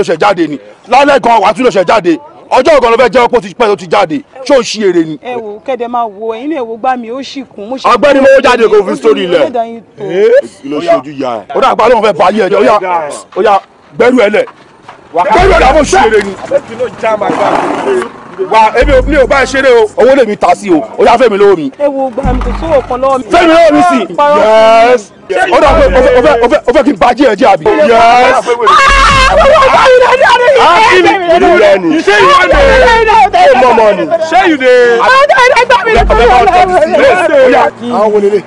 ló ṣẹ̀ jáde ni lálẹ́ gan wàá tún ló ṣẹ̀ jáde ọjọ́ ọ̀gán ló fẹ́ jẹ́ ọpọ́ ti pẹ́ tó ti jáde ṣé ò ń ṣí eré ni. ẹ wo kẹdẹ máa wo ẹyin náà wo gbá mi ó sì kún. ọ̀gbẹ́ni mo jáde kò fi sórí ilẹ̀ ló ṣe ojú ya ẹ. ó dàgbà lóun fẹ́ bá yé ẹjọ́ ó yá gbẹ́rù ẹ lẹ̀ gbẹ́rù ẹ lẹ̀ ṣí eré ni wà èmi ò mi ò bá ṣeré o owó lèmi ta sí o ó yá fẹ́mi lọ́wọ́ mi. ẹ gba mi kò sówó kan lọ́wọ́ mi. fẹ́mi lọ́wọ́ mi sì yẹ́s ó dà pé o fẹ́ o fẹ́ o fẹ́ kí n bàjẹ́ ẹ̀ jẹ́ àbí. yẹ́s akimi ìlú rẹ ni ṣé ìwọ ni ṣé mọmọ ni ṣé ìdè ọbẹ bá ọtọ sí ẹ ọyà àwọn wọlé lè.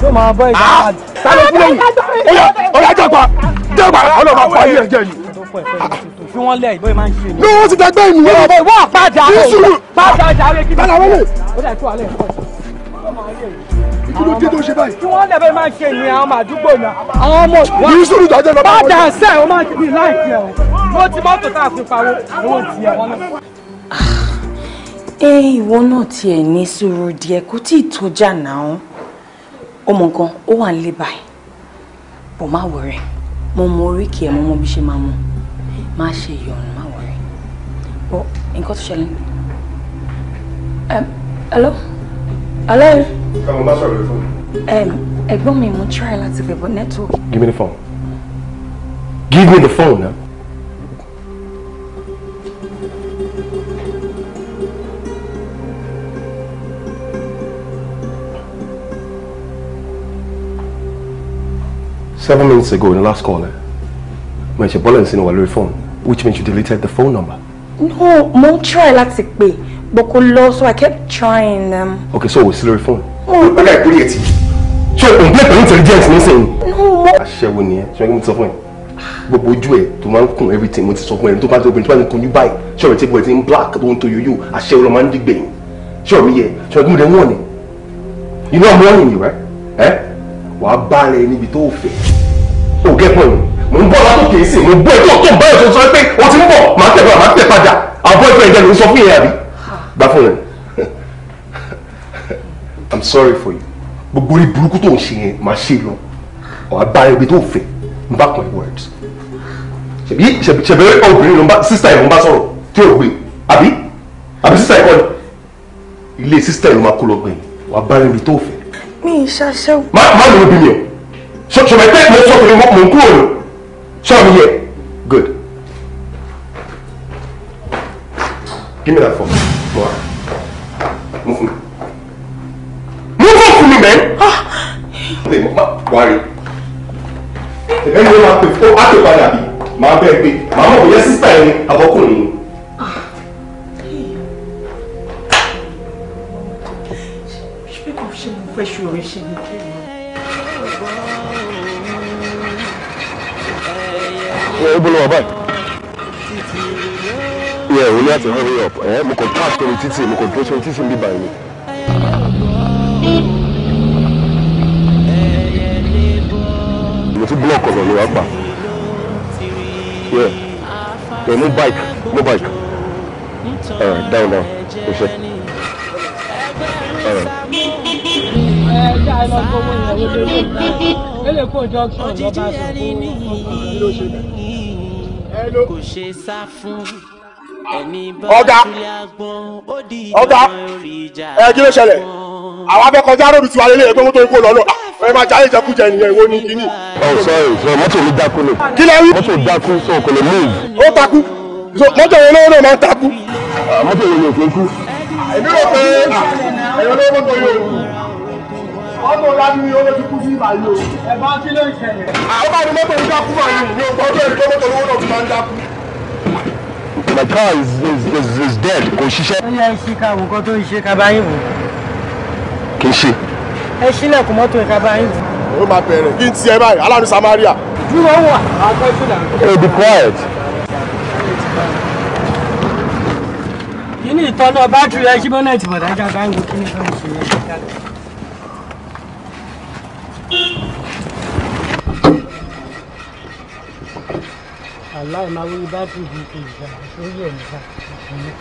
tó máa bọ ìjà àdì. sáré fúlẹ̀ yìí ọyà ọyà jẹ́ pa jẹ́ pa ọlọ́run àpáyé ẹ̀jẹ̀ yìí fi wọ́n lẹ̀ ìbọn máa ń ṣe ni. ní wọ́n ti dàgbẹ́ ìmú wọn. ìbọn ìwọ àpáàdà rẹ ìṣòro pàápàá rẹ kí ni. bàlá wọlé. ó dà tó alẹ́ kí ló dé tó ṣe báyìí. tí wọ́n lẹ́bẹ̀ẹ́ máa ṣe ìrìn àwọn àdúgbò náà àwọn ọmọ ìwà. ní sùúrù dájọ́ lọ bá wọn. dà sẹ́ ọ máa ń bí láìpẹ́ ẹ̀ ló ti mọ́tò tá a fi pawó owó ti ẹ̀ wọn náà. ẹ ah, eh, ìwọ náà tiẹ̀ ní sùúrù díẹ̀ kó tí ì tó jà náà ọmọ nǹkan ó wà ń lé báyìí bò má wọ̀rẹ́ mo mọ oríkì ẹ̀ mọ́ mọ́ bí ṣe máa mọ́ má ṣe ìyọnu má wọrí bọ nǹkan tó ṣẹlẹ̀ um, hello hello. ẹ̀wọ̀n bá sọ̀rọ̀ lórí fóònù. Um, ẹ̀gbọ́n mi mo try láti pè bọ́ network. give me the phone give me the phone now. seven minutes ago in the last call, eh? My Chipotle is in our phone. Which means you deleted the phone number. No, mo try láti pè, but kò lọ, so I kept trying them. Okay, so o sí lórí phone. Oh, okay, kò yẹ ti. Ṣé o n gbé pẹ̀lú intelligence nísìnyí? No, mo. Aṣẹ́wó ah, nìyẹn, ṣé o ní sọ fún ẹ? Gbogbo ojú ẹ̀ tó máa ń kun everything mo ti sọ fún ẹ tó bá ti obìnrin tó bá ti kun yín báyìí ṣé ọ̀rẹ́ tí gbogbo ẹ̀ ti ń black tó ń to yoyo aṣẹ́wó lọ máa ń dìgbẹ̀yìn ṣé ọ̀rẹ́ yẹ ṣé ọ̀rẹ́ gbọ́dọ̀ wọ̀n ni? You know I'm warning you, right? Ẹ eh? wàá bá ara ẹ níbi tó fẹ́. O get point mo ń bọ̀ látòkè sí mo bọ́ ẹjọ́ tó báyọ̀ tó sọ pé o ti ń bọ̀ máa tẹ̀ padà máa tẹ̀ padà àbọ̀ ẹgbẹ́ ìjẹun ló sọ fún yẹn àbí gbà fún yẹn i'm sorry for you gbogbo orí burúkú tó ń ṣe yẹn máa ṣe lọ ọ̀hà bá ibi tó fẹ́ n back my words ṣèbí ṣèbí obìnrin ló ń bá sísá ẹ̀ ló ń bá sọ̀rọ̀ tí ò gbé àbí àbí sísá ẹ̀ kọ́ ni ilé sísá ẹ̀ ló máa kó lọ gbẹ̀yìn ọ̀hà bá ibi tó fẹ́. mi ì ṣàṣẹ́wó. má má lóbi mi o ṣọṣọ mẹ́tẹ́ mo sọ pé mo kúrò Show me here. Good. Give me that phone. More. Move on. Move off for me, man. Ah. Hey, ma, worry. Ẹgbẹ́ mi máa pè fún àpè padà bí. Màá bẹ́ẹ̀ pé màá mọ̀ bóyá sísá ẹni àbọ́kùnrin ni. Ṣé she ṣe mo fẹ́ ṣòro ṣe ni kí? ẹ bọ́lá wà báyìí. yẹ òun ní àti hurry up ẹ mo kàn pass lórí títì mo kàn dúró sórí títì bí báyìí ni. mo ti block ọ̀nà ni wàá gbà yẹ mo bike mo bike ẹ down down mo ṣe. Ẹ jẹ́ ele conjunction ló bá sọ fún kò ṣe sá fún ọ̀gá ọ̀gá ẹ kí ló ṣẹlẹ̀ àwọn abẹ́kọjá ròdù tí wà lélẹ̀ ẹgbẹ́ mọ́tò ikú lọ́nà ẹ máa jáde jẹkújẹ nìyẹn ìwọ ni kíní. ẹ ò sọ èso mọ́tò mi dákú ni. kí ló rí. mọ́tò dákú sọ kò lè move. ó takú mọ́tò yẹn náà máa ń takú. mọ́tò yẹn lè fi kú. èmi rò pé èrò ló mọ́tò yóò ọmọ ọ̀làdúnmí owó ti kú sí ìbàlú o. ẹ bá kí ló àwọn bá ní mọ́tò ń dákú báyìí ní ọjọ́ ìjọ mọ́tò lówó náà ti máa ń dákú. My car is is is is dead. Kò ṣiṣẹ́. Ó yẹ iṣẹ́ ká wò kó tó ṣe ká bá yín wò. Kì í ṣe. Ẹ ṣílẹ̀kùn mọ́tò ká bá yín wò. Ó máa bẹ̀rẹ̀. Kí n ti ẹ báyìí, aláàánú Samaria. Dúró wà. Àgbẹ̀ ìṣúná. Hey, be quiet. ìtọ́nà bátìrì ẹ ṣí bọ́nẹ̀tì bọ̀dájà báyìí wò kíní kan ṣe é. aláì máa wí bá tù bí ìgbà sórí ẹ̀ǹgbà ìpínlẹ̀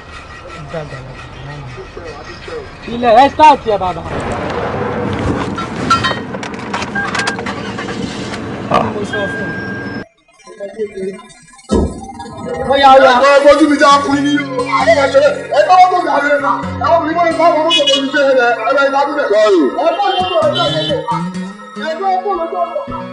ìgbàgbàlagbà náà. ilẹ̀ ẹ sáàtì ẹ bàbá. mo sọ fún un. ó yà ó yà. ọ̀rọ̀ ojú mi já fún ní àwọn ẹ̀ṣẹ̀ ẹ̀ bá wọ́n tó gbà rẹ̀ àwọn olùkọ́ ìfọ̀ àwọn ọmọ tó ti ṣe ẹ̀ ẹ̀ ẹ̀ bá ìdájọ́ rẹ̀. ẹ̀ bá ìdájọ́ rẹ̀ ẹ̀ bá ìdájọ́ rẹ̀ ẹ̀ bá ìdájọ́ rẹ̀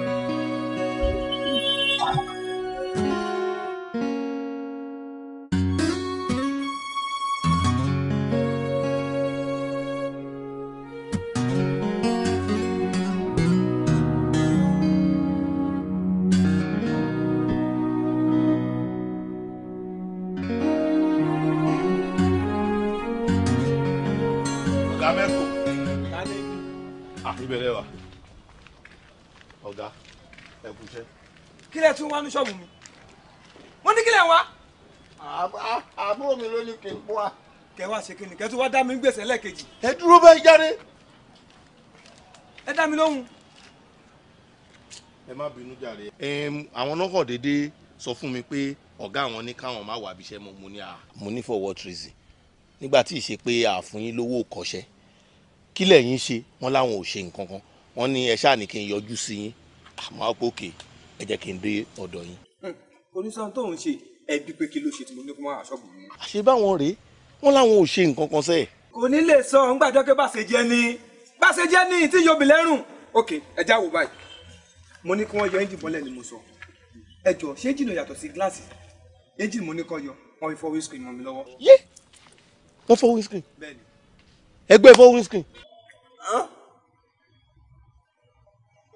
kílẹ̀ tún wá ní ṣọ́ọ̀bù mi mo ní kílẹ̀ wá. àbúrò mi ló ní kí n wá. kẹ wá ṣe kíni kẹ tún wá dá mi gbèsè lẹ́ẹ̀kejì. ẹ dúró bẹ́ẹ̀ jáde. ẹ dá mi lóhùn. ẹ má bínú jàre. àwọn náà kàn déédéé sọ fún mi pé ọ̀gá àwọn ní káwọn má wà bíṣẹ́ mo mú ní a. Ah, mo ní for what reason nígbà tí ì ṣe pé àfún yín lówó kọ́ṣẹ́ kílẹ̀ yín ṣe wọ́n láwọn ò ṣe nǹkan kan wọ́n ní ẹ ṣáà ní kí n yọjú sí yín àmọ́ àpòkè ẹ jẹ́ kí n dé ọ̀dọ̀ yín. oníṣàn tó ń ṣe ẹbí pé kí ló ṣe tí mo ní kó máa ṣọ́ọ̀bù mi. àṣé báwọn rèé wọn láwọn ò ṣe nǹkan kan sẹ́ẹ̀. kò ní lè sọ ń pé bàṣẹ jẹ ni bàṣẹ jẹ ni tí yóò bì lẹ́rùn ok ẹ já wò báyìí mo ní kí wọ́n yọ ẹ́ńjìn bọ́lẹ̀ ni mo sọ ẹ jọ ṣé jìnnà yàtọ̀ sí gíláàsì ẹ́ńjìn mo ní kọ́ yọ wọ́n fi fọ́ windscreen mọ́ mi lọ́wọ́. yé wọ́n fọ́ windscreen ẹgbẹ́ fọ́ windscreen.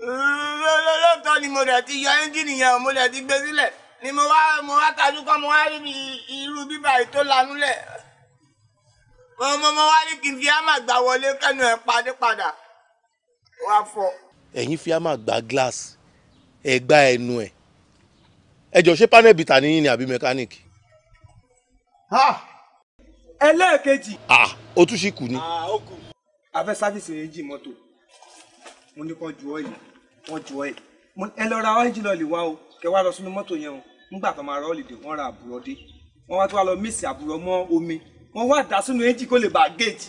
lóòótọ́ ni mo rẹ̀ ti yọ ẹ́ńjìnì yẹn mo rẹ̀ ti gbé sílẹ̀ ni mo wá mo wá tajú kọ́ mo wá rí mi irú bíbá yìí tó lanú mo mo wá rí kí n fi ámà gbà wọlé kẹ́nu ẹ̀ padé padà wá ẹ ṣé panel bìtà ni àbí mẹkáníìkì. ẹlẹ́ẹ̀kejì. o tún ṣì ni. a fẹ́ sáfìsì mọ́tò mo ní ju wọ́n jọ ẹ̀ ẹ lọ ra ọ́ìjì lọ́ọ̀lì o kẹ wá lọ sínú mọ́tò yẹn o nígbà tó máa rọ́ọ̀lì dè wọ́n ra àbúrò dé wọ́n wá tó wá lọ mísì àbúrò mọ́ omi wọ́n wá dà sínú éjì kó lè bá géèjì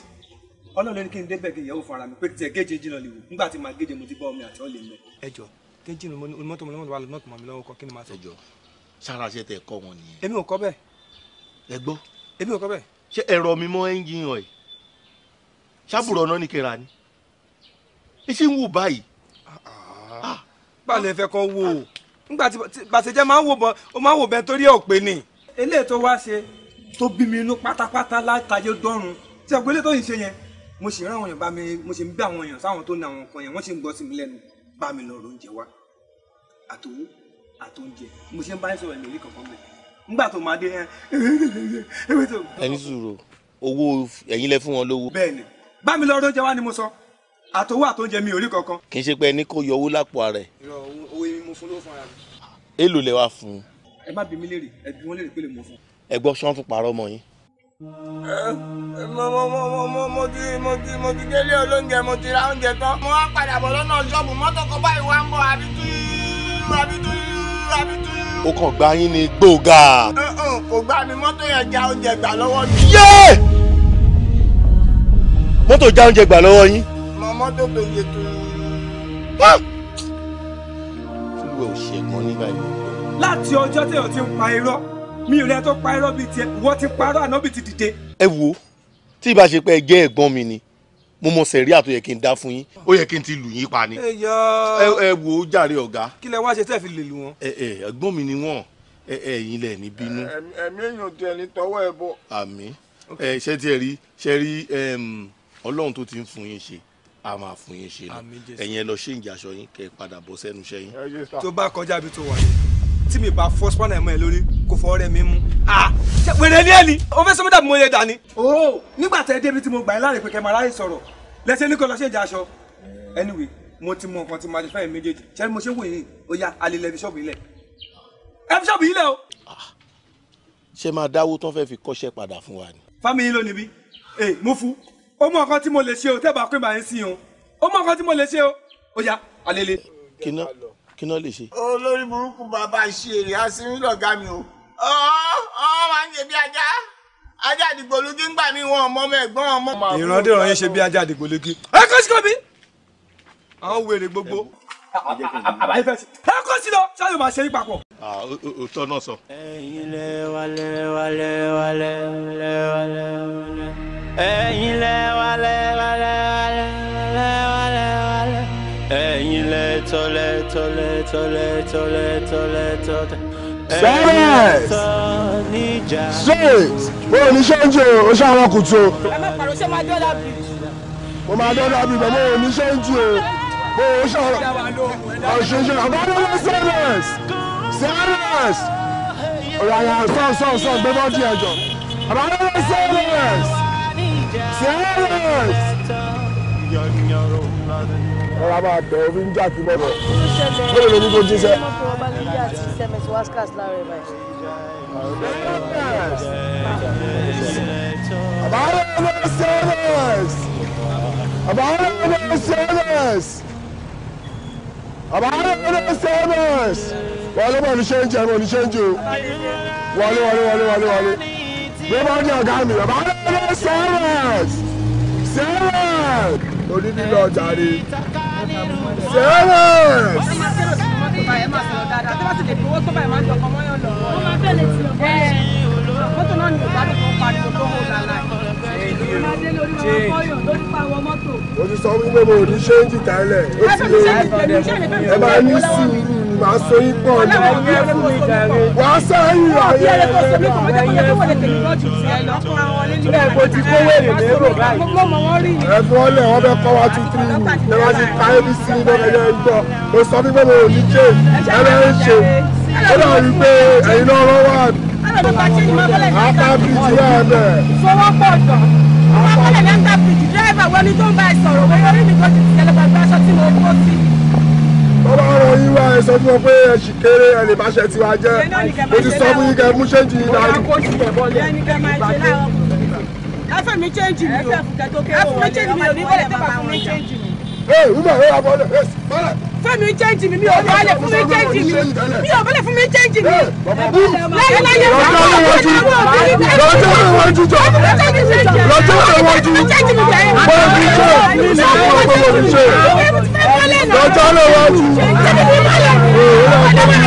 ọlọ́run ní kí n débẹ̀ kí ìyàwó fara mi pé tiẹ̀ géèjì éjì lọ́ọ̀lì wò nígbà tí màá géèjì mo ti bá omi àti ọ̀lẹ̀ mẹ́. ẹ jọ kéjì ni mọ́tò mi lọ́wọ́ lọ́wọ́ mọ́ mi lọ́wọ́ kọ́ kí ni màá sọ. ẹ jọ sára ṣe tẹ kọ wọn nìyẹn. èmi ò kọ bẹ́ẹ̀. ẹ gbọ́. èmi ò kọ bẹ́ẹ̀. ṣé ẹ̀rọ mi mọ Ah, balẹ̀ fẹ́ kọ́ wo o nígbà tí gbàṣẹjẹ máa ń wò bọ ó máa ń wò bẹ́ẹ̀ torí ọ̀pẹ ni. eléyìí tó wá ṣe tó bí mi inú pátápátá látàyé dọ́run tí ọ̀gbẹ́lẹ́ tó yìí ṣe yẹn mo sì rán àwọn èèyàn bá mi mo sì ń bí àwọn èèyàn sáwọn tó ní àwọn nǹkan yẹn wọ́n sì ń gbọ́ sí mi lẹ́nu bá mi lọ oúnjẹ wá àtòwó àtòúnjẹ mo ṣe ń bá yín sọ̀rọ̀ lórí kankan bẹ̀ nígbà tó máa dé yẹn. ẹni sùúrù owó ẹ̀yin lẹ fún wọn lówó. bẹ́ẹ̀ni bá mi lọ oúnjẹ wá ni mo sọ àtòwò àtòúnjẹ mi ò rí kankan. kì í ṣe pé ẹni kò yọ owó lápò ara ẹ. irọ́ owó yẹn mo fún ló fún ara mi. èlò lẹ wá fún un. ẹ má bí mi léèrè ẹ bí wọn léèrè pé lè mọ fún. ẹ gbọ́ sọ́n fún parọ́ ọmọ yín. ẹ mo mo mo mo mo mo ti mo ti mo ti délé olóúnjẹ mo ti ra oúnjẹ tán. mo wá padà bọ̀ lọ́nà ṣọ́ọ̀bù mọ́tò kọ́ báyìí wá ń bọ̀ àbí túú àbí túú àbí túú. ó kàn gbá yín ní gbóògà. kò gbá mi mọ́tò yẹn já oúnjẹ gbà lọ́wọ́ mi. mọ́tò já oúnjẹ gbà lọ́wọ́ yín màmá dòdò yètò. olùwẹ̀ ò ṣe gan ní báyìí. láti ọjọ́ téèyàn ti ń pa irọ́ mi ò rẹ tó pa irọ́ bíi tiẹ̀ ìwọ ti parọ́ ànábì ti dìde. ẹ wo tí ìbá ṣe pé ẹ jẹ́ ẹ̀gbọ́n mi ni mo mọ sẹ̀ríà tó yẹ kí n dá fún yín ó yẹ kí n ti lù yín pa ni. ẹ wo jàre ọ̀gá. kí lẹ wá ṣe tẹ́ fi lè lù wọn. ẹ ẹ ẹ̀gbọ́n mi ni wọ́n ẹ̀yin lẹ ní bínú. ẹ̀mí èèyàn tẹ ní tọwọ́ ẹ bọ. àmín ṣé tí ẹ rí ṣe rí ọlọ́run tó ti ń fún yín ṣe a máa fún yín ṣe ni ẹ̀yin ẹ lọ ṣe ìjà aṣọ yín kẹ́ ẹ padà bọ́ sẹ́nu iṣẹ́ yín. tó bá kọjá bí tó wà yẹn tí mi bá fọ́ spanner mọ́ ẹ lórí kò fọ́ ọ̀rẹ́ mi mú. wèrè ni ẹ ni o fẹ́ sọ mi dàbí mo yẹ dà ni. o nígbà tẹ débi tí mo gbà yín láàrin pé kẹ́ máa ráyè sọ̀rọ̀ lẹ́sẹ̀ ní kò lọ ṣe ìjà aṣọ anyway mo ti mọ nǹkan tí màá ṣe fẹ́ẹ̀ méjèèjì ṣẹ́ni mo ṣe wò yín ó yá alẹ́ lẹ́bi ṣọ́ọ̀bù ilẹ̀ ẹ o. ṣé máa dáwó tán fẹ́ fi kọ́ṣẹ́ padà fún wa ni. fámi mo fún ó mọ nǹkan tí mo lè ṣe o tẹ́ẹ̀bà pé màá ń sìn o ó mọ nǹkan tí mo lè ṣe o ó yá àlele. kíná kíná lè ṣe. olórí burúkú bàbá ṣeré asinrin lọ̀gá mi o ọ̀ ọ́ máa ń ṣe bí ajá ajá àdìgbòlugi ń gbà mí wọn ọmọ ọmọ ẹ̀gbọ́n ọmọ. ìrandé ọ̀rọ̀ yín ṣe bí ajá àdìgbòlugi. ẹ kọ́ sí kọ́bí. àwọn wèrè gbogbo. àbáyé fẹ́ ẹ kọ́ sí lọ sáyò máa ṣe yín papọ̀. òótọ́ náà sọ. ẹ̀yin lẹ́wàlẹ́wàlẹ́wàlẹ́wàlẹ́ ẹ̀yin lẹ́wà lẹ́wà lẹ́wà lẹ́wà lẹ́wà lẹ́ ẹ̀yin lẹ́tọ́ lẹ́tọ́ lẹ́tọ́ lẹ́tọ́ lẹ́tọ́ lẹ́tọ́ sẹ́rẹ̀s straight bóyá oníṣẹ́ oúnjẹ o ṣé àwọn kùtù o. mo máa dọ́dọ̀ àbí bẹ́ẹ̀ bóyá oníṣẹ́ oúnjẹ o bóyá oníṣẹ́ ọ̀ṣunṣun àbádọ́dọ̀ sẹ́rẹ̀s sẹ́rẹ̀s ọ̀rọ̀ àyà sọ̀nsọ̀nsọ̀ gbẹ́bọ́dì ẹ̀jọ̀ àbádọ́dọ̀ sẹ́rẹ̀s serious. ọ̀rọ̀ àbá àtẹ̀ omi ń jà kí bọ́dọ̀ ó lè lórí kó jíṣẹ́. àbáwọ̀ ló serious. àbáwọ̀ ló serious. àbáwọ̀ ló serious. wọlé wọlé ṣe ń jẹ wọlé ṣe ń jẹ o wọlé wọlé wọlé wọlé wọlé bí wọ́n ní ọ̀gá mi ọ̀bá ọlọ́run sẹ́rẹ̀s sẹ́rẹ̀s onídìlọ jàre sẹ́rẹ̀s. Mọ́tò náà ni ìgbádùn tó ń pariwo tó ń hó lálá yìí mo ti sọ wípé mo ò ní ṣe ń jìtà ilẹ̀ ó ti lé ẹ máa ní sùúrù máa so yín pọ̀ ní wà á sẹ́yìn ayé ẹ̀ kò ti kówó èrè lérò báyìí ẹ̀fọ́ ọlẹ̀ wọn bẹ kọ́ wa tún ní ẹ ti ka abc lọ́gẹ́gẹ́ ń gbọ́ mo sọ wípé mo ò ní ṣe ẹ bẹ ń ṣe ó dà wípé ẹ̀yin náà lọ́wọ́ àbí apá bíi ti rẹ̀ bẹ̀. fọwọ́ pọ̀ jọ wá wọlé lẹ́ńtà bíríjì dírẹ́fà wẹni tó ń bá ẹ sọ̀rọ̀ wẹ́n orí mi kò ti tẹ̀lé pẹ̀lú aṣọ tí mo kó sí. bàbá ọ̀rọ̀ yìí wá ẹ sọ fún ọ pé ẹ sì kéré ẹ lè báṣẹ tiwa jẹ mo ti sọ fún yín kẹ mú ṣéǹjì yín dáa. ẹ fẹ́ mi ṣéǹjì mi o ẹ fún mi ṣéǹjì mi ò ní wọlé tẹ́ bá fún mi fẹ́mi jẹ́ǹjì mi mi ò balẹ̀ fún mi jẹ́ǹjì mi mi ò balẹ̀ fún mi jẹ́ǹjì mi láyé láyé fún mi ò balẹ̀ fún mi jẹ́ǹjì mi lọ́jọ́ àwọn ojú jọ lọ́jọ́ àwọn ojú jẹ́ǹjì mi jẹ́ bọ́ ojú jọ lọ́jọ́ àwọn ojú jẹ́ lọ́jọ́ àwọn ojú jẹ́ǹjì mi balẹ̀ fún mi jẹ́ǹjì mi balẹ̀ fún mi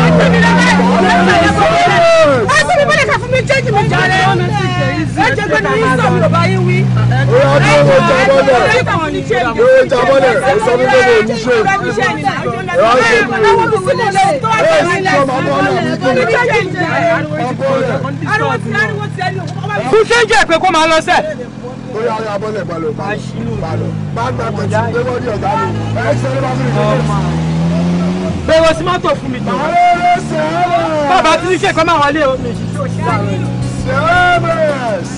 jẹ́ǹjì mi balẹ̀ fún mi change mi jàre ẹ jẹ pé ní sọmi ló bá yín wí. ó yà á tó owó jábọ́lẹ̀ owó jábọ́lẹ̀ ó sọ fún bẹ́ẹ̀ ní ṣe é wá ṣe mí o ẹ sì tọ́ ma bọ́ ọ́nà mi kú mi. kú ṣe ń jẹ́ pé kó máa lọ sẹ́ẹ̀ ó yà á bọ́lẹ̀ balọ̀ balọ̀ balọ̀ bá gbàgbọ́ tí ó gbé wọ́n ní ọ̀gá mi ẹ ṣe é bá mi rí i bẹ̀rẹ̀ sí mọ́tò fún mi jọ. bàbá tí ní ṣèkọ́ máa wálé o. sẹ́wọ́n bẹ̀rẹ̀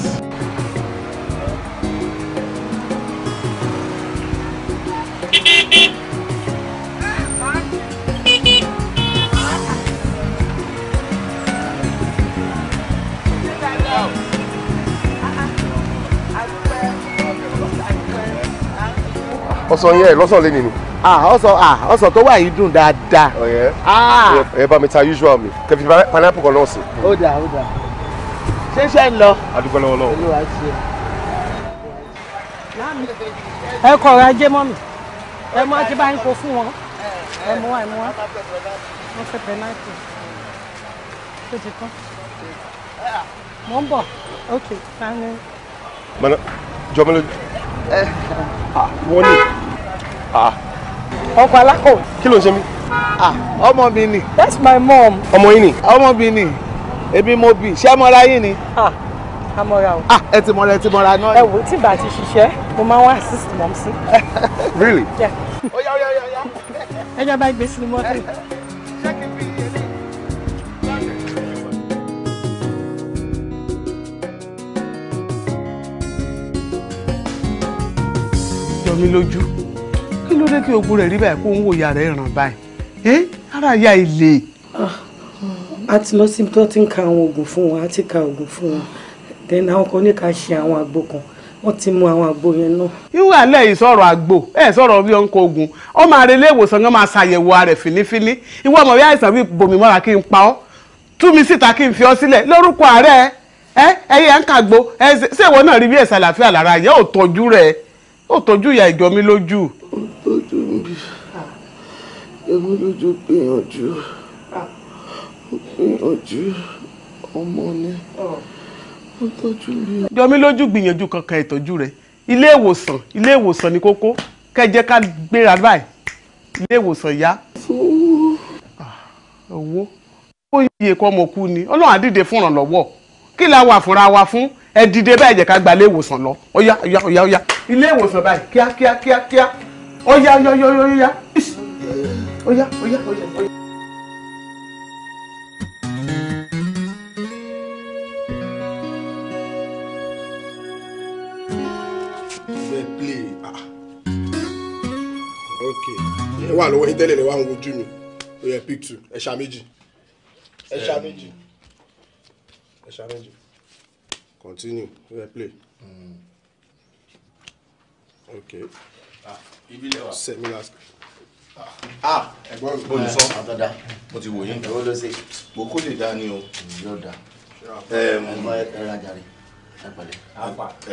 ọsàn yẹn lọ́sàn lé nínú. ọsàn ọsàn tó wà yìí dùn dáadáa. ọ̀yẹ́ oh, ẹ bá mi ta usual mi kẹfì pineapple kan náà sí. ó dà ó dà ṣé iṣẹ́ ń lọ. adúgbò lọ́wọ́ lọ́wọ́. olúwa ṣe é. ẹ kọ̀ọ̀rọ̀ ajé mọ́ mi ẹ mọ́ ti bá yín kó fún wọn ẹ mú wa ẹ mú wa wọ́n fẹ́ pẹ̀náìtì tó ti tán mò ń bọ̀ ok. jọmọlẹ wọ́n ní ọkọ̀ alákọ̀. kí ló ń ṣe mí. ọmọ mi ni. that's my mom. ọmọ yín ni. ọmọ mi ni èmi mo bì ṣé mọ́ra yín ni. amọ̀ra o. ẹ ti mọ̀ra ẹ ti mọ̀ra náà. ẹ wò tí bá ti ṣiṣẹ́ mo máa ń wá assist mọ̀ sí. really. ó yá ó yá ó yá. ẹjọ́ bá gbèsè mí lójú kí ló dé tí ogun rẹ̀ rí báyìí kó ń wo ìyá rẹ̀ ràn báyìí ẹ ara ya ilé. Ah, a ti lọ síbi tó ti ń ka àwọn oògùn fún wọn a ti ka oògùn fún wọn then àwọn kan ní ká ṣe àwọn àgbo kan wọ́n ti mu àwọn àgbo yẹn náà. irú àlẹ́ yìí sọ̀rọ̀ àgbo ẹ̀ sọ̀rọ̀ bí ọ̀nkọ ogun ó máa relé ìwòsàn kan máa ṣàyẹ̀wò ara rẹ̀ fínífíní ìwọ ọmọ bí àìsàn bí bòmí mọ́ra kí n pa ọ́ tú mi síta kí n fi ọ́ sílẹ̀ lórúkọ ààrẹ ẹ ẹyẹ ń kàgbo ẹ ṣé ìwọ náà rí bí ẹ̀sà àlàáfíà lára yẹ ò tọ́jú rẹ̀ ó tọ́jú ìyá ìjọ mi lójú. ó tọ́jú mi ìjọ mi lójú gbìyànjú ah. gbìyànjú ọmọ ni oh. ó tọ́jú mi. ìjọ mi lójú gbìyànjú kankan ìtọ́jú rẹ̀ ilé ìwòsàn ilé ìwòsàn ní kókó kẹjẹ ká gbéra báyìí ilé ìwòsàn yá. Ah, owó owó iye kọ́ ọmọ kú ni ọlọ́run á dìde fún ìrànlọ́wọ́ kí la wà fúnra wa fún ẹ dìde báyìí jẹ́ ká gba ilé ìwòsàn lọ ọ̀yá ọ̀yá ọ̀yá ọ̀yá ilé ìwòsàn báyìí kíá kíá kíá kíá ọ̀yá ọ̀yá ọ̀yá ọ̀yá ọ̀yá ọ̀yá ọ̀yá ọ̀yá. ẹ wà yín tẹ́lẹ̀ lẹ wà ń wojú mi ó yẹ pick two ẹṣà méjì ẹṣà méjì ẹṣà méjì continue we play. Mm. okay. ìbílẹ̀ ah, wa. sẹ́mi last. Ah, ah ẹ̀gbọ́n mi. bóyá sọ àtàdá ah, mo ti wò yín. ẹ̀wọ́n ló ṣe. mo kó lè dá ni o. yóò dá. ẹ̀mọ ẹ̀rọ ajáre ẹ pẹ̀lẹ́.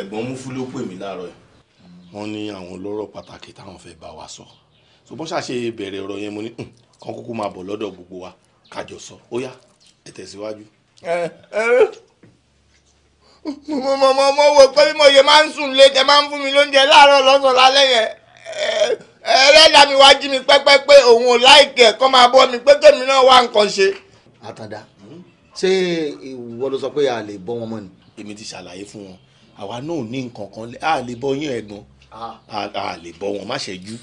ẹ̀gbọ́n mufu ló pè mí láàárọ̀ yìí. wọ́n ní àwọn olóró pàtàkì táwọn fẹ́ bá wa sọ ṣùgbọ́n ṣàṣe bẹ̀rẹ̀ ọ̀rọ̀ yẹn mo ní hmm, kàn kúkú máa bọ̀ lọ́dọ̀ gbogbo wa kájọ sọ ó yá ẹ tẹ̀síwájú. ẹ ẹ mo mo mo mo wò pé bí mo yẹ máa ń sùn lé tẹ máa ń fún mi lóúnjẹ láàárọ̀ lọ́sàn lálẹ́ yẹn ẹlẹ́dàá mi wá jí mi pẹ́pẹ́ pé òun ò láìkí ẹ̀ máa bọ́ mi pé kèmi náà wá nǹkan ṣe. àtàndá ṣé ìwọ ló sọ pé a lè bọ́ wọn mọ́ ni. èmi ti ṣàlàyé fún wọn àwa náà ní nǹkan kan a lè bọ́ yín ẹ̀gbọ́n a lè bọ́ wọn má ṣẹ́jú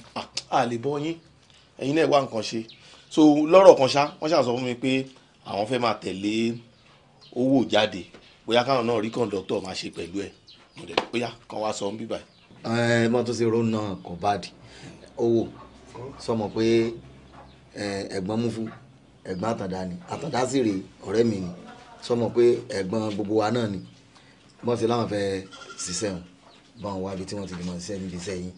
a lè bọ́ yín ẹ̀yin náà wá nǹkan ṣe so lọ́rọ̀ kan ṣá wọ́n ṣàṣọ fún mi pé àwọn fẹ́ máa tẹ̀lé owó jáde bóyá káwọn náà rí kọ̀ǹdọ́tọ̀ máa ṣe pẹ̀lú ẹ̀ mo dẹ̀ bóyá kan wá sọ ń bíbà. ẹ mọ tó ṣe ronú náà kò báàdì owó sọmọ pé ẹ̀gbọ́n mufu ẹ̀gbọ́n àtàndá ni àtàndá sì rèé ọ̀rẹ́ mi ni sọmọ pé ẹ̀gbọ́n gbogbo wa náà ni bọ́n ṣe láwọn fẹ́ ṣiṣẹ́ wọn báwọn wá ibi tí wọ́n ti lè ṣiṣẹ́ níbi iṣẹ́ yìí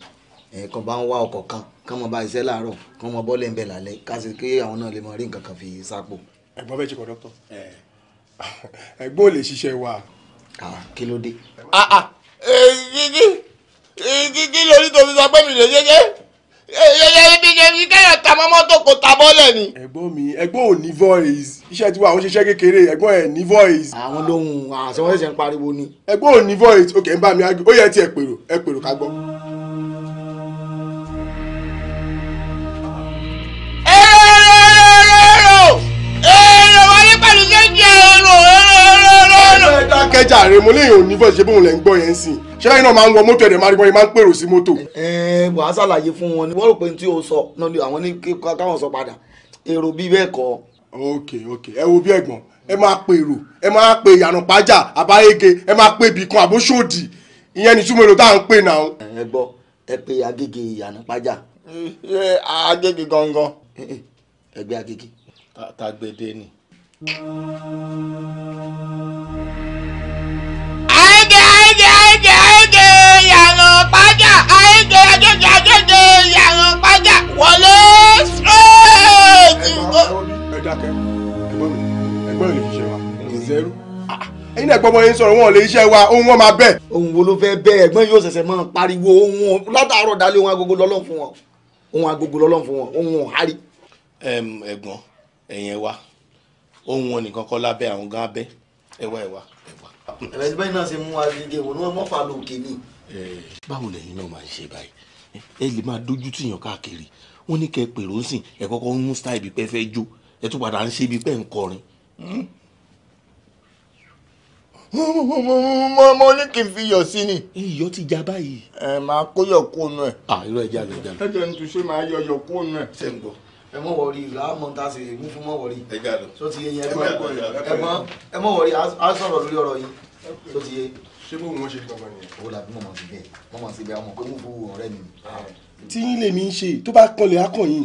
ẹ̀ẹ̀kan bá ń wá ọkọ̀ kan kán mọ bá iṣẹ́ láàárọ̀ kán mọ bọ́ọ̀lẹ̀ ń ká sì kí àwọn náà lè mọ rí nǹkan kan fi sápò. ẹ̀gbọ́n bẹ́ẹ̀ ti kọ̀ dọ́kítọ̀ ẹ̀gbọ́n ò lè ṣiṣẹ́ wa. Ah, kí ló dé. kí ah, ah. eh, eh, lórí tó fi sọ pé mi lè ṣeṣe yẹyẹ eh, bí ṣe fi kẹyàn ta mọ́mọ́ kò ta bọ́lẹ̀ ni. ẹ̀gbọ́n mi ẹ̀gbọ́n ò ní voice iṣẹ́ tiwa àwọn ṣiṣẹ́ kékeré ẹ̀gbọ́n ẹ̀ ní voice. àwọn lóhùn àṣẹ wọn ṣẹ̀ṣẹ̀ ń pariwo ni. ẹ̀gbọ́n ò ní voice òkè ń bá mi ó yẹ ti ẹ pèrò ẹ pèrò ká gbọ́. dákẹ́jà rẹ mo léèyàn ò ní ṣe bóun lẹ̀ ń gbọ́ yẹn sìn ṣé báyìí máa ń wọ mọ́tò ẹ̀dẹ̀ máa máa ń pèrò sí mọ́tò. ẹ ẹ wàá ṣàlàyé fún wọn ni wọ́n rò pé tí o sọ náà ni àwọn ní káwọn sọ padà èrò bí bẹ́ẹ̀ kọ́. ok ok ẹ wo bí ẹ̀gbọ́n ẹ máa pe èrò ẹ máa pe ìyànà pàjá àbáyége ẹ máa pe ibìkan àbóṣòdì ìyẹn ni túmọ̀ èrò tá à ń pè náà. ẹ gbọ́ ẹ pe agége ìyànà pàjá. agége gangan. ẹgbẹ́ agége. tàgbẹ̀dẹ ni. yàrá pàjá àìjẹ àjẹjẹ àjẹjẹ yàrá pàjá wọlé ẹyin náà gbọ́mọ yín sọ̀rọ̀ wọn ò lè iṣẹ́ wa ohun wọn máa bẹ̀. ohun wo ló fẹ́ bẹ́ ẹ̀gbọ́n yóò ṣẹ̀ṣẹ̀ máa pariwo ohun látàárọ̀ dalẹ̀ ohun agogo lọ́lọ́run fún wọn ohun agogo lọ́lọ́run fún wọn ohun ọ̀hárí. ẹ̀gbọ́n ẹ̀yẹn wa ohun wọn nìkan kọ́ lábẹ́ àwọn gan abẹ́ ẹ̀wà ẹ̀wà ẹ̀wà. ẹ̀rẹ́ ìbáyìí náà ṣe mú wa dídé òun ni wọ́n mọ́fà lóòkè ni báwo lẹ́yìn náà máa ń ṣe báyìí ẹ lè máa dójú tìyàn káàkiri wọ́n ní kẹ́ ẹ pèrò ń sìn ẹ kọ́kọ́ ń mú style bí pẹ́ fẹ́ jó ẹ tún padà ń ṣe bí pẹ́ ń kọrin. mo ní kí n fi yọ̀ sí ni. iyọ̀ ti já báyìí. ẹ máa kó yọ̀ kó nu ẹ. à irú ẹ jalè jalè. ẹ jẹ́ ní tu ṣe máa yọ yọ̀ kó nu ẹ. ṣe ń gbọ́ ẹ mọ wọrí ìlú àmọ́ ta sì mú fún mọ wọrí. ẹ jà lọ. sọ ti yé yẹn ẹgbọn ẹgbọn ẹ mọ wọrí a sọ̀rọ̀ lórí ọ̀rọ̀ yìí sọ ti yé ṣé bó wọn ṣe gbọgbọ nìyẹn. owó làbí mọ̀mọ́ sí bẹ́ẹ̀ mọ̀mọ́ sí bẹ́ẹ̀ ọmọ pé mo fowó ọ̀rẹ́ mi. tí yín lèmi ń ṣe tó bá kanlẹ̀ akàn yìí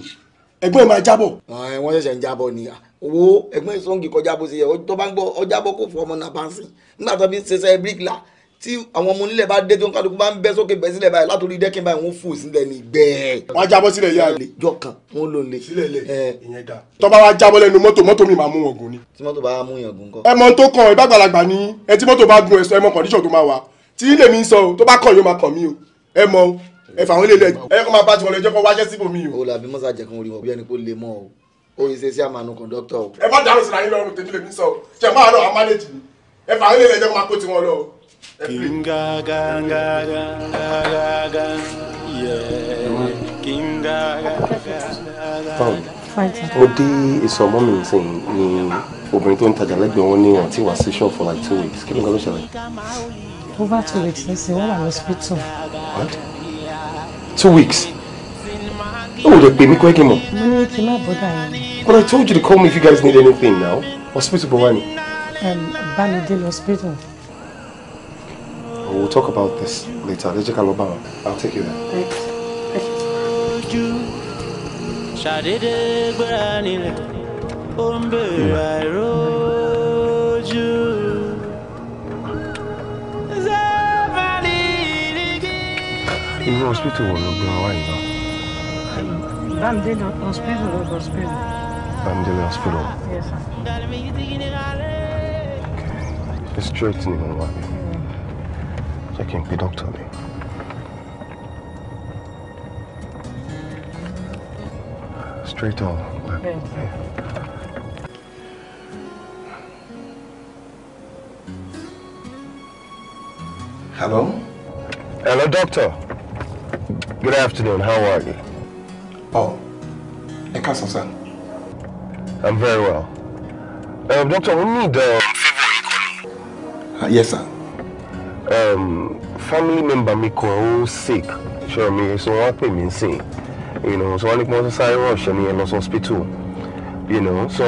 ẹ̀gbọ́n ẹ̀ máa jábọ̀. wọ́n ṣẹ̀ṣẹ̀ ń jábọ̀ ni owó ẹ̀gbọ́n ìsọ̀ǹgì kọjá bó ṣe yẹ tó bá ń gbọ́ ọjábọ̀ kò fọ ọmọ náà nígbà tó fi ṣe sẹ́ bíríkìlà tí àwọn ọmọ onílẹ̀ bá dé tó ń kálukú bá ń bẹ́ sókè bẹ́ sílẹ̀ báyìí látòrí dẹ́kin báyìí wọ́n fò sílẹ̀ ní gbẹ́ẹ́. wọ́n á jábọ́ sílẹ̀ yá lè. jọ kan wọn ló lè. sílẹ̀ lẹ̀ ìyẹn dá. tọ́ba wa jábọ́ lẹ́nu mọ́tò mọ́tò mi máa mú wọn gùn ni. tí mọ́tò bá mú yàn gùn kọ́. ẹ mọ tó kàn ẹ bàgbàlagbà ni ẹ tí mọ́tò bá gun ẹ̀sọ́ ẹ mọ kọ̀díṣọ̀ tó máa wà tí ilé mi ń sọ tó bá kàn yóò máa kàn mí o ẹ fà wọn lé lè mọ́ kó máa kó tiwọn lọ Kim ga ga ga ga ga ga yeah. Kim ga ga ga ga. Ó dé ìsọ̀mọ́ mi nìsín ni obìnrin tó ń tajà lẹ́gbẹ̀ẹ́ wọn ní àti wá sí shop for like two weeks. Kí ló ń gbà ló ṣẹlẹ̀? Over two weeks nísìnyí, wọ́n wà ní hospital. What? Two weeks? Ó lè pè mí kọ́ ẹ̀kẹ́ mọ̀. Mo ní kí n má bọ́dà yẹn. But I told you to call me if you guys need anything now. Hospital bọ̀ wá ni. Bámi dé lọ hospital. We'll talk about this later. I'll take you there. Thanks. In hospital, Bandila Hospital, Hospital. Bandila Hospital. Yes, sir. Okay. It's the all right. jẹ́ kí n pe dókítà straight on. Hello? Hello, doctor. Good afternoon. How are you? Oh, I can't sir. I'm very well. Um, doctor, we need... Uh, uh, yes, sir um, family member mi kan ó sick ṣe mi so wọ́n pè mí sìn you know so wọ́n ní kí wọ́n sáré rọ̀ṣẹ́ ní ẹ lọ sí hospital you know so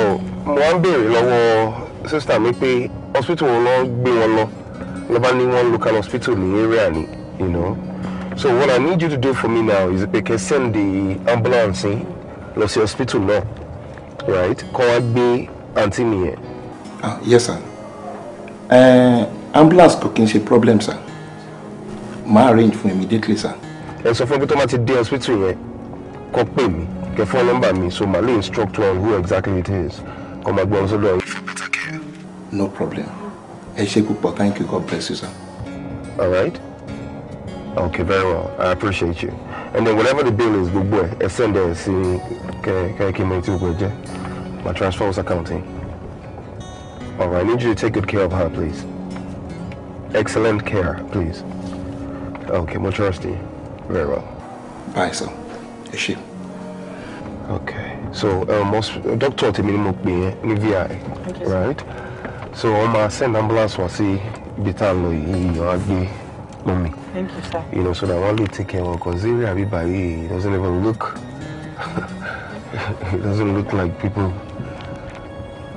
mo wá ń béèrè lọ́wọ́ sister mi pé hospital wọn lọ gbé wọn lọ ló ní one local hospital ní area ni you know so what i need you to do for me now is pé kẹ́ send the ambulance lọ sí hospital náà right kọ́ wá gbé àǹtí mi yẹn. ah yes sir. Uh, ambulance kò kí n ṣe problem sir máa arrange fún immediately sir. ẹ sọ fún mi tó máa ti dé hospital yẹn kó pè mí kẹ fún nọ́mbà mi so màá lè instruct on who exactly it is kó máa gbọ́ ọ sọ́dọ̀ better care. no problem ẹ ṣe púpọ̀ thank you god bless you sir. all right okay very well i appreciate you and then whatever the bill is gbogbo ẹ ẹ send ẹ sí kẹ kí n mọ tí o gbọ jẹ my transfer was accounting. All right, I need you to take good care of her, please excellent care, please. Okay, we'll trust Very well. Bye, sir. Is she? Okay. So, um, uh, doctor tèmi ni mo pè yẹn ní VI, right? So, wọ́n máa send ambulance wá sí ibi tá a lọ yìí, wọ́n Thank you, sir. You know, so that wọ́n lè take care of because Ziri Abiba doesn't even look, it doesn't look like people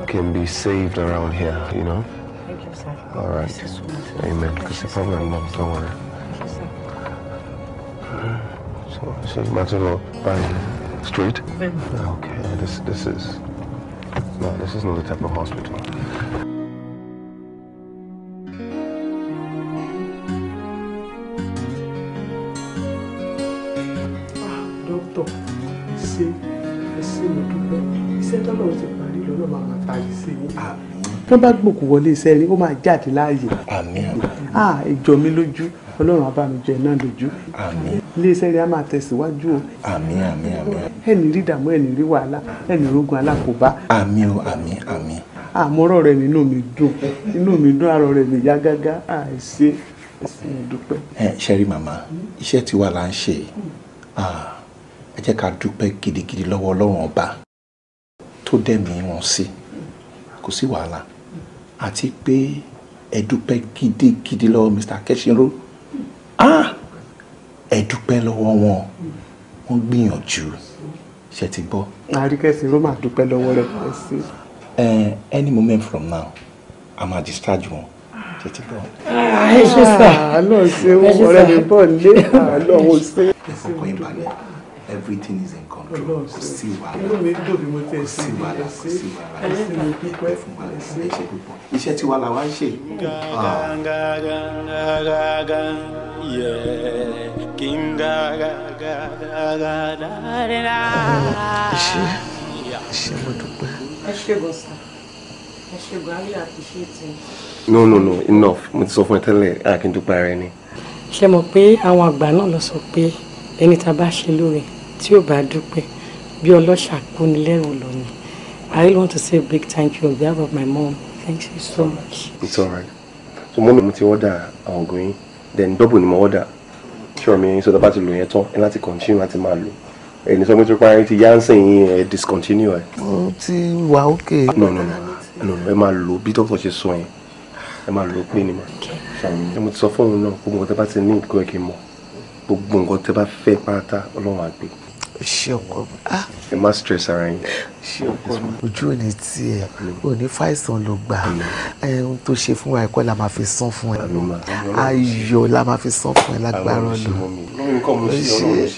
can be saved around here, you know? All right. Amen. Because she probably had mom. Don't worry. So, so it's matter of buying straight? Okay. This, this is... No, this is not the type of hospital. tó bá gbòkú wọlé iṣẹ́ rí ó máa jáde láàyè àmín ah ìjọ mi lójú ọlọ́run abánijọ náà lójú àmín iléeṣẹ́ rí a máa tẹ̀síwájú o àmín àmín àmín ẹni rí ìdààmú ẹni rí wàhálà ẹni rógun alákòóbá àmín o àmín àmín. àmọ́rọ̀ rẹ nínú mi dùn inú mi dùn àrọ̀ rẹ mi yá gágá àìsí ẹ̀sìn ìdúpẹ́. ẹ ṣẹ́rí màmá iṣẹ́ tiwa là ń ṣe ẹ jẹ́ ká dúpẹ́ gidigidi lọ́wọ́ ọlọ́run ọba tó dẹ̀mí wọn sí kò sí wàhálà àti pé ẹ̀dúpẹ́ gidigidi lọ́wọ́ Mr. Kẹ́sìnró ah! ẹ̀dúpẹ́ lọ́wọ́ wọn wọ́n gbìyànjú ṣe ti gbọ́. àríkẹ́sì ló máa dúpẹ́ lọ́wọ́ rẹ̀ sí. any moment from now I'm a máa discharge wọn ṣe ti gbọ́. Ah, ẹ ah, ṣe sà àlọ́ ṣe ọ̀rẹ́ mi bọ̀ lé àlọ́ òun ṣe. ẹ fọkàn yín balẹ̀ everything is in ọlọ́run kò sí wàhálà inú mi dùn bí mo iṣẹ́ tí wàhálà wá ń ṣe. ṣé ṣé mo dúpẹ́. no no no enough mo ti sọ fún ẹ tẹ́lẹ̀ a kì í dúpẹ́ ara ẹni. ṣe mọ̀ pé àwọn àgbà náà lọ sọ pé ẹni tá bá ṣe lóore tí ò bá dúpẹ́ bí ọlọ́ṣà kú ni lẹ́rù lọ ni I really want to say a big thank you on behalf of my mom thank you so much. It's alright so mọ́mí mo ti order àwọn ògùn yín then double ni mo order sure mi so dábàá ti lò yẹn tán ẹ láti continue láti máa lò ẹni sọ pé tó parí ti yánsìn yín ẹ discontinue ẹ. mo ti wà ókè. Ah, no no no ẹ máa lò bí dókítà ṣe sọ yẹn ẹ máa lò ó pé ni mà ẹ mo ti sọ fóònù náà gbogbo nǹkan tẹ bá ti ní nǹkan ẹ kì í mọ gbogbo nǹkan tẹ bá fẹ́ pátá Ọlọ́run àgbẹ ṣe ọkọ mi. ẹ má stress ara yín. ṣe ọkọ mi ojú ò ní tiẹ̀ ò ní fàìsàn ló gbà ohun tó ṣe fún wa ẹ̀kọ́ la máa fi san fún ẹ ayọ̀ la máa fi san fún ẹ lágbára ọ̀nà. lóyún kọ́ mo ṣe ọlọ́run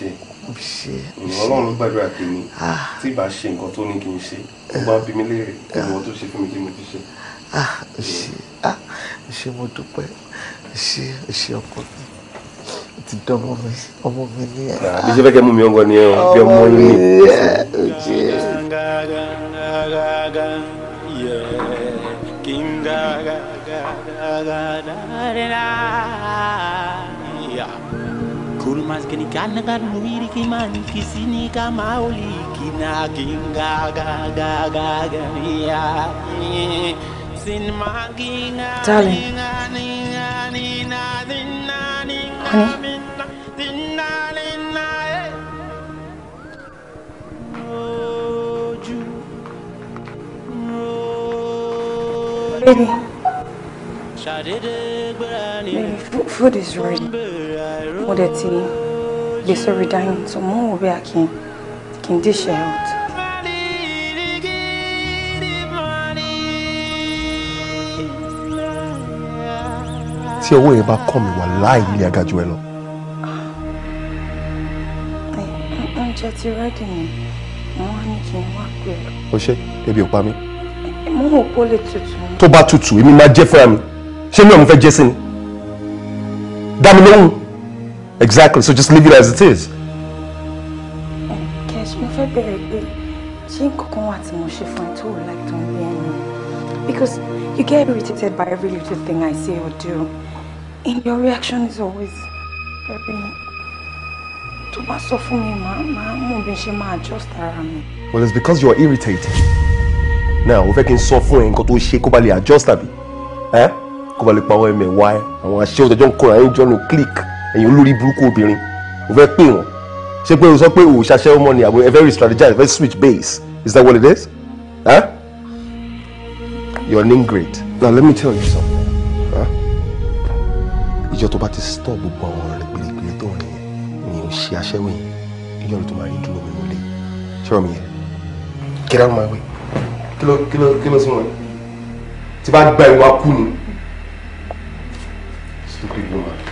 ṣe ọlọ́run ló gbàdúrà pé mi ah. tí ìbá ṣe nǹkan tó ní kí n ṣe ó bá bí mi léèrè kí ni wọ́n tó ṣe fún mi kí mo fi ṣe. Ah. ṣe ah. mo dúpẹ́ ṣe ọkọ mi ti dán ọmọ mi ọmọ mi ní ẹ. bí ṣe fẹ́ kẹ́ mú mi ọgbọ́n ni ẹ o bí ọmọ mi ní ẹ. Kulmas kini kana kana nuiri kimani kisini kama oli kina kinga ga ga ga ga ya Darling. Honey. Baby. Baby, food, food is ready. Mo dẹ̀ ti gbé sórí dining so mo ń wo bí a kì í dish out. Tí owó yẹn bá kọ́ mi wà láì ilé agajù ẹ lọ. Oúnjẹ ah, eh, eh, eh, ti rẹ́dì ni, wọ́n á ní kí n wá pè O ṣé, ebi ò pa mí mo rò pé ó lè tutù. tó bá tutù èmi máa jẹ fúnra mi ṣé mi ò fẹ́ jẹ́ sí ni dá mi lóhùn exactly so just leave it as it is. kẹ́sì mo fẹ́ bẹ̀rẹ̀ pé ṣé nǹkan wà tí mo ṣe fún ẹ tó like tó ń bí ẹnu because you get irritated by every little thing I say or do and your reaction is always very tó bá sọ fún mi màá mọ̀ bí n ṣe máa adjust ara mi. well it's because you are irritated náà òun fẹ́ kí n sọ fún ẹ nǹkan tó ṣe kó ba lè adjust àbí ẹ kó ba lè pa ọwọ́ ẹ̀mẹ̀ wá ẹ àwọn aṣẹ́wó tẹjọ́ ń kọ́ ẹ̀yìn jọ́nù click ẹ̀yìn olórí burúkú obìnrin òun fẹ́ pè wọ́n ṣé pé o sọ pé o ṣaṣẹ́wó mọ́ ni àbò ẹ fẹ́ re switch base is that what it is ẹ your name great now let me tell you something ìjọ tó bá ti stop gbogbo àwọn ọ̀rẹ́ pèlépèlé tó rìn yẹn ni ò ṣe aṣẹ́wó yẹn ìjọ tó máa rí dúró mi nílé ṣọ́ọ̀mù yẹn get out of my way kí ló kí ló kí ló sún gba ìwà kú ni stupid woman.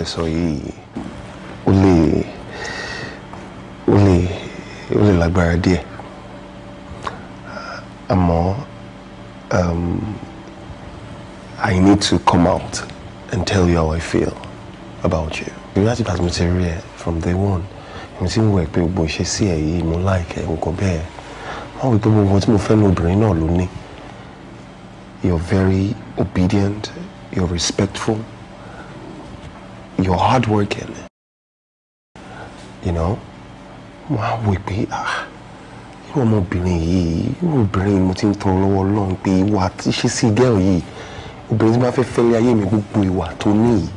ẹ sọ yìí ó lè ó lè ó lè lágbára díẹ̀ um, I need to come out and tell you how I feel about you. Bí láti bá mi from day one, èmi ti ń wọ ẹ pé gbogbo ìṣesí ẹ yìí mo láìkẹ́ nǹkan bẹ́ẹ̀. Wọ́n wí pé gbogbo tí mo fẹ́ ní obìnrin náà ló ní. You're very obedient, you're respectful you're hardworking, you know wọn á wò pé ah, irú ọmọbìnrin yìí irú obìnrin mo ti ń tọrọ lọ́wọ́ Ọlọ́run pé ìwà tí ṣe sí gẹ́ọ̀ yìí obìnrin tí máa fẹ́ fẹ́ lé ayé mi gbogbo ìwà tó ní yìí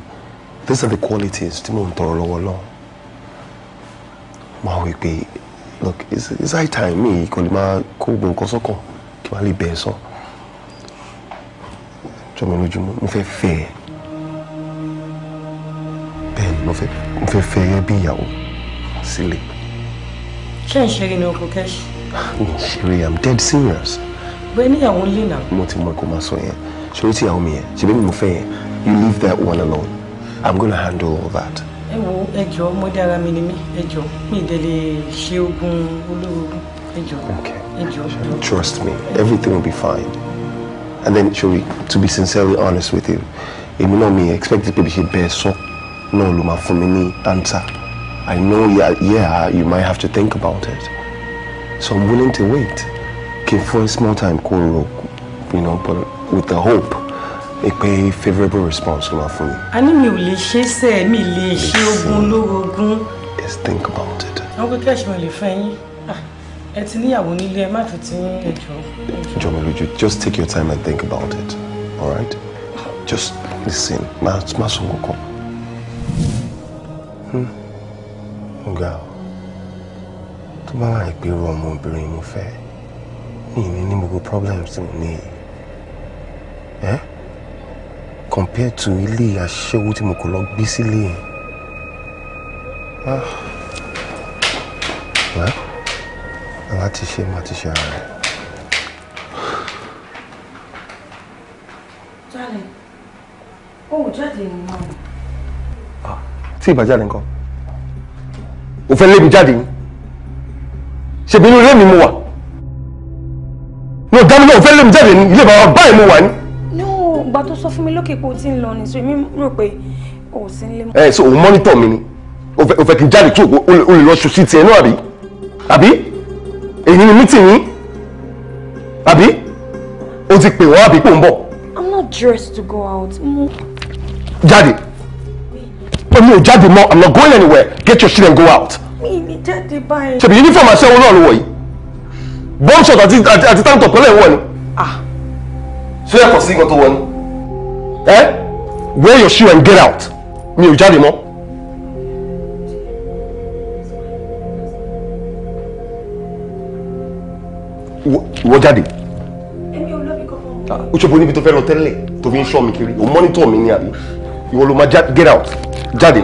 these are the qualities tí mo ń tọrọ lọ́wọ́ Ọlọ́run wọn á wò pé look it's, high time mi kò lè máa kó gbogbo nǹkan sọ́kàn kí wọ́n á lè bẹ̀ẹ́ sọ jọmọ lójúmọ́ mo fẹ́ fẹ́ ẹ ló fẹ́ mo fẹ́ fẹ́ ẹ bí ìyàwó ṣé ń ṣeré ni oko kẹ́ṣì. mi ò ṣeré i'm dead serious. bẹ́ẹ̀ ni ìyàwó ń lè nà. mo ti mọ kó máa sọ yẹn ṣé o ti àwọn mi yẹn ṣe bí mo fẹ́ yẹn you leave that one alone i'm gonna handle all that. ẹ wo ẹjọ ọmọdé ara mi ni mí ẹjọ mi ìdẹ́lẹ̀ ṣe ogun olórogún ẹjọ. okay trust me everything will be fine and then Shuri to be sincerely honest with you èmi náà mi expect pé bí ṣe bẹ́ẹ̀ sọ. So No, ló máa fún answer I know yeah, yeah you might have to think about it so I'm willing to wait kí n fún small time Call you know but with the hope pay favorable response ló máa fún I a ní mi ò lè Me é sẹ́ẹ̀ mi lè ogun lórogún. think about it. àwọn pé kẹ́sì wọn lè fẹ́ yín ah, ẹ ti níyàwó nílé just take your time and think about it all right just listen má sọ nǹkan kan. ǹgà tó bá wà ní pé irú ọmọbìnrin mo fẹ́ ní ìní ní gbogbo problems tí mo ní yìí ẹ́ compared to ilé aṣẹ́wó tí mo kò lọ gbé sílé yẹn ah well aláti ṣe má ti ṣe ara rẹ̀. jáde ó ah. jáde nìyẹn. tí ìbá jáde nǹkan ò fẹ́ lé mi jáde ni ṣèbí inú ilé mi mo wà ní ọ̀gá mi náà ò fẹ́ lé mi jáde ní ilé bàbá báyìí mo wà ní. no ìgbà tó sọ fún mi lókè pé o ti ń lọ ni so èmi rò pé o ò sí nílé mọ́. ẹ so òun mọ́nítọ̀ mi ni o fẹ́ kí n jáde kí o lè lọ ṣùṣì tiẹ̀ náà àbí àbí èyí ni mítì yín àbí o ti pè wọ́n àbí kò ń bọ̀. I'm not dressed to go out. jáde. Mm mi ò jáde mọ́ i'm not going anywhere get your shit and go out. mi ni jáde báyìí. ṣebí uniform àti ẹ̀wọ̀n náà ló wọ̀ bomb shot àti àti àti tank top lẹ́yìn wọ̀ ni. Ah. ṣé yàtọ̀ sí nǹkan tó wọ̀ ni. ẹ eh? wear your shoe and get out mi ò jáde mọ́. ìwọ jáde. èmi ò lọ́bì kankan. Ah, ó ṣòfò níbi tó fẹ́ lọ tẹ́lẹ̀ tó fi ń ṣọ́ mi kiri ò mọ́nítọ̀ mi ni àbí ìwọ ló máa get out jáde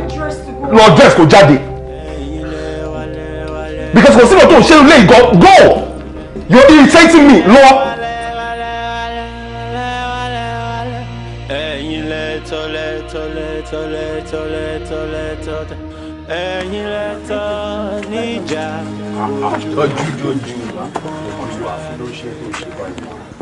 lọ dress kò jáde because kò síbò tó ń ṣe ilé ìgò go you're irritating me lọ. ẹ̀yin lẹtọ níjà ojú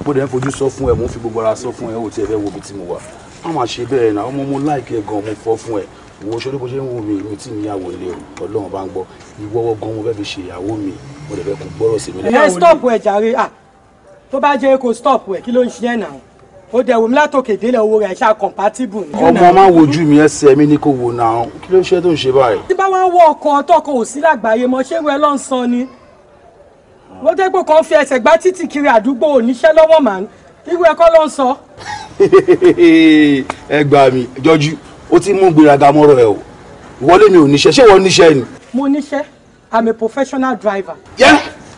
bó dẹ̀ ń fojú sọ fún ẹ mo ń fi gbogbo ara sọ fún ẹ ó tiẹ̀ fẹ́ wo ibi tí mo wà má má ṣe bẹ́ẹ̀ náà ọmọ mo láìkí ẹ gan mo fọ́ fún ẹ ìwọ sórí bó ṣe ń wò mí mi tí mi yà wò o ọlọ́run bá ń gbọ́ ìwọ́wọ́ gan mo fẹ́ fi ṣe ìyàwó mi mo lè fẹ́ kó gbọ́rọ̀ sí mi. ẹ stop ẹ jàre ah tó bá jẹ́ kó stop ẹ kí ló ń ṣiyẹn náà ó dẹ̀ wò mí látòkè délẹ̀ owó rẹ̀ ṣáà compatible. ọmọ máa ń wojú mi ẹsẹ̀ mi ní kò wò náà kí ló ń ṣe tó ń ṣe báyìí. tí bá wá ń wọ ọkọ tọkọ ò sí lágbàáyé mọ ṣé wẹ ló ń san ni. wọ́n tẹ́ pé kàn fi ẹsẹ̀ gbá títì kiri àdúgbò oníṣẹ́ lọ́wọ́ màá irú ẹ̀kọ́ ló ń sọ. ẹ gbà mí jọjú o ti mú gbéraga mọ́rọ̀ ẹ o ìwọlé mi ò níṣẹ́ ṣé wọ́n níṣẹ́ ni. mo níṣẹ́ i'm a professional driver. yẹ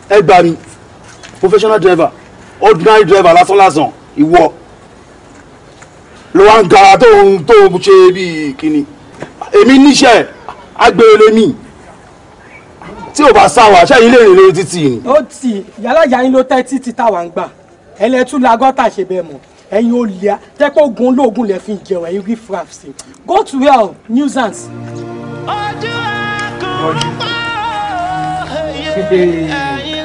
ẹ gbà mí professional driver ordinary driver lásán lásán ìwọ ló wá ń gara tó ń tó ń ṣe bíi kíni èmi níṣẹ́ agbèrè mi. tí ò bá sáwà ṣé ilé ìrìn lórí títì ni. ó tì yálà yà yín ló tẹ́ títì táwa ń gbà ẹlẹ́tú la ṣe bẹ́ẹ̀ mọ̀ ẹ̀yin ó lẹ́à tẹ́pẹ́ ogun olóògùn lẹ́ fi jẹun ẹ̀yin rí fraps go to hell nuisance. ojú ẹkùn pa òye ẹ̀yin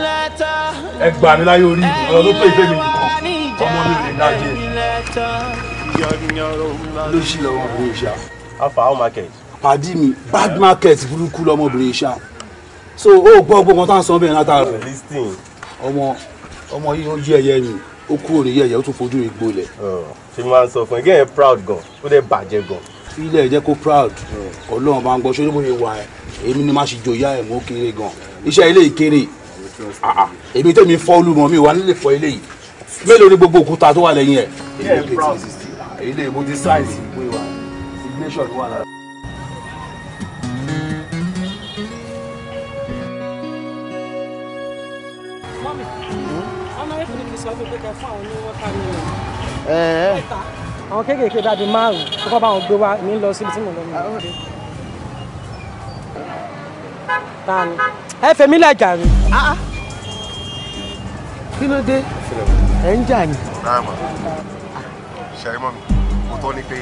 lẹ́tọ́. ẹ gbà mí láyé orí ọ̀rọ̀ ló pè é bẹ́ẹ̀ nìkan ọmọ mi ò lè dájẹ́ ló ṣì lọ́wọ́ ọ̀gbìn ìṣá. afa how market. pàdí mi bad market burúkú lọmọbìnrin ìṣá so ó gbọ́ gbogbo kan tá à ń sọ bẹ́ẹ̀ látara rẹ̀ ọmọ ọmọ yìí ó jí ẹyẹ mi ó kúrò ní yẹ̀yẹ́ ó tún fojú igbó lẹ̀. ṣé mo máa ń sọ fún ẹ gẹ́gẹ́ proud gan ó dẹ̀ bàjẹ́ gan. ilé ẹ̀jẹ̀ kó proud ọlọ́run máa ń gbọ́ sórí bóyá wà ẹ̀ èmi ni má ṣe jòyà ẹ̀ mọ́ kéré gan iṣẹ́ ilé ìkéré èmi tẹ́mi fọ́ olúmọ mi wà nílé fọ́ ilé yìí mélòó ni gbogbo òkúta tó wà lẹ́yìn ẹ̀. ilé ìbòjì sáìsì ìgbéṣọ̀ ló wà lára. sọ fún pé kẹ fún àwọn oníwọ́n ta mi lọ. ẹ̀ẹ́ di márùn-ún tó kọ́ bá wọn gbé wa èmi ń lọ síbi tí mò ń ni ẹ fẹ̀mí lẹ̀ jà rè. Ah, ah. kí ló dé ẹ ń jà ni. ṣẹ̀rí mọ́ mi mo tọ́ ni pé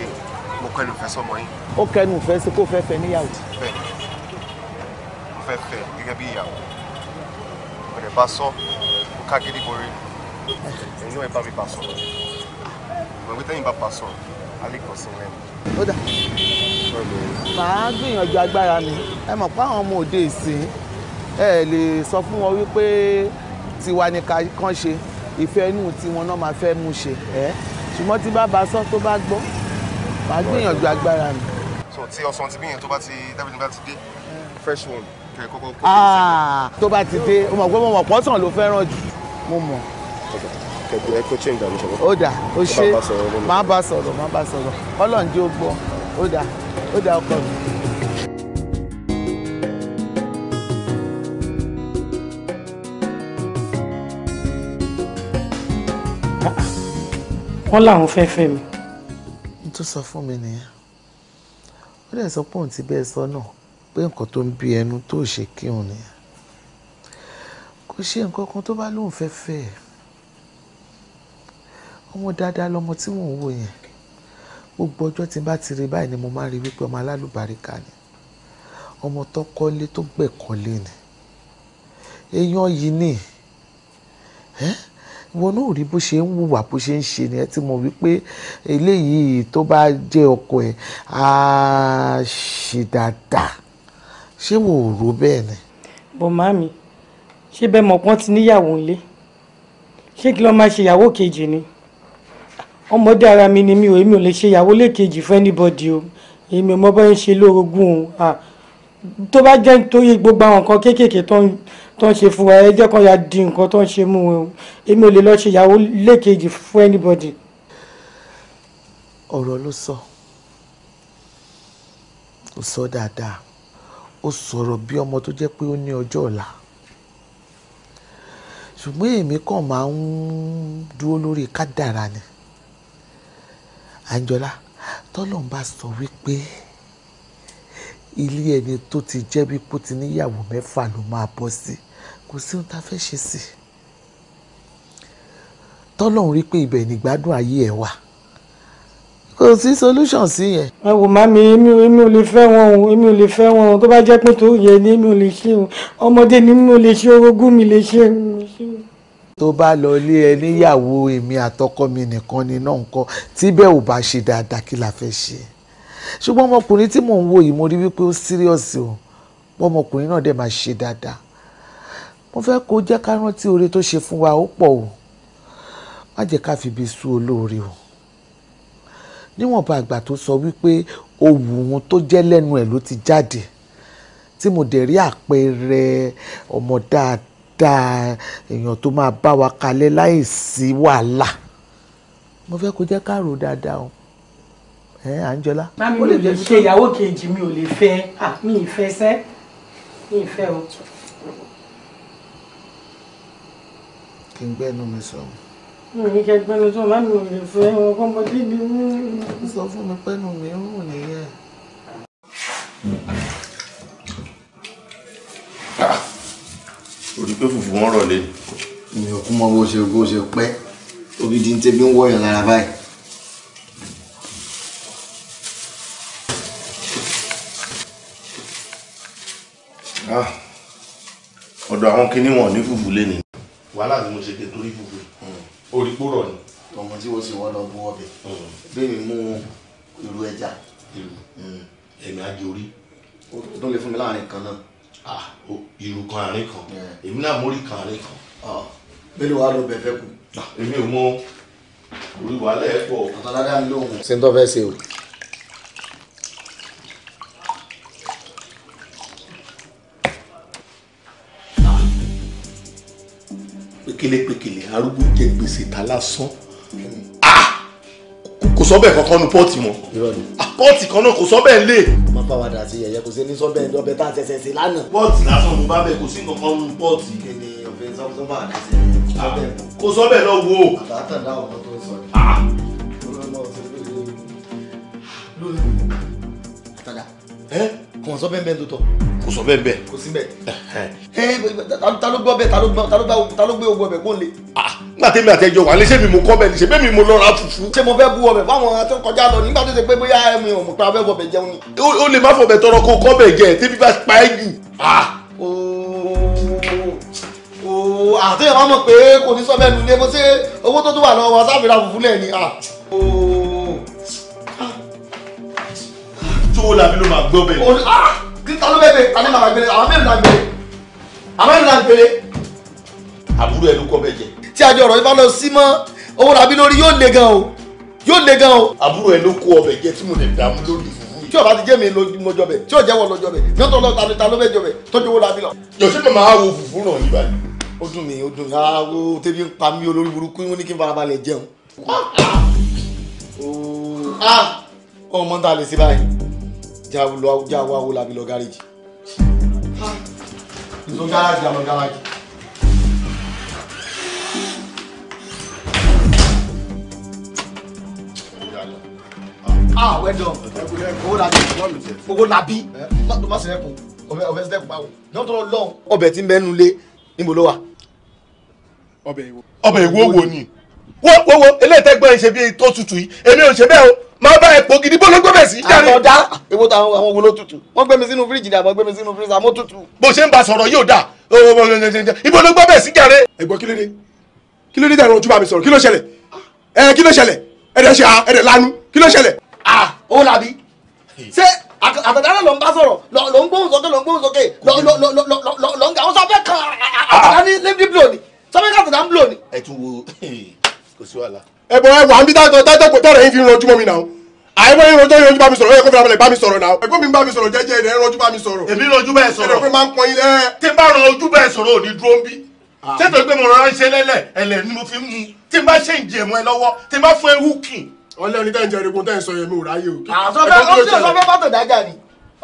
mo kẹ́nu fẹ́ sọmọ yín. ó kẹ́nu fẹ́ sí kó fẹ́ fẹ́ níyàwó. bẹ́ẹ̀ mo fẹ́ fẹ́ gẹ́gẹ́ bí ìyàwó mo bá sọ mo ká gidi borí ẹ̀yin náà ẹ bá mi bá sọ̀rọ̀ ìwé tẹ́yìn bá pa sọ̀rọ̀ á lè kàn sí lẹ́nu. ó dà màá gbìyànjú agbára mi ẹ mọ̀ pé àwọn ọmọ òde ìsìn ẹ lè sọ fún wọn wípé tiwa ni kàn ṣe ìfẹ́ inú tiwọn náà máa fẹ́ mú ṣe ẹ ṣùgbọ́n tí bá ba sọ tó bá gbọ́ màá gbìyànjú agbára mi. so tí ọsàn ti bíyàn tó bá ti dábìlì bá ti dé fresh one kẹ kọ́kọ́ kọ́kọ́. Ah, tó bá ti dé o mọ̀ pé mo mọ̀ pọ́sàn ló fẹ́ràn jù mo mọ̀ kẹ̀kẹ́ kó change dànù ṣọ̀rọ̀. ó dà ó ṣe má bá sọ̀rọ̀ má bá sọ̀rọ̀ ọlọ́run jẹ́ ó gbọ́ ó dà ó dà ọkọ mi. wọ́n láwọn fẹ́ fẹ́ mi. n tó sọ fún mi nìyẹn ó dẹ̀ sọ pé òun ti bẹ́ẹ̀ sọ náà pé nǹkan tó ń bí ẹnu tó ṣe kí òun nìyẹn kò ṣe nǹkan kan tó bá lóun fẹ́ fẹ́ ẹ̀ ọmọ dáadáa lọmọ tí mò ń wò yẹn gbogbo ọjọ́ tí n bá ti rí báyìí ni mo máa ń rí wípé ọmọ alálùbáríkà ni ọmọ tó kọ́lé tó gbẹ̀kọ́lé ni èèyàn yìí ni ìwọ náà rí bó ṣe ń wùwà bó ṣe ń ṣe ni ẹ ti mọ̀ wípé eléyìí tó bá jẹ́ ọkọ ẹ̀ á ṣe dáadáa ṣé wò ó rò bẹ́ẹ̀ ni. bọ̀ màmí ṣé bẹ́ẹ̀ mọ̀ pọ́n ti níyàwó ńlẹ̀ ṣé kí ló máa ṣe ìyàwó kejì ni ọmọdé ara mi ni mi ò èmi ò lè ṣe ìyàwó lẹ́ẹ̀kejì fún anybody o èmi ò mọ bá ń ṣe lórogún o tó bá jẹ́ nítorí gbogbo àwọn nǹkan kéékèèké tó ń ṣe fún wa ẹ jẹ́ kó ya di nǹkan tó ń ṣe mú wọn o èmi ò lè lọ ṣe ìyàwó lẹ́ẹ̀kejì fún anybody. ọ̀rọ̀ ló sọ ó sọ dáadáa ó sọ̀rọ̀ bí ọmọ tó jẹ́ pé ó ní ọjọ́ ọ̀la ṣùgbọ́n èmi kàn máa ń dúró lórí kádàrá ni. Anjọlá tọ́lọ́run bá sọ wípé ilé ẹni tó ti jẹ́ wípé ó ti níyàwó mẹ́fà ló máa bọ́ sí kò sí ohun tá a fẹ́ ṣe sí i tọ́lọ́run rí pé ibẹ̀ nígbádùn ayé ẹ̀ wà kò sí solution sí yẹn. ẹ wò má mi èmi èmi ò lè fẹ́ wọn o èmi ò lè fẹ́ wọn o tó bá jẹ́ pé tó yẹ ni èmi ò lè ṣe o ọmọdé ni mi lè ṣe orogún mi lè ṣe o tó bá lọ lé ẹ níyàwó èmi àtọkọ mi nìkan ni náà ń kọ tíbẹ̀ ò bá ṣe dáadáa kí la fẹ́ ṣe ṣùgbọ́n ọmọkùnrin tí mò ń wò yìí mo rí wípé ó síríọ̀sì o ọmọkùnrin náà dẹ̀ máa ṣe dáadáa mo fẹ́ kó jẹ́ ká rántí oore tó ṣe fún wa ó pọ̀ o má jẹ́ ká fi ibi sú olóore o níwọ̀nba àgbà tó sọ wípé ohùn tó jẹ́ lẹ́nu ẹ̀ ló ti jáde tí mo dẹ̀ rí àpẹẹrẹ ọmọ dáadáa dáadáa èèyàn tó máa bá wa kalẹ̀ láì sí wàhálà mo fẹ́ kó jẹ́ ká rò dáadáa o ẹ Anjola. mami mi ò lè ṣe ìyàwó kejì mi ò lè fẹ́ mi ì fẹ́ sẹ́ mi ì fẹ́ o. kí n gbẹ́nu mi sọ. mi ò ní kẹ́ sọ mami ò lè fẹ́ ọkọ ọmọdé mi. sọ fún mi pẹ́nu mi ń rùn nìyẹn. orí pé fùfú wọn rọlé. mi ò kún mọ bó ṣe bó ṣe pẹ́ omi di ń tẹ́bí ń wọ̀yàn lára báyìí. Ah, ọ̀dọ̀ àwọn kinní wọn ní fùfú lé ní. wàhálà ni mo ṣe ké torí fùfú hmm. orí pò rọ̀ ni. ọmọ tí wọ́n ṣe wọ́n lọ bú ọbẹ̀ hmm. bẹ́ẹ̀ mú irú ẹja. èmi hmm. á di orí. ó tó lè fún mi láàrin kan náà. Ah, irú kan àárín kan èmi náà mórí kan àárín kan. mélòó ah, wàá lọ bẹ̀fẹ̀ kù. Ah, èmi ò mọ orí wàhálà ẹ̀ pọ̀. àtàládá mi lóhùn. ṣé n tó fẹ́ ṣe o. pékélépékélé arúgbó jẹ gbèsè ta lásán kò sọ bẹ́ẹ̀ kankan nu pọ́ọ̀tì mọ́ pọ́ọ̀tì kan náà kò sọ bẹ́ẹ̀ lé máa bá wa dà sí yẹ̀yẹ́ kò sí ní sọ́bẹ̀ ìdọ́bẹ̀ tá a ṣẹ̀ṣẹ̀ sí lánàá. pọ́ọ̀tì lásán mo bá bẹ̀ kò sí nǹkan kan pọ́ọ̀tì. kí ni ọ̀fẹ́ sọ́bẹ̀ bá dà sí yẹ̀yẹ́. kò lọ wo. àtàtàdá ọkọ tó ń sọ ni. Ah. lórí àtàdá. ẹ kò wọ́n sọ bẹ́ẹ̀ bẹ́ẹ̀ tó tọ̀. kò sọ bẹ́ẹ̀ bẹ́ẹ̀. kò sí bẹ́ẹ̀. Eh, ta ló gbọ́ bẹ́ẹ̀ ta ló gbé ogun ọbẹ̀ kó le. Ah, nígbà tẹ́mi àtẹ́jọ́ wà lẹ́sẹ̀ mi mo kọ́ bẹ́ẹ̀ níṣẹ́ bẹ́ẹ̀ mi mo lọ ra fùfú. ṣé mo fẹ́ bu ọbẹ̀ fáwọn tó kọjá lọ nígbà tó ṣe pé bóyá ẹ̀mí ò mọ̀ pé abẹ́ fọbẹ̀ jẹun ni. O lè má fọbẹ̀ tọrọ kó kọ́ bẹ̀ jẹ tẹ́bí bá pa ẹ́ jù. Ah. àtẹ̀yẹ̀ máa mọ̀ pé kó làbí ló máa gbọ́ bẹ́ẹ̀. o ah ta ló bẹ́ẹ̀ bẹ́ẹ̀ ta ló máa gbélé àwọn mẹ́rin náà gbélé àwọn mẹ́rin náà gbélé. àbúrò ẹ̀ ló kọ́ bẹ́ẹ̀ jẹ. tí àjọ ọ̀rọ̀ yìí bá lọ sí mọ́ owó làbí lórí yóò le gan o yóò le gan o. àbúrò ẹ̀ ló ọbẹ̀ jẹ tí mo lè dààmú lórí ìfúfú yìí. tí ọba ti jẹ́ mi lọ́jọ́ bẹ̀ tí ọjẹ́ wọ lọ́jọ́ bẹ̀ yọtọ̀ lọ ta ló bẹ́ẹ̀ jọ bẹ̀ tọ́jú owó ah o tẹ́bi ń pa mí olórí burúkú wọn ní kí n farabalẹ̀ jẹun. Ah! Ah! ọmọ ń lè ṣe báyìí já wá owó labi lọ gáréjì nìsọ gárájì àlọ gárájì. ah well done owó labi owó labi má sì rẹ́kun ọ̀fẹ́ sẹ́kun báwo ní wọ́n tọ́ lọ́n. ọbẹ̀ tí ń bẹ́ẹ̀ nulẹ̀ níbo ló wà. ọbẹ̀ ìwo wo ni. wo wo wo eléyìí tẹ́gbọ́n ẹ̀ ṣe bí tó tutù yìí èmi ò ṣe bẹ́ẹ̀ máa bá epo gidi bó ló gbé bẹ̀ sí. àtọ̀dá èwo ta àwọn wo ló tutù wọ́n gbé mi sínú fíríjì ni àmọ́ gbé mi sínú fíríjì àmọ́ tutù. bó ṣe ń bá sọ̀rọ̀ yóò dà ibo ló gbé bẹ̀ sí jàre. kí ló dé kí ló dé dàrú ojú bá mi sọ̀rọ̀ kí ló ṣẹlẹ̀ ẹ kí ló ṣẹlẹ̀ ẹ̀rẹ̀ ṣe ẹ̀rẹ̀ lanu kí ló ṣẹlẹ̀. a ó làbí ṣé àtọ̀dá ló ń bá sọ̀rọ̀ ló ń gbóhùn sókè ló ń gbóhùn sókè ló ń ẹ̀bọ̀ ẹ wà ń bí tọ́tọ́ tọ́rọ̀ yín fi ń rọjú mọ́ mi náà àìmọ́ yín rọjọ́ yín rọjú bá mi sọ̀rọ̀ ẹ̀ kó fi ramọ̀lẹ̀ bá mi sọ̀rọ̀ náà ẹ̀gbọ́n mi bá mi sọ̀rọ̀ jẹ́jẹ́ ẹ̀ rọjú bá mi sọ̀rọ̀. èmi rọjú bẹ́ẹ̀ sọ̀rọ̀ ẹ̀rọ pé máa ń pọ́n ilé. tí n bá rọ ojú bẹ́ẹ̀ sọ̀rọ̀ ò ní dúró ń bí. sẹ́tọ̀ ah. gbé mo rọra ń ṣe lẹ́lẹ̀ ẹ̀lẹ̀ ni mo fi ń mu tí n bá ṣe ń jẹ mọ́ ẹ lọ́wọ́ tí n bá fún ẹ húkìn. ọlẹ́ oní tẹ́ ń jẹ erigun tẹ́ ń sọ yẹn mi ò ráyè o. àtọ́fẹ́ ọ́fíìsì ọ̀sán fẹ́ bá tò dájà ni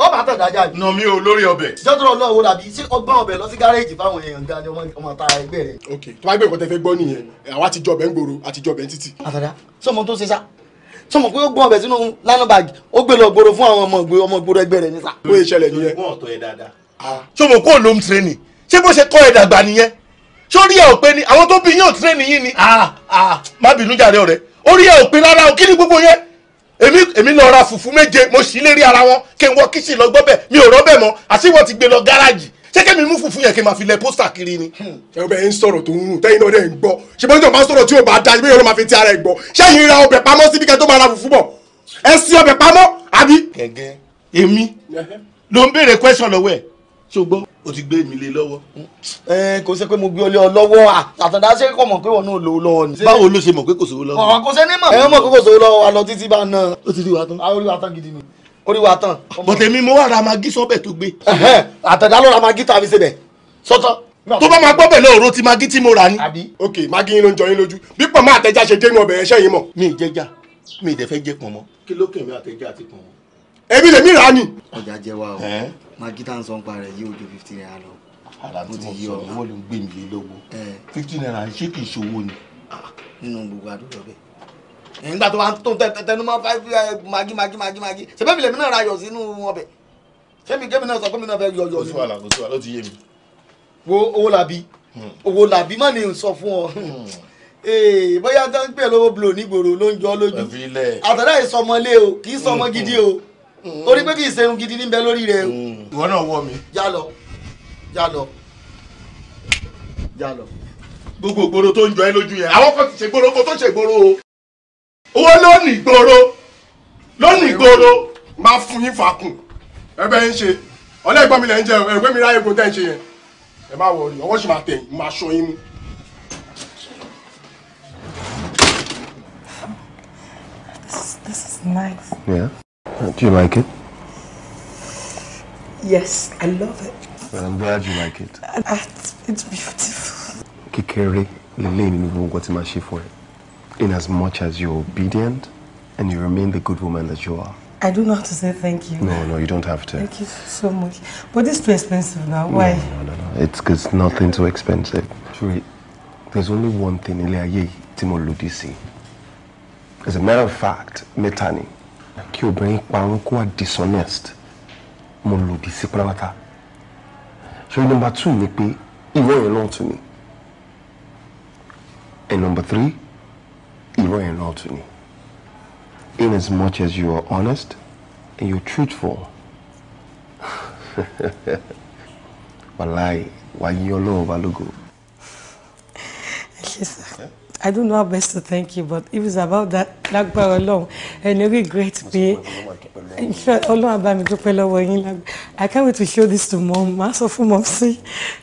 ọba tàn dájà ni. nà mí o lórí ọbẹ̀. jọ́tọ̀rọ̀ náà wo dàbí ṣé ọgbọ́n ọbẹ̀ lọ sí gáréèjì fáwọn èèyàn gan ni ọmọ ta ẹgbẹ́ rẹ̀. ok tó bá gbé nǹkan tẹ fẹ́ gbọ́ nìyẹn àwa ti jọbẹ̀ ń gbòòrò àti jọbẹ̀ ń títì. àtàdá sọmọ tó ṣe sá sọmọ pé ó gbọ́n ọbẹ̀ sínú lánàá báàgì ó gbé lọ gbòòrò fún àwọn ọmọ gbòòrò ẹgbẹ́ rẹ̀ ní sá. ó yẹ ṣẹlẹ̀ nìyẹn. sọmọ kó lóun tirẹ̀nì ṣé bó ṣe kọ́ ẹ̀ dàgbà nìyẹn sórí ẹ̀ ò pé ni àwọn tó bí yín ò èmi èmi lọ ra fùfú méje mo sì lérí ara wọn kí n wọ kíṣì lọ gbọ́ bẹ́ẹ̀ mi ò rọ́ bẹ́ẹ̀ mọ́ àti wọ́n ti gbé lọ gáràjì ṣé kẹ́mi mú fùfú yẹn kí n máa fi lẹ pósítà kiri ni. Hmm. ẹ bẹ ń sọ̀rọ̀ tó ń rùn tẹ́yìn náà dẹ̀ ń gbọ́ ṣe bọ́n tí o bá sọ̀rọ̀ tí o bá da ìbéèrè ló máa fi ti ara ẹ̀ gbọ́ ṣé yìí ra ọbẹ̀ pamọ́ síbi kẹ́ tó máa ra fùfú bọ̀ ẹ sí ọbẹ̀ pamọ́ àbí. gẹ́gẹ́ èmi ló ń béèrè question lọ́wọ́ ẹ̀ ṣùgbọ́n o ti gbé mi lé lọ́wọ́. ẹ kò ṣe pé mo gbé ọ lé ọ lọ́wọ́ àtàndá ṣe kò mọ̀ pé òun náà lò ó lọ́wọ́ ni. báwo ló ṣe mọ̀ pé kò sówó lọ́wọ́. ọ̀rọ̀ kò ṣe ní mọ̀. ẹ mọ̀ pé kò sówó lọ́wọ́ wa lọ títí bá ná. ó ti rí wa tán. a ah, orí wa tán gidi ni orí wa tán. bọ̀tẹ̀ mi mo wá ra magi sọ́bẹ̀ tó gbé. àtàndá ló ra magi tó a fi ṣe bẹ̀ sọ́tọ́ tó bá máa gbọ́ bẹ̀ lóòrò ti magi tí mo rà ni. ok magi yín ló ń jọ yín lójú bí pọ̀ máa tẹja ṣe dé inú ọbẹ̀ ẹ̀ṣẹ́ yín mọ̀. mi ì jẹja mi ì dẹ̀ fẹ́ jẹ èmi lèmi rà ni. ọjà jẹ wa o magi tan n sọ ń pa rẹ yí ojú fifty naira lọ. ara tí mo sọ owó ló ń gbé mi lé lówó fifty naira ṣé kì ṣòwò ni. Ah, nínú gbogbo àdúgbò bẹ́ẹ̀ nígbà tó wà tó tẹnu mọ́ five magi magi magi magi ṣẹbẹ mi lèmi náà ra yọ sínú ọbẹ̀ ṣẹmi kẹmi náà sọ pé mi náà fẹ́ yọ yọ nínú. kòsíwàlà kòsíwàlà ló ti yé mi. wo owó làbí hmm. owó làbí má ní sọ fún ọ hmm. eh, bóyá tó ń pè lówó bulo nígboro ló ń jọ lójú àtàlẹ́ ìsọmọlé o kì í sọmọ hmm. gidi o. orí mm-hmm. pé kì í gidi níbẹ̀ lórí rẹ mm-hmm. ìwọ náà mi. lọ ya lọ lọ. gbogbo ìgboro tó ń jọ ẹ lójú yẹn ti ṣe gboro kó tó ṣe o owó ló ní ìgboro ló máa fún yín fàákùn ẹbẹ ń ṣe ọlẹ́gbọ́n mi lẹ́ ń jẹ mi kó tẹ́ ń ṣe yẹn ẹ má ọwọ́ sì máa máa ṣọ yín mú. This Uh, do you like it? Yes, I love it. Well, I'm glad you like it. It's beautiful. Kékeré, lele nínú got nǹkan tí màá ṣe fún In as much as you're obedient and you remain the good woman that you are. I don't know how to say thank you. No, no, you don't have to. Thank you so much. But it's too expensive now. Why? No, no, no. no. It's, because nothing too expensive. Sure, there's only one thing ilé ayé tí mo lòdì sí. As a matter of fact, mẹ́ta kí obìnrin parun kó wà dishonest mo lòdì sí pátápátá so number two ni pé ìwọ yẹn náà tún ni and number three ìwọ yẹn náà tún ni in as much as you are honest and you are truthful wàláì wàá yí ọlọ́run balógo. ẹ ṣe sá. I don't know how best to thank you, but it was about that, lágbára Ọlọ́run, ẹni regret pé Ọlọ́run àbá mi dúpẹ́ lọ́wọ́ yín lágbára. I can't wait to show this to mom. Màá sọ fún mom sí.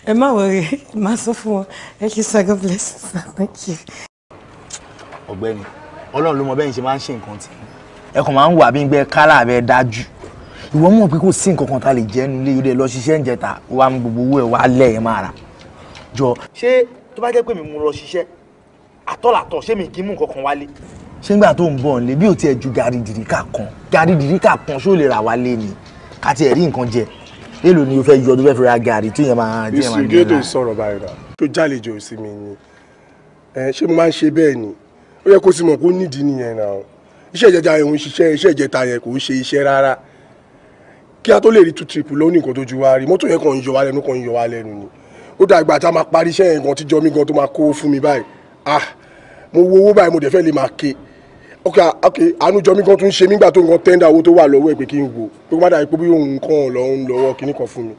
Ẹ má wọ̀rẹ̀, màá sọ fún wọn. sir, God bless you sir, thank you. Oh Ọlọ́run oh no, bẹ́yìn ṣe máa ń ṣe nǹkan tí. Ẹ kàn máa ń wà bí gbẹ kálà bẹ́ẹ̀ dájú. Ìwọ mọ̀ pé kò sí nǹkan kan tá a lè jẹ́ nulẹ̀ yóò dé lọ ṣiṣẹ́ ìjẹta wa mú gbogbo owó ẹ̀ àtọ́làtọ̀ ṣé mi kì í mú nǹkan kan wálé. ṣé ńgbà tó ń bọ̀ ń lé bí o tiẹ̀ ju gàrí dìríkà kan gàrí dìríkà kan ṣó lè rà wálé ni ká tiẹ̀ rí nǹkan jẹ èlò ni o fẹ́ yọ ọdún fẹ́ fi ra gàrí tí yẹn máa jẹ́ máa gbé ra. ìṣègùn sọ̀rọ̀ báyìí rà tó jàlejò sí mi ni ṣé mo máa ń ṣe bẹ́ẹ̀ ni ó yẹ kó sì mọ̀ kó nídìí nìyẹn náà iṣẹ́ ìjẹta yẹn ń ṣiṣẹ́ iṣẹ́ ìjẹta yẹn kò ń ṣe iṣẹ́ rárá kí a tó lè rí two trip lónìí nǹkan tó ju wa rí mọ́tò yẹn kàn ń yọ wa lẹ́nu kàn ń yọ wa lẹ́nu ni ó dàgbà tá a máa parí iṣẹ́ yẹn gan tíjọ́ mi gan tó máa kó fún mi báyìí ah mo wo owó báyìí mo dẹ̀ fẹ́ lè máa ké ok ok àánújọ mi kan tún ṣe nígbà tó nǹkan tẹ́ndà owó tó wà lọ́wọ́ ẹ̀ pé kí n wò pé kó má dà pé bí òun kan lọ ń lọ́wọ́ kíní kan fún mi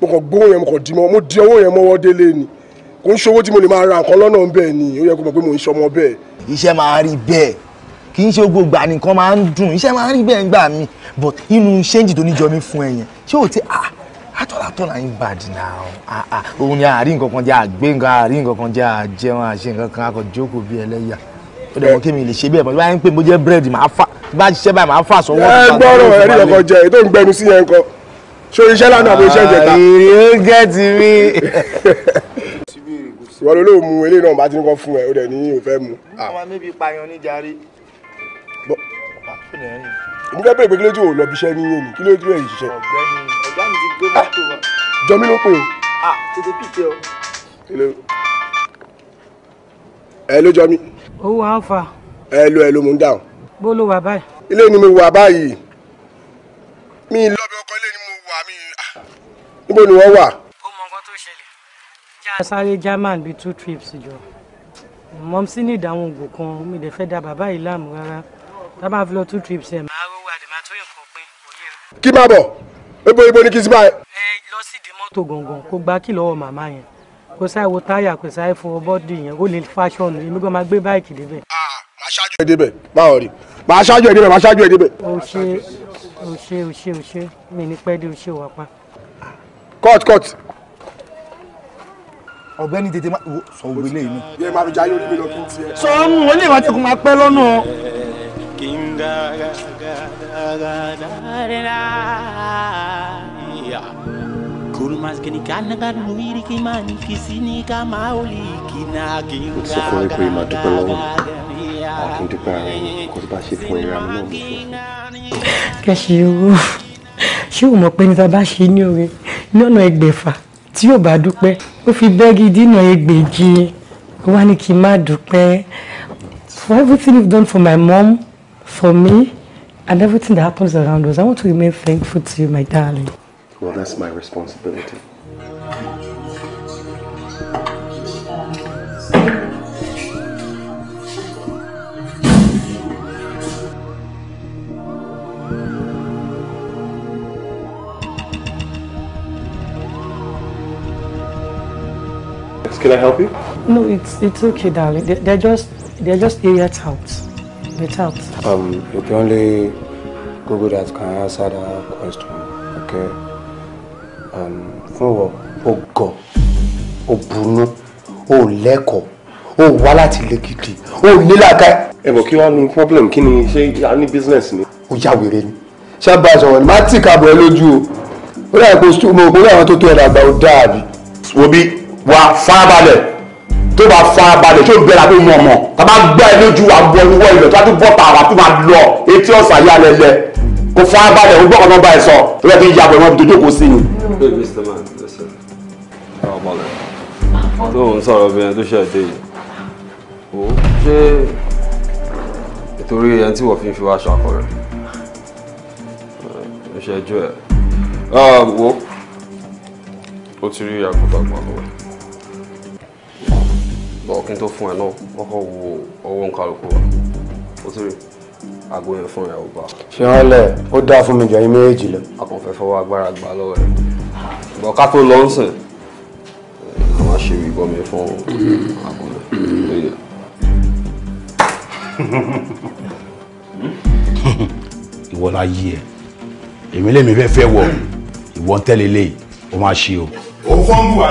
mo kàn gbówó yẹn mo kàn di mọ́ mo di owó yẹn mọ́wọ́ délé ni kò ń ṣòwò tí mo lè máa ra nǹkan lọ́nà bẹ́ẹ̀ ni ó yẹ kó mọ̀ pé mò ń ṣọmọ bẹ́ẹ̀. iṣẹ́ máa rí bẹ́ẹ̀ kì í ṣe gbogbo ànìkan máa ń dùn iṣẹ́ máa rí bẹ́ẹ̀ ń gbà mí but inú ṣéǹjì tó níjọ mi fún ẹ yẹn ṣé ò ti ah atọ́lá atọ́lá yín bàdì náà òun ni àárín nǹkan kan jẹ́ àgbé nǹkan àárín nǹkan kan jẹ́ àjẹun àṣẹ nǹkan kan akọ̀ jókòó bí ẹlẹ́yà ó dẹ̀ mọ́ kí mi lè ṣe bí ẹ̀ mọ́ bí wọ́n á ń pè mo jẹ́ búrẹ́dì màá fà bá ṣiṣẹ́ báyìí màá fà sọ́wọ́. ẹ gbọ́rọ̀ ẹ̀rí ọkọ̀ jẹ ètò ìgbẹ́nu sí yẹn kan ṣé iṣẹ́ lánàá àbí iṣẹ́ ìjẹta. ìrì ó gẹ́ ti mí. ìwọ ló lóò mu eléyìí náà bá ti ń kọ́ fún ẹ ó dẹ̀ ní ò fẹ́ mu. ọmọ mi bí payan ní jàre. mo fẹ́ bèrè pé kí ló dé òun lọ bí iṣẹ́ ní yóò ní kí ló dé òun ṣiṣẹ́. ọ̀gbẹ́ni ọ̀gá mi jọmí ló pè o. tètè pìtẹ o. ẹ ló jọmí. owó àǹfà. ẹ ló ẹ ló mú un dáhùn. bó ló wà báyìí. ilé ni mo wà báyìí mi lọ́bẹ̀ ọkọ ilé ni mo wà mí. níbo ni wọ́n wà. ó mọ nǹkan tó ṣẹlẹ̀. já a sáré german bíi two trips jọ mọ̀mísí ní ìdáhùn ògùn kan mi lè fẹ́ da bàbá yìí láàmú rárá tá a bá fi lọ two trips ẹ̀ máa rówó àdèmà tó yàn kó pín òye. kí má bọ̀ ebo ibo ni kí n ti bá ẹ. ẹ lọ sí di mọ́tò gangan kó gba kí lọ́wọ́ màmá yẹn kó sáì wo táyà kó sáì fún bọ́dì yẹn kó lè fashion èmi gan máa gbé báìkì débẹ̀. Ah, máa ṣáájú ẹ débẹ̀ máa rí máa ṣáájú ẹ débẹ̀ máa ṣáájú ẹ débẹ̀. o ṣe o ṣe o ṣe o ṣe mi ní pẹ́ dé o ṣe wà pa. cut cut. ọ̀gbẹ́ni tètè máa sọ òwe lẹ́yìn náà. yẹ́n máa fi jayé orí mi lọ máa pẹ́ lọ́nà mo sọ fún yín pé màá dúpẹ́ lọ́wọ́ kí n dúpẹ́ ara yín kó tó bá ṣe fún ìlera mi náà mo sọ. kẹ̀sì owó ṣé o mọ̀ pé ní ta bá ṣe ní oore ní ọ̀nà ẹgbẹ̀fà tí yóò bá dúpẹ́ ó fi bẹ́ẹ̀gì dínà ẹgbẹ̀je wá ní kí n má dúpẹ́ for everything you've done for my mom for me and everything that happens around us. I want to remain thankful to you, my darling. Well, that's my responsibility. Can I help you? No, it's it's okay, darling. They're just they're just idiots out without? Um, you can only Google that can answer that question, okay? Um, fún wọ ó gọ̀ ó burú ó lẹ́kọ̀ọ́ ó wá láti Oh, gidi ó nílàkà. ẹ bọ̀ kí wàá ní problem kí ni ṣé a ní business ni. ó yà wèrè ni ṣáàbà sọ̀rọ̀ ni má tì kábọ̀ ẹ lójú o ó dà kó mo kó àwọn tó tó ẹ̀ dàgbà ó dáa bi. wo bí wà fábàlẹ̀ tó bá fa balẹ̀ tó ń bẹ̀rẹ̀ àbí mọ̀ mọ̀ tàbá gbẹ́ lójú àbọ̀ ìwọ ilẹ̀ tó bá tún bọ́ tààrà tó máa lọ etí ọ̀sán yà lẹ́lẹ́ kò fa balẹ̀ ó gbọ́kàn náà bá ẹ sọ ó yẹ kí n ya àbọ̀ ìwọ̀n tó jókòó sí ni. tó ń sọ̀rọ̀ obìnrin tó ṣe yìí ó ṣe ìtorí ẹni tí wọ́n fi ń fi wá aṣọ rẹ̀ ó ṣe ẹ̀ ah, wo ó ti rí àgùntàn pọ̀ But kí n tó fún ẹ náà kọ́kọ́ wo ọwọ́ nǹkan àlùkò wa ó tún rí àgbo yẹn fún ẹ ọba. fi hàn lẹ ó dáa fún mi jọ yín méjì lọ. a kàn fẹ́ fọwọ́ agbára gbà lọ́wọ́ ẹ̀ bọ́ ká tó lọ ń sìn ẹ má ṣe ìbọn mi fún àgbo yẹn. ìwọ la yí ẹ èmi lèmi fẹ́ fẹ́ wọ ìwọ ń tẹ́lẹ̀ lé o máa ṣe o. òun kọ́ ń bù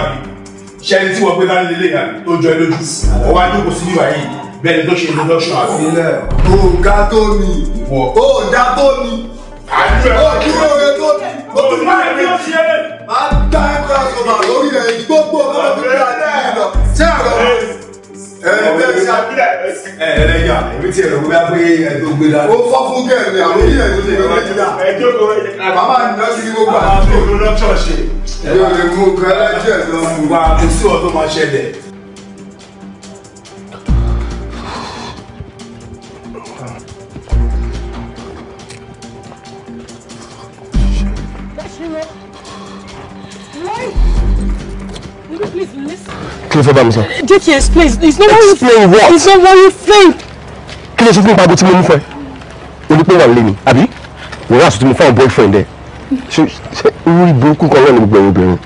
ṣẹ́ni tí wọ́n gbé dání lélẹ̀ yàrá tó jọ ẹ lójú ó wá jókòó sí níwá yìí bẹ́ẹ̀ ni tó ṣe introduction àti. o ga tó mi o da tó mi o dúró rẹ tó mi o tún bá rẹ bí o ṣe. máa ń dá ẹ̀ kọ́ àsọ̀mà lórí rẹ̀ gbogbo ọmọ tó ń bá a ti lọ. ṣé àgbà ẹlẹ́yà èmi tiẹ̀ lọ bóyá pé ẹ̀dùn gbé dá. ó fọ́ fún kẹ́mi àwọn yìí ẹ̀dùn ṣe ìwé ti dá. ẹjọ́ kò rẹ̀ bàbá nìyọ́ sí gbogbo àdúgbò. bàbá mi ò lọ́tọ̀ ṣe. ẹ̀yọ́ lè mú kẹ́lẹ́jẹ̀ lọ. wà á kò sí ọ̀tún máa ṣẹlẹ̀. please listen. kí ló fẹ́ bá mi sọ. jẹ́ kí it's not very explain what it's not very plain. kí ló ṣe fún ìpàgọ́ tí mo mú fẹ́ olùpé wà lé mi àbí wọ́n yà sọ́tún mi fáwọn boyfriend ẹ̀ ṣe ṣe orí burúkú kan náà gbogbo ẹ̀yin obìnrin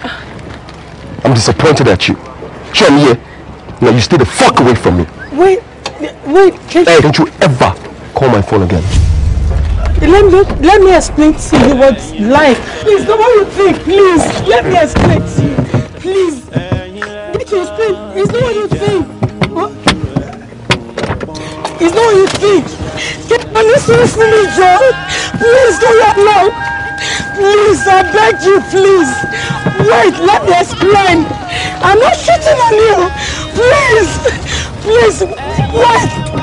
i'm disappointed at you ṣé ọ̀mi yẹ now you stay the fuck away from me. wait wait don't you ever call my phone again. Let me let me explain to you what life. Please, don't what you think. Please, let me explain to you. Please to explain. It's not what you think. What? It's not what you think. Can you for me, John? Please do not know. Please, I beg you, please. Wait, let me explain. I'm not shooting on you. Please, please, wait.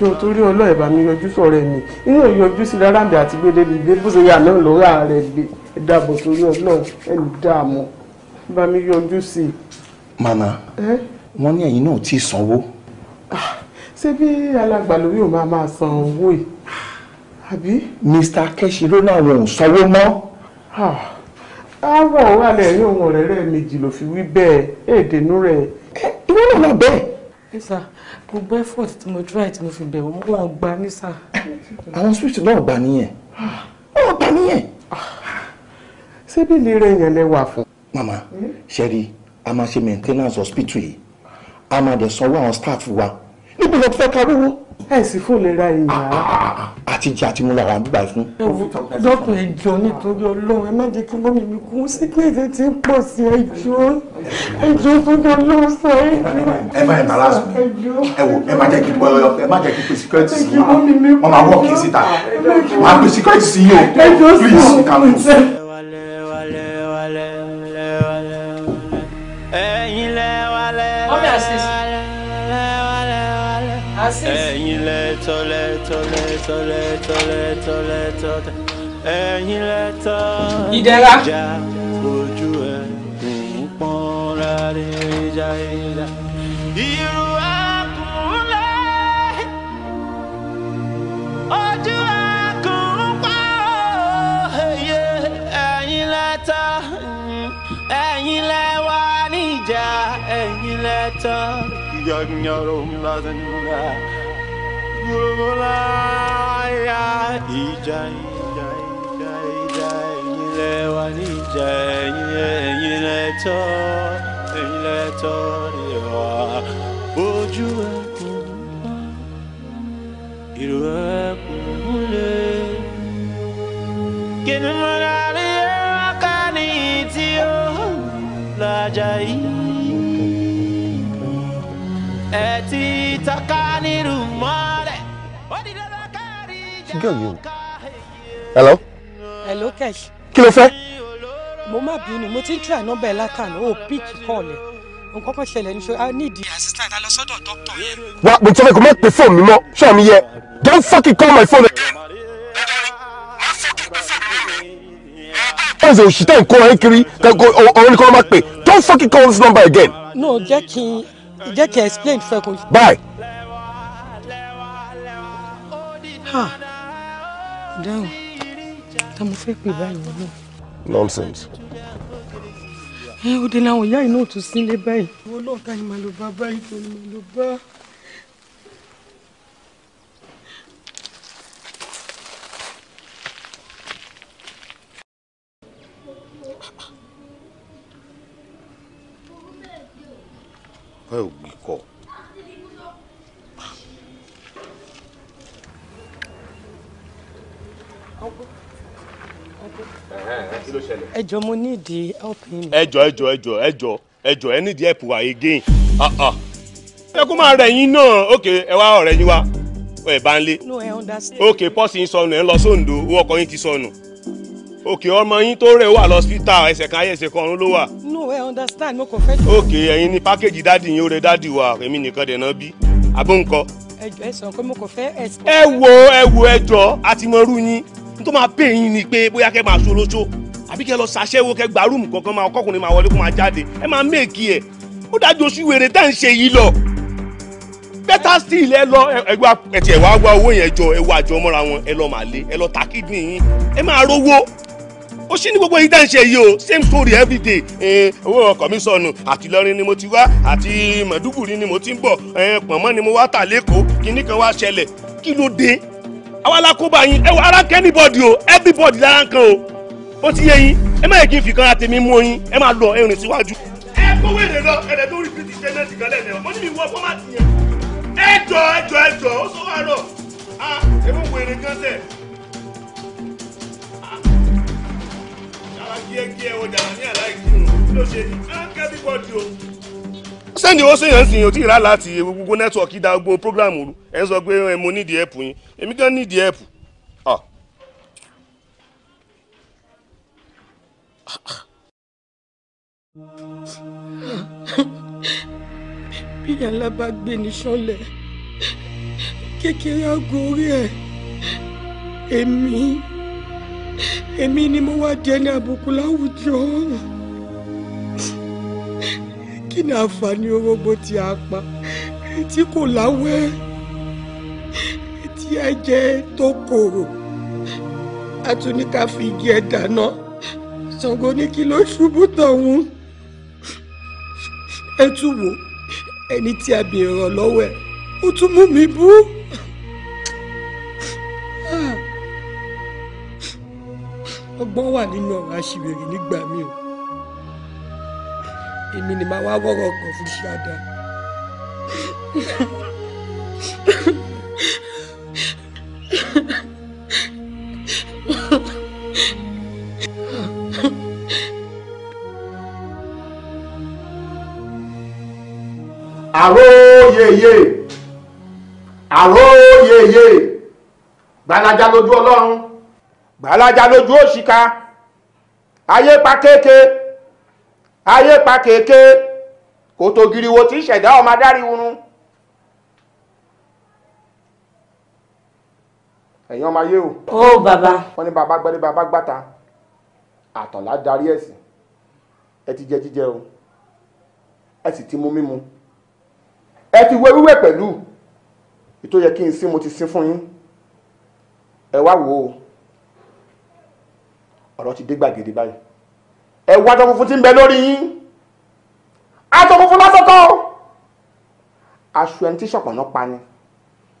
jọ torí ọlọ́ọ̀ẹ̀bà mi yọjú sọ̀rọ̀ ẹ̀ mi inú ìyọjú sí rárá àti gbédébí gbé bó ṣe yà náà lọ́ra rẹ̀ gbé ẹ dáàbò torí ọlọ́run ẹni dáàmú bá mi yọjú sí i. màmá wọn ní ẹ̀yin náà ti sanwó. Ah, ṣé bí alàgbà lórí òun máa máa san owó yìí àbí. mr keshi ló náà wọn ò sanwó mọ́. Ah, àárọ̀ òun alẹ́ rí òun ọ̀rẹ́ rẹ̀ méjì ló fi wí bẹ́ẹ̀ èdènú rẹ̀. ìwọ náà lọ bẹ́ẹ̀. nísà gbogbo effort tí mo try tí mo fi bẹ̀rù mo wà gbà nísà. àwọn switch náà gbà nìyẹn. Ah. wọ́n gbà nìyẹn sébìlì rẹ̀ yẹn lẹ wà fún. màmá ṣẹ́rí a máa ṣe maintenance hospital yìí a máa dẹ̀ sanwó àwọn staff wa níbo ló fẹ́ ká rówó. ẹ sì fún ìlera ìyá. Ah, ah, ah, àti jẹ àti mu lára ń gbà fún. dọ́kun ìjọ nítorí ọlọ́run ẹ má jẹ́ kí mọ́mí mi kú síkírètì tí ń pọ̀ sí ẹjọ́ ẹjọ́ tó jọ lọ́wọ́ sọ ẹjọ́. ẹ má ẹ má lásán ẹ wò ẹ má jẹ́ kí ẹ má jẹ́ kí pé síkírètì sí yín wọ́n máa wọ́ọ̀kì síta máa pè síkírètì sí yín o please kàlùkù. ẹ̀yin lẹ́tọ́ lẹ́tọ́ lẹ́tọ́ lẹ́tọ́ lẹ́tọ́ lẹ́tọ́ ẹ̀yin lẹ́tọ́ ìdẹ́ra ojú ẹ̀ ń pọ́n rárá ìjà ìdá. irú ẹkùnlẹ̀ ojú ẹkùn pa òye ẹ̀yin lẹ́tọ́ ẹ̀yin lẹ́wà níjà ẹ̀yin lẹ́tọ́. Get him out girl yìí hello. hello Kesh. kí ló fẹ́. mo má bínú mo ti ń try nọ́mbà ẹ̀ látàn ó pick call ẹ̀ nǹkan kan ṣẹlẹ̀ ní ṣe i need the assistant alọ sọ́dọ̀ doctor yẹn. wa mo ti fẹ́ kó má pe fóònù mi mọ́ ṣé mi yẹ don't fucking call my phone again. báyìí òṣì tẹ̀ ń kó ẹ kiri ọ̀rọ̀ ni kò má pè don't fucking call this number again. no jẹ́ kí n jẹ́ kí n explain fẹ́ kó. bye. Huh dáhùn tá mo fẹ́ pè báyìí wọn nonsense. ẹ òde làwọn ìyá yìí náà tún sílé báyìí. ìwọ náà ni màá lọ bá báyìí tó ni màá lọ bá. ẹ gbìkọ̀. ẹjọ mo ní ìdí helping me. ẹjọ ẹjọ ẹjọ ẹjọ ẹjọ ẹ ní ìdí help wa again. Ah, ah. ẹ kó máa rẹ̀ yín náà ok ẹ wá ọ̀rẹ́ yín wá ẹ bá ń lé. no ẹ understand. ok pọ́sì yín sọnù ẹ ń lọ sóńdó owó ọkọ yín ti sọnù. ok ọmọ yín tó rẹ̀ wà lọ́sítà ẹsẹ̀ kan ayé ẹsẹ̀ kan ọ̀run ló wà. no ẹ understand mo kò fẹ́ jù. ok ẹ̀yin ní pákéjì dáàdì yín ó rẹ dáàdì wa èmi nìkan dẹ̀ náà bí abóńkọ. ẹjọ ẹ sọ pé mo kò fẹ́ ẹ. ẹ wo ẹ wo ẹjọ àtìmọ́rú yín n tó máa pè yín ni pé bóyá kẹ́ máa so lóṣó àbí kẹ́ lọ ṣàṣẹ́wó kẹ́ gba rúùmù kankan máa ọkọkùnrin máa wọlé kó máa jáde ẹ máa méèkì ẹ̀ e. ó dájú oṣù wèrè tá à ń ṣe yìí lọ better still ẹ lọ ẹgbà ẹtì ẹwà wá owó yẹn jọ ẹwà àjọ mọ́ra wọn ẹ lọ màá lé ẹ lọ ta kidney yín ẹ máa rówó ó ṣí ní gbogbo yìí dáǹṣe yìí o same story everyday owó ọkọ̀ mi sọnù àti Ìlọrin ni mo ti wá àti Màdúgùrí ni mo ti ń bọ̀ pọ̀nmọ́ ni mo wá tà lẹ́kọ̀ọ́ kíní kan wá ṣẹlẹ̀ kí ló dé àwa la kó bá yín ẹ wọ ara kẹ́ anybody o everybody lára kan o ó ti yé yín ẹ má yẹ kí n fi kan ra tèmi mú yín ẹ má lọ ẹ rìn síwájú. ẹ kówó èdè lọ ẹ̀rẹ̀ tó rí british journalist kan lẹ́nu ẹ̀ mo ní mi wọ fọ́mátì yẹn ẹ jọ ẹ jọ ẹ jọ ó sọ wà rọ ah ẹ mọ̀ wèrè gan tẹ̀. ara kí ẹ kí ẹ wọ jàǹdà ní àlàyé kí n ló ṣe ẹ kẹ́ everybody o sẹ́ndì owó sèyàn sì yàn tí ìrà láti gbogbo nẹ́tíwọ̀kì da gbogbo programu rú ẹ̀ sọ pé mo nídìí ẹ̀pù yín èmi gan nídìí ẹ̀pù. Ah. bí alábàgbé ní sọlẹ̀ kékeré aago orí ẹ̀ èmi èmi ni mo wá dẹni àbùkù láwùjọ kí ni àǹfààní orógbó tí a pa tí kò láwẹ́ tí ẹ̀jẹ̀ tó korò a tún ní ká fi igi ẹ̀ dáná Ṣàngó ní kí ló ṣubú tọ̀hún ẹ tún wò ẹni tí a bèèrè ìrànlọ́wọ́ ẹ̀ ó tún mú mi bú. Ah. ọgbọ́n wà nínú ọ̀rọ̀ àṣìwèrè nígbà míì o èmi ni màá wá wọ́rọ̀ ọkàn fún ṣáda. àróyèyè àróyèyè gbalaja lójú ọlọ́run gbalaja lójú òṣìkà ayé pa kéèké ayé pa kéèké kò tó giriwo tí ṣẹ̀dá ọmọ adárí oorun ẹ̀yin ọmọ ayé o. ó bàbá. wọ́n ní bàbá gbẹ́lé bàbá gbàtà àtọ̀lá darí ẹ̀sìn ẹ ti jẹ jíjẹ o ẹ sì ti mú mímu ẹ ti wẹ wíwẹ̀ pẹ̀lú ètò yẹ kí n sin mo ti sin fún yín ẹ wá wò ọ̀rọ̀ ti dé gbàgede báyìí ẹ̀wọ́ aṣọ funfun ti ń bẹ lórí yín aṣọ funfun lásọ̀tọ̀ aṣọ ẹni tí ṣọ̀pọ̀nà pa ni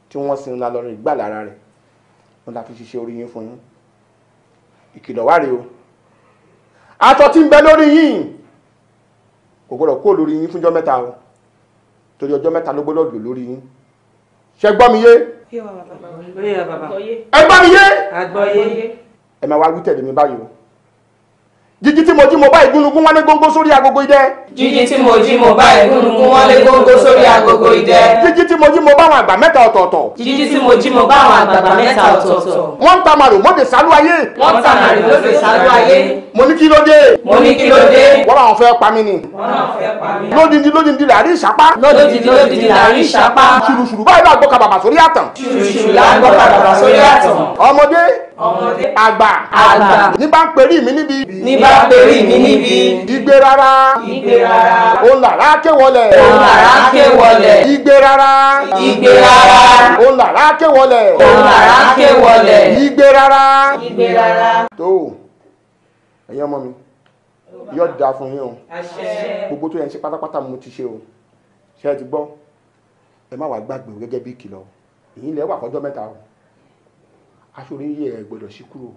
tí wọ́n sin ńlá lọ́rùn ìgbà lára rẹ̀ wọ́n la fi ṣiṣẹ́ orí yín fún yín ìkìlọ̀ wá rèé o aṣọ tí ń bẹ lórí yín kò gbọ́dọ̀ kó lórí yín fúnjọ́ mẹ́ta o torí ọjọ́ mẹ́ta ló gbọ́dọ̀ lò lórí yín ṣe gbọ́ mi yé ẹ gbọ́ mi yé ẹ máa wá wí tẹ̀lé mi báyìí o jíjí tí mo jí mo bá ìgúnnugún wọn lé sórí agogo idẹ. jíjí tí mo jí mo bá ìgúnnugún wọn lé sórí agogo idẹ. jíjí tí mo jí mo bá àwọn àgbà mẹ́ta ọ̀tọ̀ọ̀tọ̀. jíjí tí mo jí mo bá àwọn àgbààgbà mẹ́ta ọ̀tọ̀ọ̀tọ̀. wọ́n ń ta màrò mọ́dé sálú ayé. wọ́n ń ta màrò mọ́dé sálú ayé. mo ní kí ló dé. mo ní kí ló dé. wọ́n làwọn fẹ́ pa mí ni. wọ́n làwọn fẹ́ pa mí. lódìdí lódìdí làárí ìsapá. lódìdí lódìdí làárí ìsapá. ṣùrùṣùrù báyìí lágbó kabàbà sórí àtàn. ṣùrùṣùrù ọmọdé àgbà àgbà ní bá perí mi níbi. ní bá perí mi níbi. igbe rárá. igbe rárá. òun làrá ké wọlẹ̀. òun làrá ké wọlẹ̀. igbe rárá. igbe rárá. òun làrá ké wọlẹ̀. òun làrá ké wọlẹ̀. igbe rárá. igbe rárá. tó o ẹ̀yin ọmọ mi yóò dáa fún yín o gbogbo tó yẹn ń ṣe pátápátá mo ti ṣe o ṣe é ti gbọ́ ẹ má wàá gbàgbé gẹ́gẹ́ bí ìkìlọ̀ ìyìn lẹ́wà fọjọ́ mẹ́ta o aṣọ oníyẹ ẹ gbọ́dọ̀ ṣí kúrò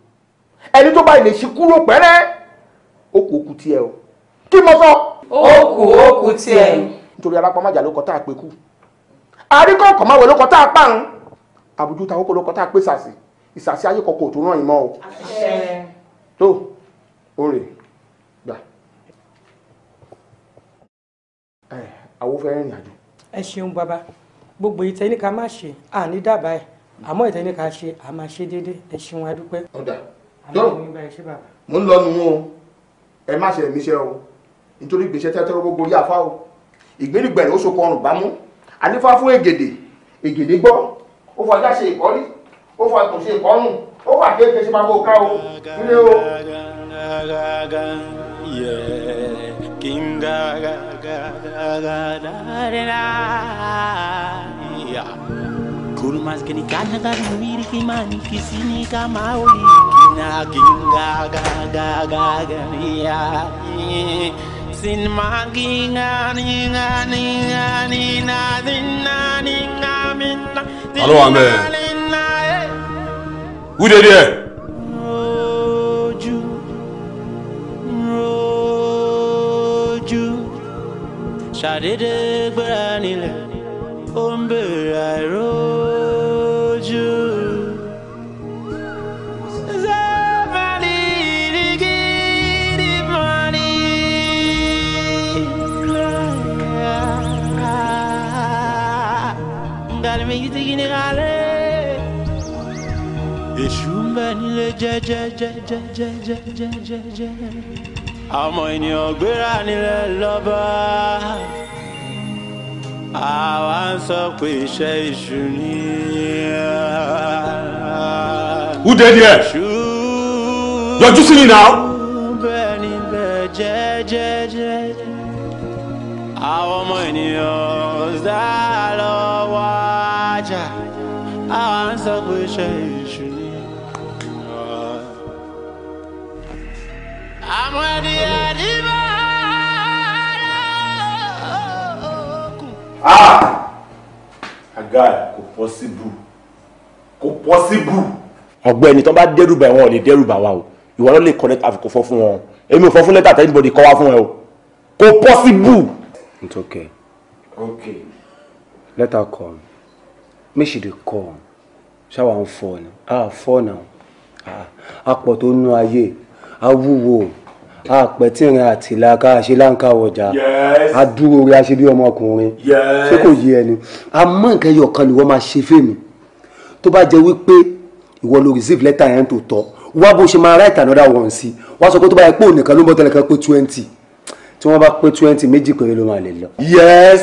ẹni tó bá ilé ṣí kúrò pẹ́rẹ́ ó kù okù tiẹ̀ o kí mo sọ. ó kù ó kù tiẹ̀. nítorí alápámájà ló kọ tá a pé kú àríkọ̀ọ̀kọ̀ máa wẹ̀ ló kọ tá a pa ń àbújú ta kókó ló kọ tá a pé sàsì ìsàsì ayé kọkọ tó ràn yín mọ́ o. tó orè gbà àwọn fẹ́ rìnrìn àjò. ẹ ṣeun bàbá gbogbo ìtẹ́ ní ká má ṣe àní dábàá ẹ̀ àmọ́ ìtẹ́ni ká ṣe a máa ṣe déédéé ẹ ṣeun adúpẹ́. ọ̀dà tó mo ń lọ nu o ẹ má ṣe ẹ̀mí o nítorí gbèsè tẹ́tẹ́rọ gbogbo yá fá o ìgbérígbẹ̀rẹ̀ ó so kọrùn bámú àdífá fún ègèdè ègèdè gbọ́ ó fọ ajá ṣe ìkọ́rí ó fọ àtúnṣe ìkọ́rùn ó fọ àkéèké ṣe máa kó ká o nílé o. Yeah kurumaskenikana karimwirikimani kisinika maoli kinagingagagagania sinmaginganinganinganinganingaminna alo ambe udedie ṣàdédé gbéra nílẹ̀ ó ń bèrè àìró. jẹ́jẹ́jẹ́jẹ́jẹ́jẹ́jẹ́jẹ́jẹ́. ọmọ ènìyàn gbéra nílẹ̀ lọ́ba àwa ń sọ pé iṣẹ́ ìṣù ni. who dey there? yọjú sí mi náà. bẹ́ẹ̀ ni bẹ́ẹ̀ jẹ́jẹ́jẹ́ àwọn ọmọ ènìyàn sá lọ wájà àwa ń sọ pé iṣẹ́ ìṣù. Ah! àga kò pọ́síbù kò pọ́síbù. ọ̀gbẹ́ni tó bá dẹ́rùbà wọn ò lè dẹ́rùbà wa o ìwọ ló lè kọ lẹ́tà àfikún fọ́ fún wọn èmi ò fọ́ fún lẹ́tà tẹ́lifíbọ̀dì kọ́ wá fún ẹ o kò pọ́síbù. it's okay. okay. let her call. make she dey call. ṣáwa ń fọ ah fọ now ah apọ̀ tó nú ayé awúwo. Ah, àpẹtìrin àtìlà ká ṣe láǹkà ọjà adúró orí aṣebí ọmọkùnrin ṣé kò yé ẹni àmọ́ nǹkan ẹyọ kan ni wọ́n máa ṣe fèmí tó bá jẹ́ wípé ìwọ ló receive letter yẹn tó tọ́ wá bó ṣe máa write another one sí wá sọ pé tó bá yẹ pé òun ló ń bọ́ tẹ́lẹ̀ kan pé twenty tí wọ́n bá pé twenty méjì péré ló máa lè lọ. yes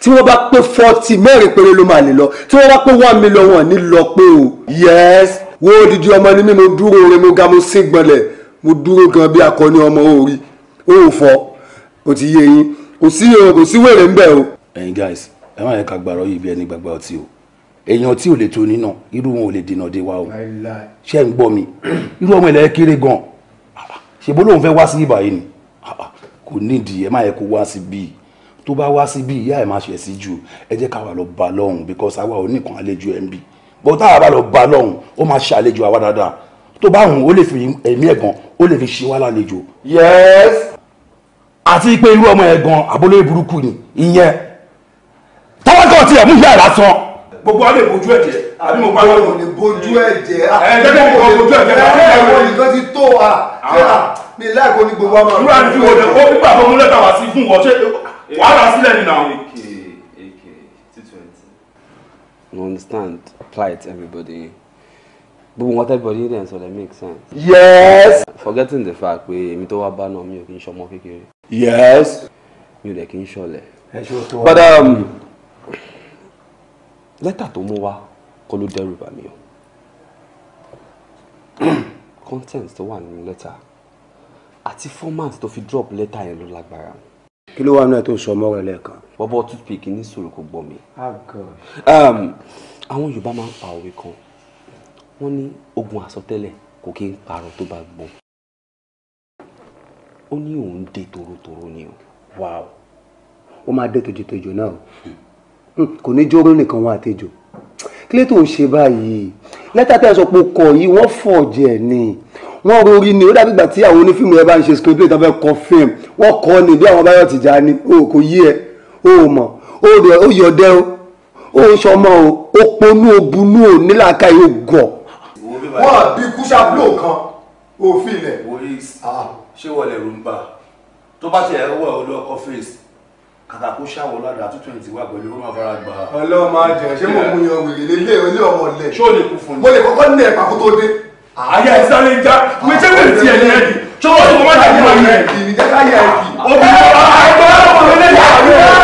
tí wọ́n bá pé forty mẹ́rin péré ló máa lè lọ tí wọ́n bá pé one million wọn ní lọ pé o. yes wo odidi ọmọ ni mímu dúró orin mu ga mu sí gbọ́nlẹ̀ mo dúró gan bí akọni ọmọ orí ó fọ ó ti yé yín kò sí kò sí wèrè ń bẹ o. ẹ̀yin guys ẹ má yẹ ká gbàrọ yìí bí ẹni gbàgbà ọtí o èèyàn tí ò lè tó nínà irú wọn ò lè dènà dé wa o ṣé ń gbọ́ mi irú ọmọ ilẹ̀ kéré gan ṣèbó lòun fẹ́ wá sí ìbàyìí ni kò nídìí ẹ má yẹ kó wá sí bíi tó bá wá síbí ìyá ẹ̀ máa ṣe sí jù ẹ jẹ́ ká wà lọ bá lọ́hùn because àwa ò ní kan àlejò ẹ̀ ń bì bọ́tà àwa lọ bá lọ́hùn ó máa ṣe àlejò àwa dáadáa tó bá hùn ó lè fi ẹ̀mí ẹ̀gàn ó lè fi ṣe wá lálejò. yes. àti pé irú ọmọ ẹ̀gàn àbólóyè burúkú ni ìyẹn tọ́wọ́ kan tiẹ̀ mú ìyá ẹ̀ gbogbo wa bójú ẹ̀jẹ̀ àbí mo pariwo mo lè bójú ẹ̀jẹ̀ àbí mo lè bójú ẹ̀jẹ̀ àbí ẹ̀rọ nìkan ti tó a ah. mi láìpẹ́ ní gbogbo àmọ́. irú àti ìwọ̀n ó nígbà tó mú lẹ́tà wá sí fún wọn ṣé wàhálà sílẹ̀ nínú àwọn. you understand plight everybody gbogbo wọn tẹ́gbọ̀dé dẹ̀ ń sọ lẹ́ make sense. yes. Eh, forgetting the fact pé èmi tó wá bá náà mi ò kí ń ṣọmọ kékeré. yes. mi ò dẹ̀ kí ń ṣọlẹ̀. ẹ ṣe òtún wa. but um, lẹ́tà tó mú wá kọ́ ló dẹ́rù bà mí o. content tó wà nínú lẹ́tà àti format tó fi drop lẹ́tà yẹn ló lágbára. kí ló wà náà tó sọ mọ́rọ̀ lẹ́ẹ̀kan. bọ́bọ́ toothpick ní sòrò kò gbọ́ mi. Oh, um, àwọn Yorùbá máa ń pa òwe kan wọ́n ní ogun àsọtẹ́lẹ̀ kò kí ń parun tó bá gbọ́ ó ní òun dé torotoro ni o. wàá ó máa dé tojútojú náà o hmm. Hmm, kò ní jóró nìkan wọn àtejò kí ló tó ń ṣe báyìí lẹ́tà tẹ́ ẹ sọ pé kọ yìí wọ́n fọ̀ jẹ̀ ni wọ́n rori ni ó dàbí ìgbà tí àwọn onífíìmù yẹn bá ń ṣe screenplay tó fẹ́ kọ fíìmù wọ́n kọ́ ni bí àwọn Báyọ̀ Tìjání o kò yí ẹ o ò mọ̀ o yọ̀dẹ́ o o ń ṣọmọ o o ponú o bunú o nílàákàyè o gọ̀ wọ́n bí kúṣà blow kan òfin ilẹ̀. wòye ṣé wọlé rumba tó bá tiẹ̀ wọ olú ọkọ face kàkà kó ṣàwọ ládà two twenty wà pẹ̀lú ó máa fara gbà. ọlọ́run máa jẹ ṣé mo mú yan wèrè lélẹ̀ ilé ọmọ lẹ̀. ṣé o lè kú fún mi. mo lè kọ́kọ́ ní ẹ̀pà kó tó dé. àyà ìsáré já mi ṣé mi tiẹ̀ ní ẹ̀dì ṣé wọ́n ti mọ́ máa jà ní ọ̀nà ẹ̀dì ní jẹ́ ká yẹ ẹ̀dì. òbí mi ò bá ẹgbẹ́ ọmọ mi lè yà á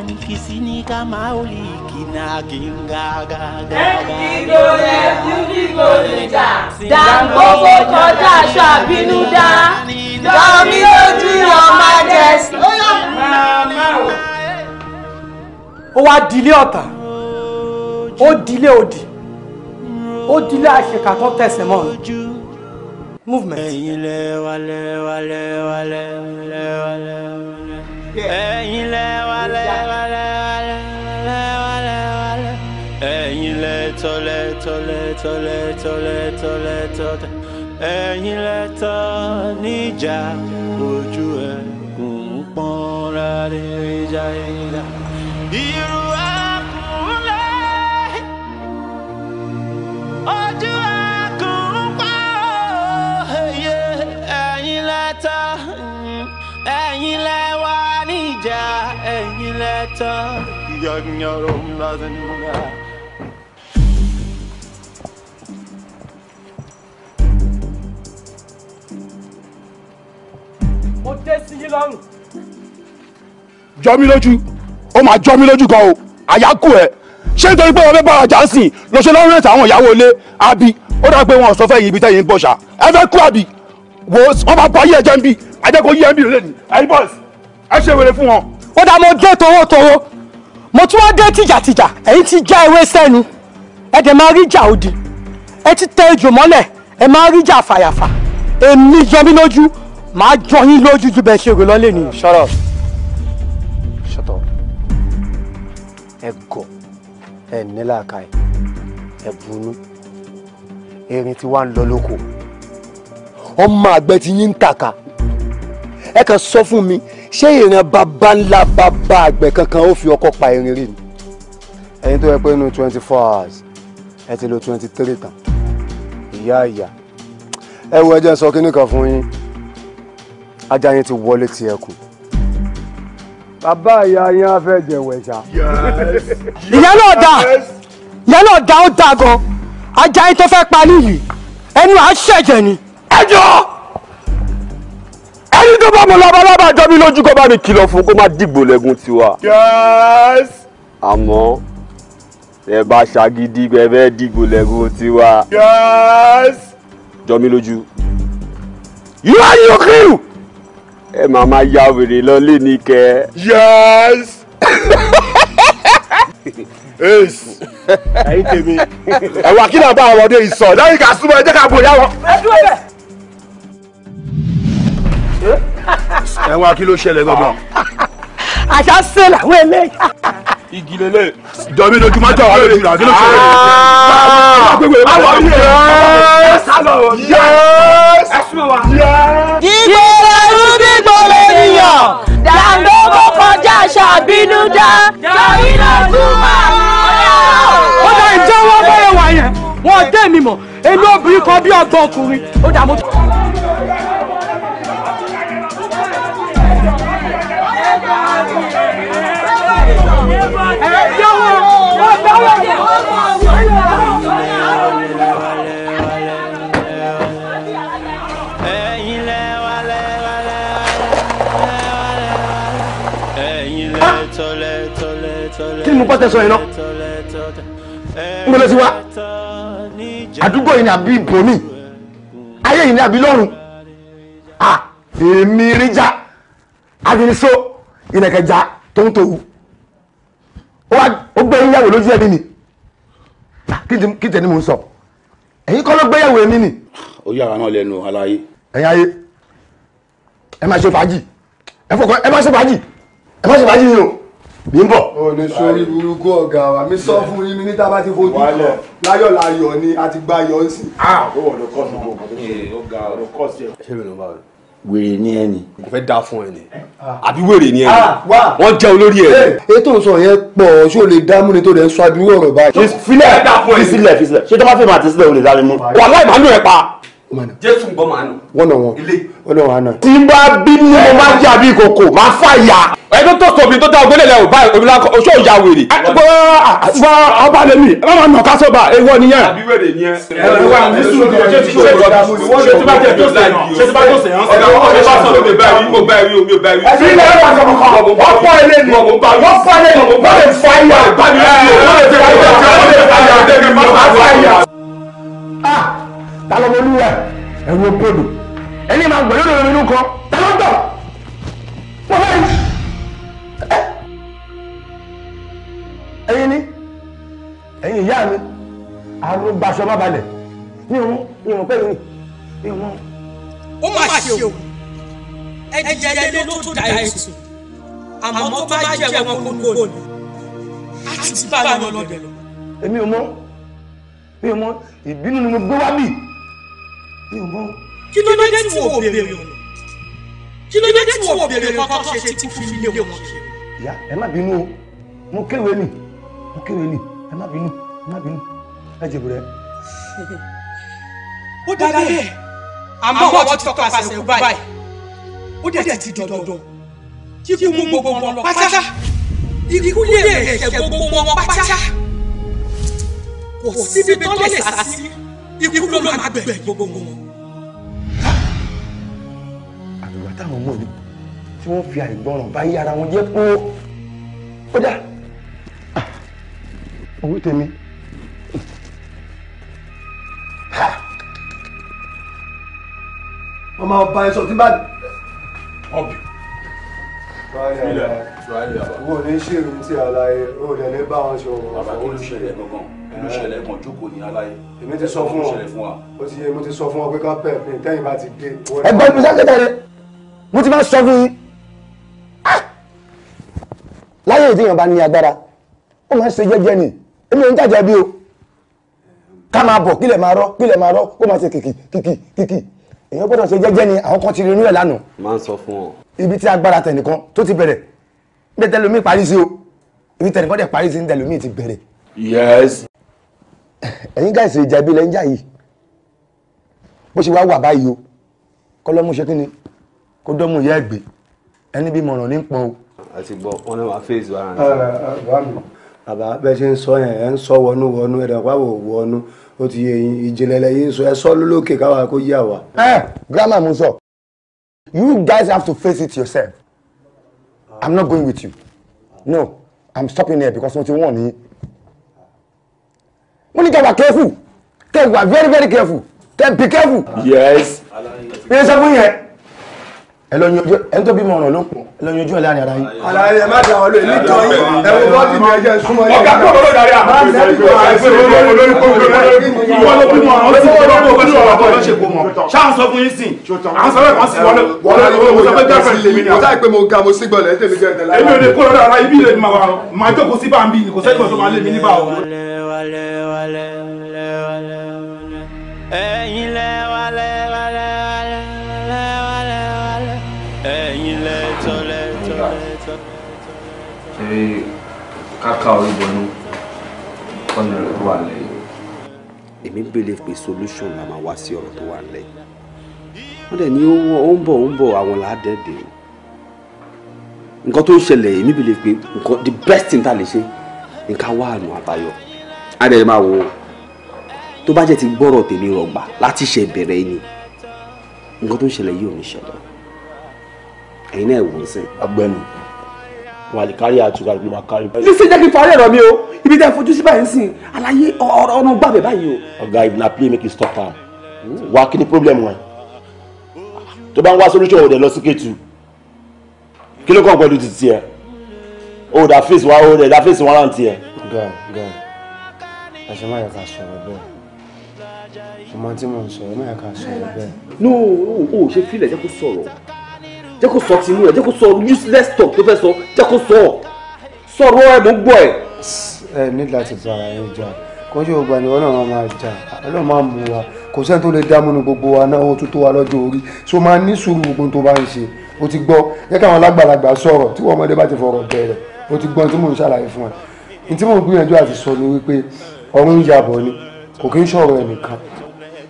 Jamani kisinika mauli kina ginga gaga gaga. Ìgbòlè ìgbòlè jà. Dàǹgbòbò kọjá aṣọ àbínú dá. Lọ́mí ojú yan Majesty. Ó wá dilé ọ̀tá, ó dilé òdì, ó dilé àṣekà tó tẹ̀sẹ̀ mọ́ ọ̀nà movement. ẹ̀yin lẹ wà lẹ wà lẹ wà lẹ wà lẹ wà lẹ. ẹ̀yin lẹ wà lẹ. lẹ́tọ̀ lẹ́tọ̀ lẹ́tọ̀ lẹ́tọ̀ lẹ́tọ̀ lẹ́tọ̀ ẹ̀yin lẹ́tọ̀ níjà ojú ẹ̀ kò ń pọ́n rárá ìjà ìjà. irú ẹkùnlẹ̀ ojú ẹkùn pa òye ẹ̀yin lẹ́tọ̀ ẹ̀yin lẹ́wà níjà ẹ̀yin lẹ́tọ̀. Young, young, young, young, young. mo dé sí yín lọ́rùn. jọ mí lójú ó máa jọ mí lójú gan o àyákù ẹ ṣé nítorí pé wọn fẹ́ bára jà ń sìn lọ́sẹ̀ lọ́rùn ètò àwọn ìyàwó ilé àbí ó dà pé wọn ò sọ fẹ́ yìí ibi tẹ́yìn ń bọ̀ ṣá ẹ fẹ́ kú àbí wo wọn bá bá yí ẹ̀jẹ̀ ń bì ajẹ́kọ̀ọ́ yí ẹ̀ ń bì lónìí ẹ̀yin bọ́ọ̀sì ẹ ṣe wèrè fún wọn. ó dá mo dé towótowó mo tún wá dé tìjàtìjà ẹ̀yin ti já ewé sẹ́nu ẹ dẹ̀ máa rí jà òdì ẹ ti tẹ ejò ẹ máa rí jà fàyàfà èmi yọmí lójú máa jọ yín lójú ju bẹ́ẹ̀ ṣe rò lọ́lẹ̀ ni. shut up shut up ẹ gọ̀ ẹ nílàkà ẹ ẹ bunú erin tí wàá ń lọ lóko ọmọ àgbẹ̀ tí yín ń tàka ẹ kàn sọ fún mi ṣé ìran bàbá ńlá bàbá àgbẹ̀ kankan ó fi ọkọ́ pa erin rí ni ẹ̀yin tó yẹ pé inú twenty four hours ẹ ti lo twenty three tán ìyá ìyá ẹ wo ẹ jẹ́ sọ kínní kan fún yín ajá yẹn ti wọlé ti ẹkùn. bàbá ìyá yẹn á fẹ́ jẹ̀wẹ̀ ṣá. ìyá náà dà ìyá náà dà ó dà gan ajá yẹn tó fẹ́ pa níyì ẹnu à ń ṣẹ̀jẹ̀ ni. ẹ jọ ẹni tó bá mọ labalábá jọ mí lójú kó bá mi kìlọ̀ fún kó má dìgbò lẹ́gùn tiwa. àmọ́ ẹ bá ṣàgídí pé ẹ fẹ́ dìgbò lẹ́gùn tiwa. jọ mí lójú. you and your crew ẹ máa máa ya wèrè lọlé ní kẹ. yes ace ẹyin tèmi ẹwà kí náà bá àwọn ọdẹ yìí sọ lẹ́yìn ká súnmọ́ ẹ jẹ́ ká bòyá wọn. ẹ dúró lẹ. ẹwà kí ló ṣẹlẹ̀ gbọmọ. àṣà ṣe làwọn eléyìí. igi lele. jọ̀wé lójúmọ́ jọ àwọn èdè rà kí ló ṣẹlẹ̀. àwọn ọdẹ yẹn. yẹ́ẹ́sì. yẹ́ẹ́sì. dígbò lẹ́rú dàńdógó kọjá ṣàbínúdá jọrí lọ́dúnmá. ó dá ìjọ wọn bẹ́ẹ̀ wà yẹn wọn dé mi mọ̀ èmi obìnrin kan bí ọgbọ́n ọkùnrin ó dà mọ́tò. ẹ̀jọ̀ wọn ọ̀dọ́ wọn. nínú pọ́sẹ̀ sọ yìí náà ń gbọ́dọ̀ sí wa àdúgbò yìí ni àbí bòmí ayé yìí ni àbí lọ́run a èmi rí já agbẹnisó ìnàkẹjà tó ń tòwú ó gbé yíyàwó lójú ẹ̀mí ni kí tẹ̀ ni mò ń sọ ẹ̀yin kọ́ ló gbéyàwó ẹ̀mí ni. ó yàrá náà lẹ́nu aláyé. ẹ̀yin ayé ẹ máa ṣe fàájì ẹ fọkàn ẹ máa ṣe fàájì ẹ máa ṣe fàájì yìí o mi ń bọ̀. o lè sori burúkú ọ̀gá wa mi sọ fún yín mi níta bá ti fojú kan láyọ̀ láyọ̀ ni a ti gba yọ̀ sí. ó wọ̀ ló kọ́ sí gbogbo ó eh. ga ọ̀rọ̀ kọ́ sí ẹ̀. ṣé mi ló bá wọn. wèrè ni ẹ ni. fẹ́ da fún ẹ ni ah. àbí wèrè ni ẹ ah, wọ́n jẹ́ olórí ẹ eh, ètò sọ yẹn pọ̀ ṣé o lè dá mú ni tó lè sọ abirú ọ̀rọ̀ báyìí. fisílẹ̀ fisílẹ̀ ṣé tó bá fẹ́ máa ti sílẹ̀ o lè dá mi mú. wàhálà ìbálò ẹ̀ pa jésù ń bọ́ màá nù. wọ́n nà wọ́n wọ́n nà wọ́n àná. tí n bá bí ní mo máa jà bí kòkò máa fà yà. ẹni tó sọ obìnrin tó dá ogbélé rẹ ò bá obìnrin akọ oṣù òòyà wèrè. wọ́n ọba lèmi ẹ má máa nà ká sọ́ba ewọ́ nìyẹn. àbí wèrè nìyẹn. ẹ wá ní sùúrù ṣé ti ṣe ìrọ̀lá mi wọ́n ṣe ti bá jẹ́ tó ṣe ṣe ti bá tó ṣe hàn. ọ̀gá wọn ṣe bá sọ lómi báyìí mo bá rí omi bá rí. ẹ̀sìn ilẹ̀ ẹ̀rọ àgbàmọ̀ kan ọ̀pọ̀ ilé ni ọ̀pọ̀ ilé ni ta lọ́mọ olúwa ẹ̀rù ògbódò ẹni máa gbọ̀dọ̀ lọ́dọ̀ mi lóko ta ló ń tọ̀ mo fẹ́ rí ẹyin ni ẹyin ìyá mi àrùn gbaṣọ má balẹ̀ ní òun ní òun pẹ́yìn ní òun. ó mà ṣe o ẹ̀jẹ̀ ẹ̀jẹ̀ ló tó da ẹ̀sùn àmọ́ bá jẹ́ wọn kó kó ni a ti bá wọn lọ́dẹ̀ lọ. èmi ò mọ̀ mi ò mọ̀ ìbínú ni mo gbé wá bíi mi ò mọ̀. kí ló dé tí wọ́n bèrè ọ̀nà kí ló dé tí wọ́n bèrè não quero. tí é na lé wọn ṣe. ìyá ẹ má bínú o mo kéwèé nì mo kéwèé nì ẹ má bínú ẹ má bínú ẹ jẹ̀bù rẹ. ó dá bẹ́ẹ̀ àmọ́ ọ̀wọ́ ti tọ́ka àṣẹ báyìí ó dẹ̀ ti di dandan bobo, bobo, mú gbogbo bobo, bobo, pátá ikú lè rẹ̀ gbogbo wọn pátá kò síbi tó lè sá sí ikú ló máa gbẹ gbogbo wọn. àgbà táwọn ọmọ yìí tí wọ́n fi àìgbọràn bá yí ara wọn jẹ́ kó ó dá owó tèmi. wọ́n máa bá ẹ sọ tí bá. ọbẹ̀ wo ní ṣèrú tí aláyé o ò dẹ̀ ní bá wọn ṣe ọ̀rọ̀ bàbá kí ló ṣẹlẹ̀ gangan kí ló ṣẹlẹ̀ kan jókòó ní aláyé èmi ti sọ fún ọ o ti yé mo ti sọ fún ọ pé ká pẹ̀ pé tẹ́yìn bá ti dé. ẹgbẹ́ mi sáké tẹ̀lé mo ti máa sọ fún yín ah! láyé ìdíyàn bá ní agbára ó máa ń ṣe jẹ́jẹ́ ni èmi ò ń jàjẹ́ bí o ká máa bọ̀ kílẹ̀ máa rọ́ kílẹ̀ máa rọ́ kó máa ṣe kìkì kìkì kìkì èèyàn gbọ́dọ̀ ṣe jẹ́jẹ́ ni àwọn kan ti rí inú ẹ̀ lánàá. máa ń sọ fún ọ ibi tí agbára tẹnìkan tó ti bẹ̀rẹ̀ níbi tẹlomi parí sí o ibi tẹnìkan dẹ̀ parí sí ní tẹlomi ti bẹ̀rẹ̀. yes. ẹ̀yin guys ìjà ibi ilẹ̀ ń jà yìí bó ṣe wá wà báyìí o kọ́lọ́mù ṣe kí ni kó dọ́mù ìyá ẹ̀gbẹ́ ẹni bí mọ̀ràn ní pọ́n o. àti gbọ́ wọn náà wàá fèsì wàrà ní. bàbá bẹ́ẹ̀ ṣe ń sọ yẹn ẹ̀ ń sọ wọnú wọnú ẹ̀dá pàwọ̀ wọnú ó ti yẹ ìjìnlẹ̀ lẹ́yìn sọ ẹ sọ lólókè káwa kó yà wá. ẹ gírámà mú sọ You guys have to face it yourself. I'm not going with you. No, I'm stopping here because something wọ́n ní. Mo ní kẹ́ wà careful. Kẹ́ very very careful. Kẹ́ be careful. Yes ẹni tó bímọ ojú ẹ̀ láàrin ara yín. àlàyé ẹ má dà ọ́ lóye nítorí ẹ̀wọ̀n bọ́ọ̀dì mi ẹ̀jẹ̀ súnmọ́ yẹn. ọ̀gá kúrò lọ́dọ̀ rẹ̀ àmọ́ ẹ̀sìn olórí kúrò lórí ìwọ ló bímọ ọ̀ràn ló sọ̀rọ̀ lọ́wọ́ pẹ̀lú ọ̀rọ̀ bọ́ọ̀lù ṣe kó mọ̀. ṣáà ń sọ fún yín sìn à ń ká orí bọnú kọ́nà rẹ̀ tó wà lẹ́yìn. èmi bèlè pé solution la máa wá sí ọ̀rọ̀ tó wà lẹ́yìn wọ́n dẹ̀ ní ó ń bọ̀ ó ń bọ̀ àwọn làádẹ́ẹ̀dẹ̀ nǹkan tó ń ṣẹlẹ̀ èmi bèlè pé nǹkan the best thing tá a lè ṣe nǹkan wà àánú àbáyọ á dẹ̀ máa wo tó bá jẹ́ ti gbọ́rọ̀ tèmi rọgbà láti ṣe bẹ̀rẹ̀ ẹni nǹkan tó ń ṣẹlẹ̀ yìí ò ní ṣẹlẹ̀ ẹ̀yin náà wò ó sẹ́yìn. agbẹnu wà lè kárí àtúkà ló máa kárí. níṣẹ́ jẹ́ kí n parí ọ̀rọ̀ mi o ibi tẹ́ fojú sí báyìí sìn àlàyé ọ̀rọ̀ ọ̀nà gbàgbé báyìí o. ọ̀gá if na play make you stop am wá kí ni problem wọn tó bá ń wá solution òde lọ sí Kétu kí ló kàn pẹ̀lú ti tiẹ̀ o da face wa o da face wa láǹtì ẹ̀. ọ̀gá ọ̀gá ẹ ṣe máa yẹ ká sọ̀rọ̀ bẹ́ẹ̀ ọmọ tí mo ń sọ̀rọ̀ máa yẹ ká sọ̀rọ̀ bẹ́ẹ̀. no o ò ṣe fílẹ̀ jẹ́ kó jẹ́ kó sọ tinú ẹ̀ jẹ́ kó sọ useless talk tó fẹ́ sọ jẹ́ kó sọ sọ̀rọ̀ ẹ̀ mò ń gbọ́ ẹ̀. ẹ ní láti bá ara yẹn jà kó ṣe ògbà ni wọn náà máa jà ọlọ́run máa mú wa kò sẹ́ni tó lè dámú ní gbogbo wa náà ó tún tó wa lọ́jọ́ orí so máa ní sùúrù gbogbo tó bá ń ṣe o ti gbọ́ jẹ́ káwọn alágbàlagbà sọ̀rọ̀ tí wọ́n ọmọdé bá ti fọ̀rọ̀ bẹ̀rẹ̀ o ti gbọ́ tí mò ń ṣàlàyé fún ẹ ní tí mò ń gbìyànjú àti sọ ni wípé ọ̀run ń yàbọ̀ ni kò kí ń ṣọ̀rọ̀ ẹnìkan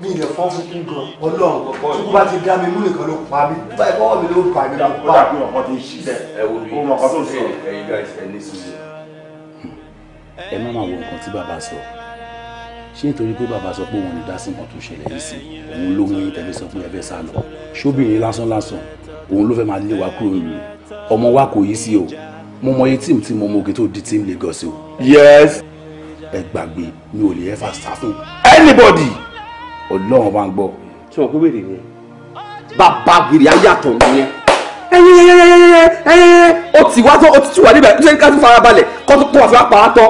mi ilẹ̀ fọ́ fún kí ọlọ́run tí bá ti dá mi mú nìkan ló pa mí bá ẹ mi ló pa mi ló pa. ó ọkọ tó ń ṣiṣẹ́ ẹ ọkọ tó ń ṣe ẹ má máa wo nǹkan tí bàbá sọ ṣé nítorí pé bàbá sọ pé òun ní dásí nǹkan tó ṣẹlẹ̀ yìí sí òun ló mú yín sọ pé ẹ fẹ́ sá lọ ṣóbìnrin lásán lásán òun ló fẹ́ máa lé wa kúrò nù ọmọ wa kò yí sí o mo mọ iye tí mo mọ òkè tó di tíìmù Lagos o. yes. ẹ gbàgbé mi ò lè ẹ fà sá fún anybody ọlọ́run bá ń gbọ́ tí wọn kó wèrè ni bàbá wèrè ayàtọ̀ nìyẹn ó ti wá tán ó ti tún wà níbẹ̀ ṣé ká tún fara balẹ̀ kó tó pọ̀ àfihàn pàrọ̀ tán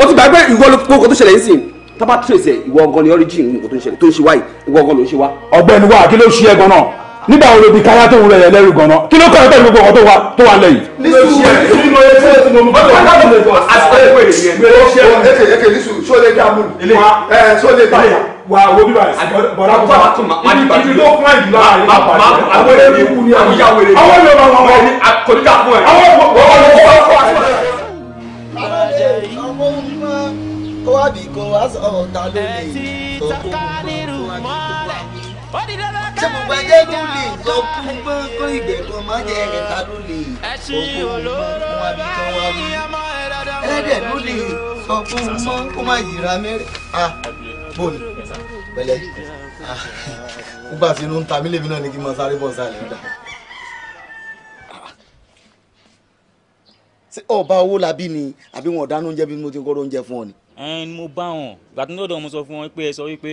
ó ti gbàgbé ìwọ ló kó nǹkan tó ṣẹlẹ̀ nísìnyí tábà tírèsì ìwọ ọgọ́ ni origin nǹkan tó ń ṣẹlẹ̀ tó ń ṣe wáyé ìwọ ọgọ́ ló ń ṣe wá. ọ̀gbẹ́ni wa kí ló ṣe é ganan nígbà wo ló di káyà tó ń rẹ lẹ́rù ganan kí ló kọ́ ẹ pẹ̀lú gbogbo ọkọ̀ tó wà lẹ́yìn. nísìnyí mo yẹ fún ẹsùn mo mọ ọdún wọn láti lè bọ àti ẹgbẹ́ ìrìn yẹn. mo yẹ fún ẹsùn ṣó lè dá mú un ṣó lè báyà wà wo bíbá yìí bọ̀dá kò bá ibi tó kún ẹ̀jú lára yìí bá bàjẹ́ àwọn ẹni kú ni àwọn àwọn yóò máa wọ̀ ẹni kò ní ká fún ẹ. àwọn ọmọ ọmọ ọmọ ọmọ ọmọ kó wá bí kó wá sọ̀rọ̀ ta ló lè tó kó ṣé mo gbẹ jẹ́gun lọ kú pé kó ìgbẹ́gun má jẹ́ rẹ̀ ta ló lè tó kó wá bí wá bí ẹlẹ́dẹ̀ bóòlù pẹ̀lẹ́ ah. nígbà tí inú ń ta mí lèmi náà ní kí n máa sáré bọ̀ sálẹ̀ nígbà. ọba owó labí ni àbí wọn ò dáná oúnjẹ bí mo ti ń kọ́ra oúnjẹ fún ọ ni. ẹn mo bá wọn gbàtí lọ́dọ̀ mo sọ fún wọn pé ẹ sọ wípé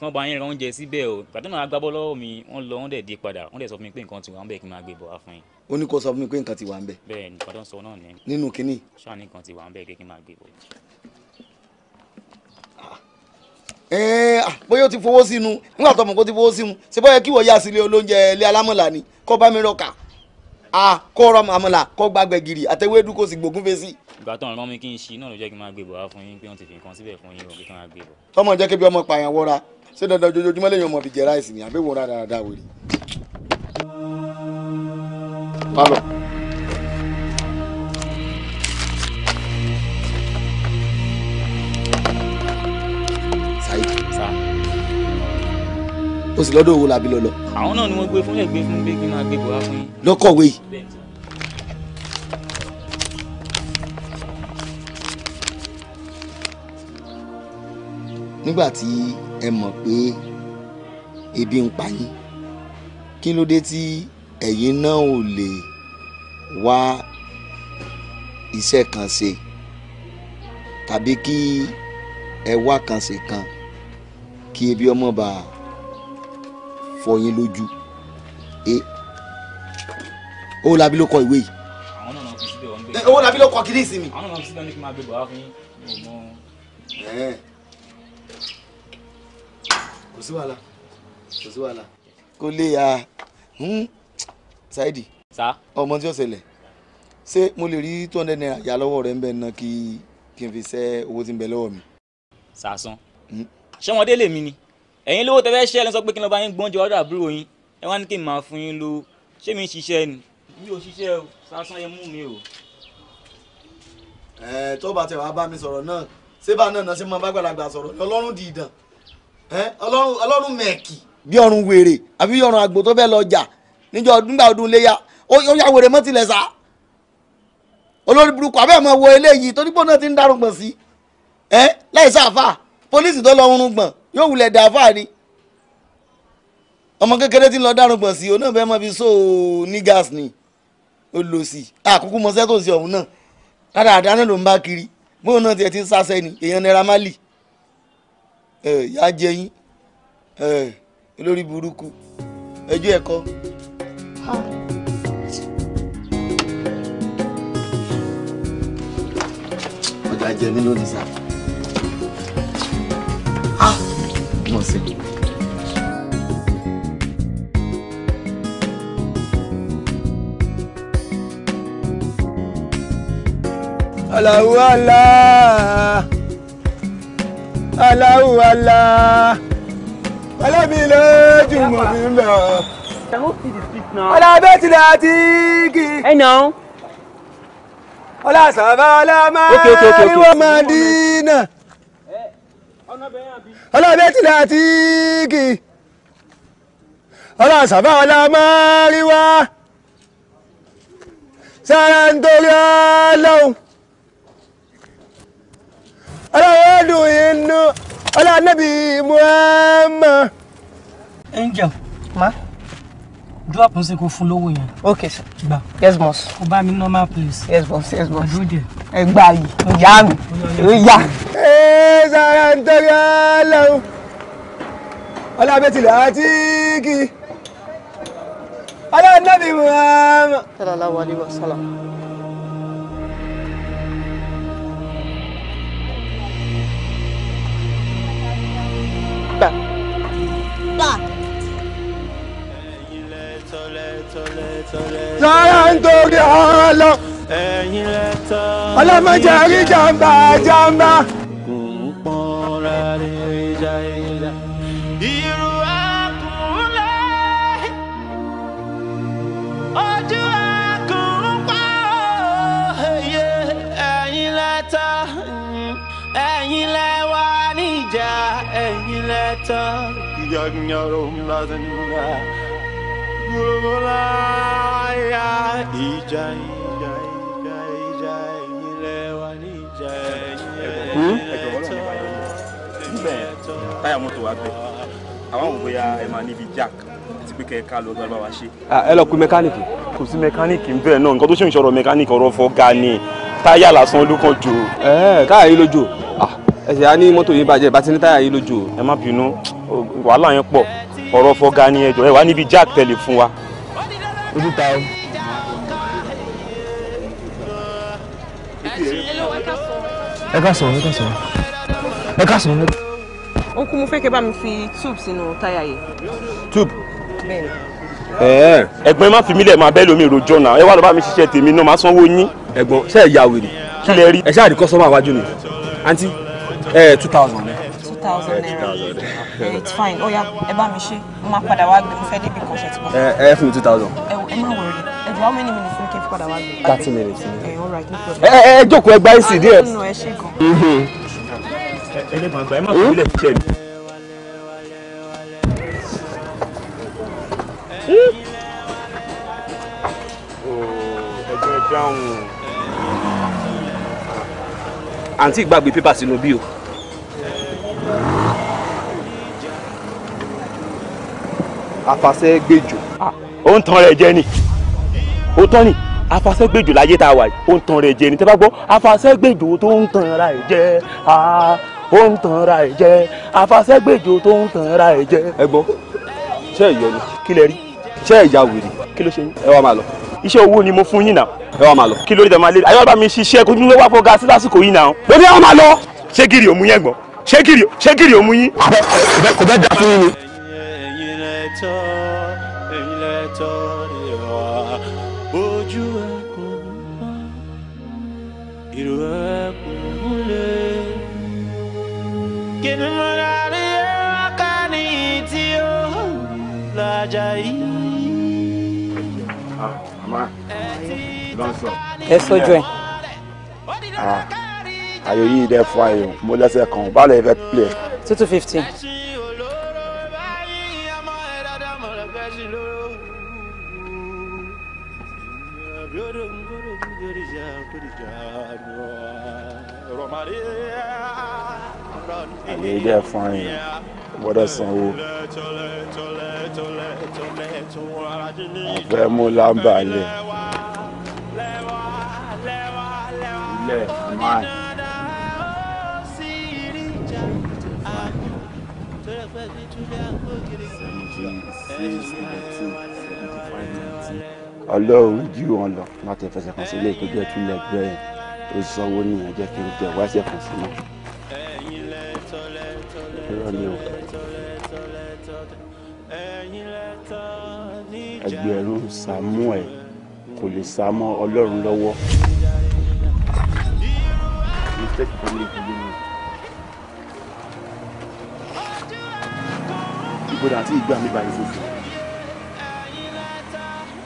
kán bá yín ra oúnjẹ síbẹ̀ o gbàtí màá gbábọ́ lọ́wọ́ mi wọ́n lọ wọ́n dẹ̀ dé padà wọ́n dẹ̀ sọ fún mi pé nǹkan ti wà ń bẹ̀ kí n máa gbé bọ̀ wá fún yín. ó ní kó sọ fún mi pé nǹkan ti wà ń bẹ̀. bẹ́ẹ̀ ni padà sọ náà ni. nínú kínní. ṣáà ní nǹkan ti wà ń bẹ̀ kí n máa gbé bọ̀. Eh, ah, bóyá o ti fowó sínú nígbà tó mọ̀ kó ti fowó sínú ṣe bóyá kí wọ́n yá sílé olóúnjẹ ilé alámọ̀là ni kó bá mi rọkà a ah, kó rọ àmàlà kó gba gbẹ̀gìrì àtẹwédú kó sì gbógun fèsì. ìgbà tó ń rán mi kí n ṣí náà ló jẹ́ kí n máa gbé bọ̀ wá fún yín pé wọ́n ti fi nǹkan síbẹ̀ fún yín o kí n máa gbé bọ̀. tọmọ jẹ́ kébi ọmọ pààyàn wọra ṣé dandan ojoojúmọ́ lèyàn ọmọ fi jẹ ráìsì ni àbí wọ́n rárá dáa wèrè. pálọ̀. o sì lọ́dọ̀ owó làbí lọ lọ. àwọn náà ni wọ́n gbé fún yẹn gbé fún gbégi máa gbé bọ̀ wá fún yín. lọ́kọ̀wé yìí. nígbà tí ẹ mọ̀ pé ebi ń pa yín kí ló dé tí ẹ̀yin náà ò lè wá iṣẹ́ kan ṣe tàbí kí ẹ wá kan ṣe kan kí ebi ọmọ bá fọ yín lójú e owó labí ló kọ ìwé yìí. àwọn náà fi síbẹ̀ wọn bẹ̀rẹ̀. owó labí ló kọ kiri ìsinmi. àwọn náà fi síbẹ̀ ní kí n máa bẹ bọ̀wá fún yín. kò sí wàhálà kò sí wàhálà. kò lè ya hmm, Saidi ọmọ tí ó ṣẹlẹ̀ ṣé mo lè rí two hundred naira yà lọ́wọ́ rẹ̀ ń bẹ̀ kí n fi ṣẹ́ owó tí ń bẹ lọ́wọ́ mi. sàásán hmm. ṣọmọdé lèmi ni ẹ̀yin lówó tẹ́fẹ́ ṣẹ́ ló sọ pé kí ló bá yín gbọ́njọ ọ̀dọ̀ àbúrò yín ẹ wá ní kí n máa fún yín lówó ṣé mi ń ṣiṣẹ́ ni mi ò ṣiṣẹ́ o sásán yẹn mú mi o. ẹ tó bá tẹ wàá bá mi sọ̀rọ̀ náà sébà náà náà ṣe máa bá gbàdàgbà sọ̀rọ̀ ọlọ́run di ìdàn ọlọ́run mẹ̀kì. bí ọrùn wèrè àbí ọrùn àgbò tó fẹ́ lọ jà níjọ nígbà ọdún iléyà ó yà wèrè mọ́ tilẹ̀ sá olórí burúkú abẹ́ ọmọ wo eléyìí torí pé òun náà ti ń dárúgbọ̀n sí ẹ láì sáfà pólíìsì tó lọ ń rúgbọ̀n yóò wulẹ̀ dà fà ni ọmọ kékeré tí ń lọ dárúgbọ̀n sí òun náà fẹ́ mọ́ fi so ní gas ni ó lò sí àkókò mọ́sẹ́ tó ń ṣe ọ̀hún náà rárá àdáná ló ń bá kiri bóun náà tiẹ̀ ti ń sásẹ́ ni èèyàn Naira Marley yá jẹyìn olórí burúkú ẹjọ́ ẹ̀kọ́. ọjà jẹ mí lónìí sáà. commencer. Allah ou Allah Allah ou Allah Allah village du bin non Allah va la main Hey ọlọ́ọ̀bẹ ti dà tí kì í ọlọ́ọ̀sàbá ọlọ́ọ̀mọ́ríwá sára ń torí ọlọ́hun ọlọ́wọ́ dùn inú ọlọ́ọ̀nẹ́bí Muhammad. angel ma drop n ṣe kó fún lówó yẹn. okay sir. gba yes boss. kó bá mi normal place. yes boss yes boss. àdúró díẹ̀ ẹgbà yìí ìyá mi èrè yá. ẹ sara ń torí ọlọ́run ọlábẹ́tìlẹ̀ àti kí ọlọ́run náà bí wọ́n. sallallahu alaihi wasallam. gbà. ń torí ọlọ́run ẹ̀yin lẹ́tọ́. ọlọ́mọdé rí jàǹbá jàǹbá. kò ń pọn rárá ìjà ìjà. irú àkùnlé ojú àkùnpá òye ẹ̀yin lẹ́tọ́ ẹ̀yin lẹ́wà níjà ẹ̀yin lẹ́tọ́. ìyàgbìyànjú ńlá ti ń bá. Ìjà yìí níbẹ̀ táyà mọ́tò wa bẹ̀ àwọn àwọn bóyá ẹ máa níbi jack àti pé kẹ́ẹ̀ká lọ gbọ́dọ̀ bá wa ṣe. ẹ lọ pe mẹkáníìkì. kò sí mẹkáníìkì ń bẹ̀ náà nǹkan tó ṣe ń sọ̀rọ̀ mẹkáníìkì ọ̀rọ̀ fọ́ ga ni táyà lásán ló kàn jò. ẹ káyà yìí lójó ẹsẹ̀ á ní mọ́tò yìí bàjẹ́ bá ti ní táyà yìí lójó. ẹ má bínú wàhálà yẹn pọ̀ ọ̀rọ̀ fọ́ ga ni ẹjọ́ ẹ wà níbi jack tẹ̀lé fún wa. ojú ta o. ẹ ká sọ̀rọ̀ ẹ ká sọ̀rọ̀ ẹ ká sọ̀rọ̀. ó kú mo fẹ́ kẹ́ bá mi fi tube sínú táyà yìí. tube. Ben. Eh, ẹ̀gbọ́n ẹ má fi mí lẹ̀ máa bẹ́ẹ̀ lómi ìròjọ́ náà ẹ wá lọ bá mi ṣiṣẹ́ tèmi náà máa sanwó yín. ẹ̀gbọ́n ṣe é ya wèrè. kí lẹ rí. ẹ ṣáà rí kọ́sọ́mà wájú ni àǹtí ẹ two thousand ẹ. two thousand naira eh, it's fine ó yá ẹ bá mi ṣe mo máa padà wá gbé mo fẹ́ débi kọ́ṣẹ́ tí mo. ẹ ẹ fún mi two thousand. ẹ má wọrí ẹ jù how many minutes ní kí n fi padà wá gbé. thirty minutes ẹ ẹ eh, eh, eh, jókòó ẹ gba ah, ẹ sì díẹ̀. Mm-hmm. Hmm. àǹtí gbàgbé pépà sínú bí o. àfàṣẹ gbẹjọ. Ah, ó ń tan rẹ̀ jẹ ni ó tán ni afasẹ́gbèjò láyé tá a wà ó ń tan rẹ̀ jẹ ní tẹ́ bá gbọ́ afasẹ́gbèjò tó ń tan ra ẹ̀ jẹ́ ó ń tan ra ẹ̀ jẹ́ afasẹ́gbèjò tó ń tan ra ẹ̀ jẹ́. ẹ gbọ́ ṣé ẹ yọ ni. kí lẹ rí. ṣé ẹ ya wèrè. kí ló ṣe yín. ẹ wá máa lọ. iṣẹ́ owó ni mo fún yín náà. ẹ wá máa lọ. kí ló dé máa lé ayọ́ mi ṣiṣẹ́ kojú ló wá fọ́ ga sí lásìkò yìí náà. lórí ẹ wá máa lọ. ṣé gírì òmu yẹn gbọ́ ṣé gírì òmu yín. kò bẹ́ẹ̀ dá fún yín ni. Getting what out of you, I can't eat Ah, ma. Don't stop. Ẹ sójú ẹ̀. Ah, ayò yìí dẹ́ fún ayò, mo lẹ́sẹ̀ kan, báwo lè fẹ́ pilẹ̀? Two two fifty. Yeah, dẹ́ fún ẹ̀yìn gbọ́dọ̀ sanwó. àfẹ́ mú lámbà lẹ̀ ilẹ̀ máa. ọlọ́run jí wọn lọ láti fẹsẹ̀ kan sílé tó jẹ́ tún lẹ́gbẹ̀ẹ́ tó sanwó nìyẹn jẹ́ kí n tẹ̀ wáṣẹ̀ kan sí náà irọ́ ni o ẹgbẹ̀rún Samuel kò lè sá mọ́ Ọlọ́run lọ́wọ́ mistake for me to do ìbòdà àti ìgbà mi báyìí fòfò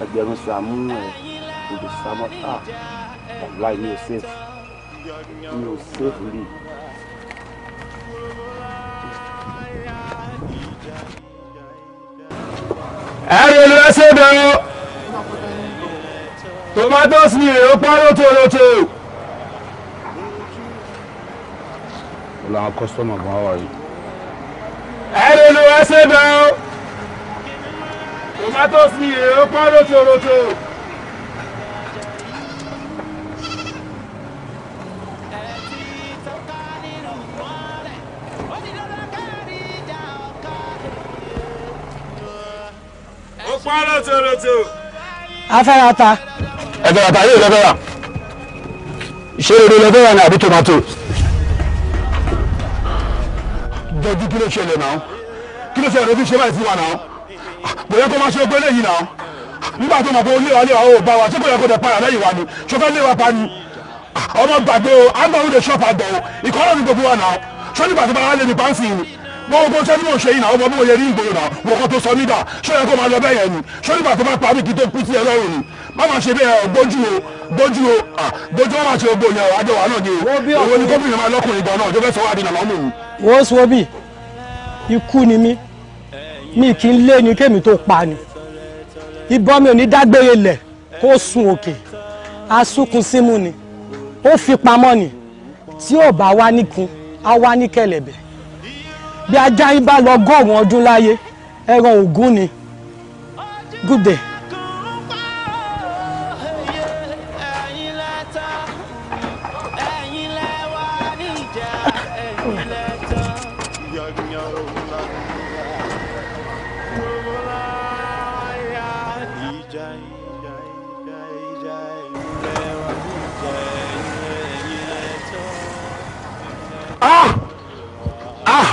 ẹgbẹ̀rún Samuel kò lè sá mọ́ ah ọ̀la mi ò sèfù mi ò sèfù rí i. ẹ̀rìn lọ́sẹ̀dọ̀ tomatoes ni èrò pa lótòlótò. làwọn kọ́sítọ́mù kan wà yìí. ẹ̀rìn lọ́sẹ̀dọ̀ tomatoes ni èrò pa lótòlótò. pọ́nrọ́ tòrótò. afẹ́ra ta. ẹ̀fẹ̀ra ta yóò lẹ́fẹ̀ra ṣé eré lẹ́fẹ̀ra ni àbí tomato. dọ́jú kí ló ṣẹlẹ̀ náà kí ló ṣẹlẹ̀ lójú ṣe báyìí fún wa náà bóyá kó máa ṣe ogbó eléyìí náà nígbà tó mọ̀ pé olè wa lè wa ó bá wa ṣé kò yẹ kó dẹ̀ para lẹ́yìn wa ni ṣọfẹ́ lè wa pa ni ọmọ gbàgbé o àgbà òde ṣọ́ọ̀pù àgbà o ìkọ́lọ́ ni gbogbo wa náà ṣọ́ nígbà tó bá wà lè ní pàǹsì yìí wọ́n bó sẹ́ni ò ṣe yìí náà ọmọ bí mo yẹ rí ìgbòho náà wọ́n kọ́ tó sọ mí dà kó máa lọ bẹ́ẹ̀ yẹn ni ṣé nígbà tó bá parí kí tó kú sí ẹ ni má máa ṣe bẹ́ẹ̀ gbójú o gbójú o gbójú wọn máa ṣe ogbó yẹn àjọ wa náà ni òwe ni gómìnà máa lọ́kùnrin gan náà ọjọ́ fẹ́ sọ wá di nàlọ́ wọ́n sọ bí ikú ni mí mi kì í lé ni kémi tó pa ni ìbọn mi ò ní dágbére lẹ̀ kó sun bí ajá yín bá lọ gọ́ọ̀rùn ọdún láyé ẹran ògún ni good day.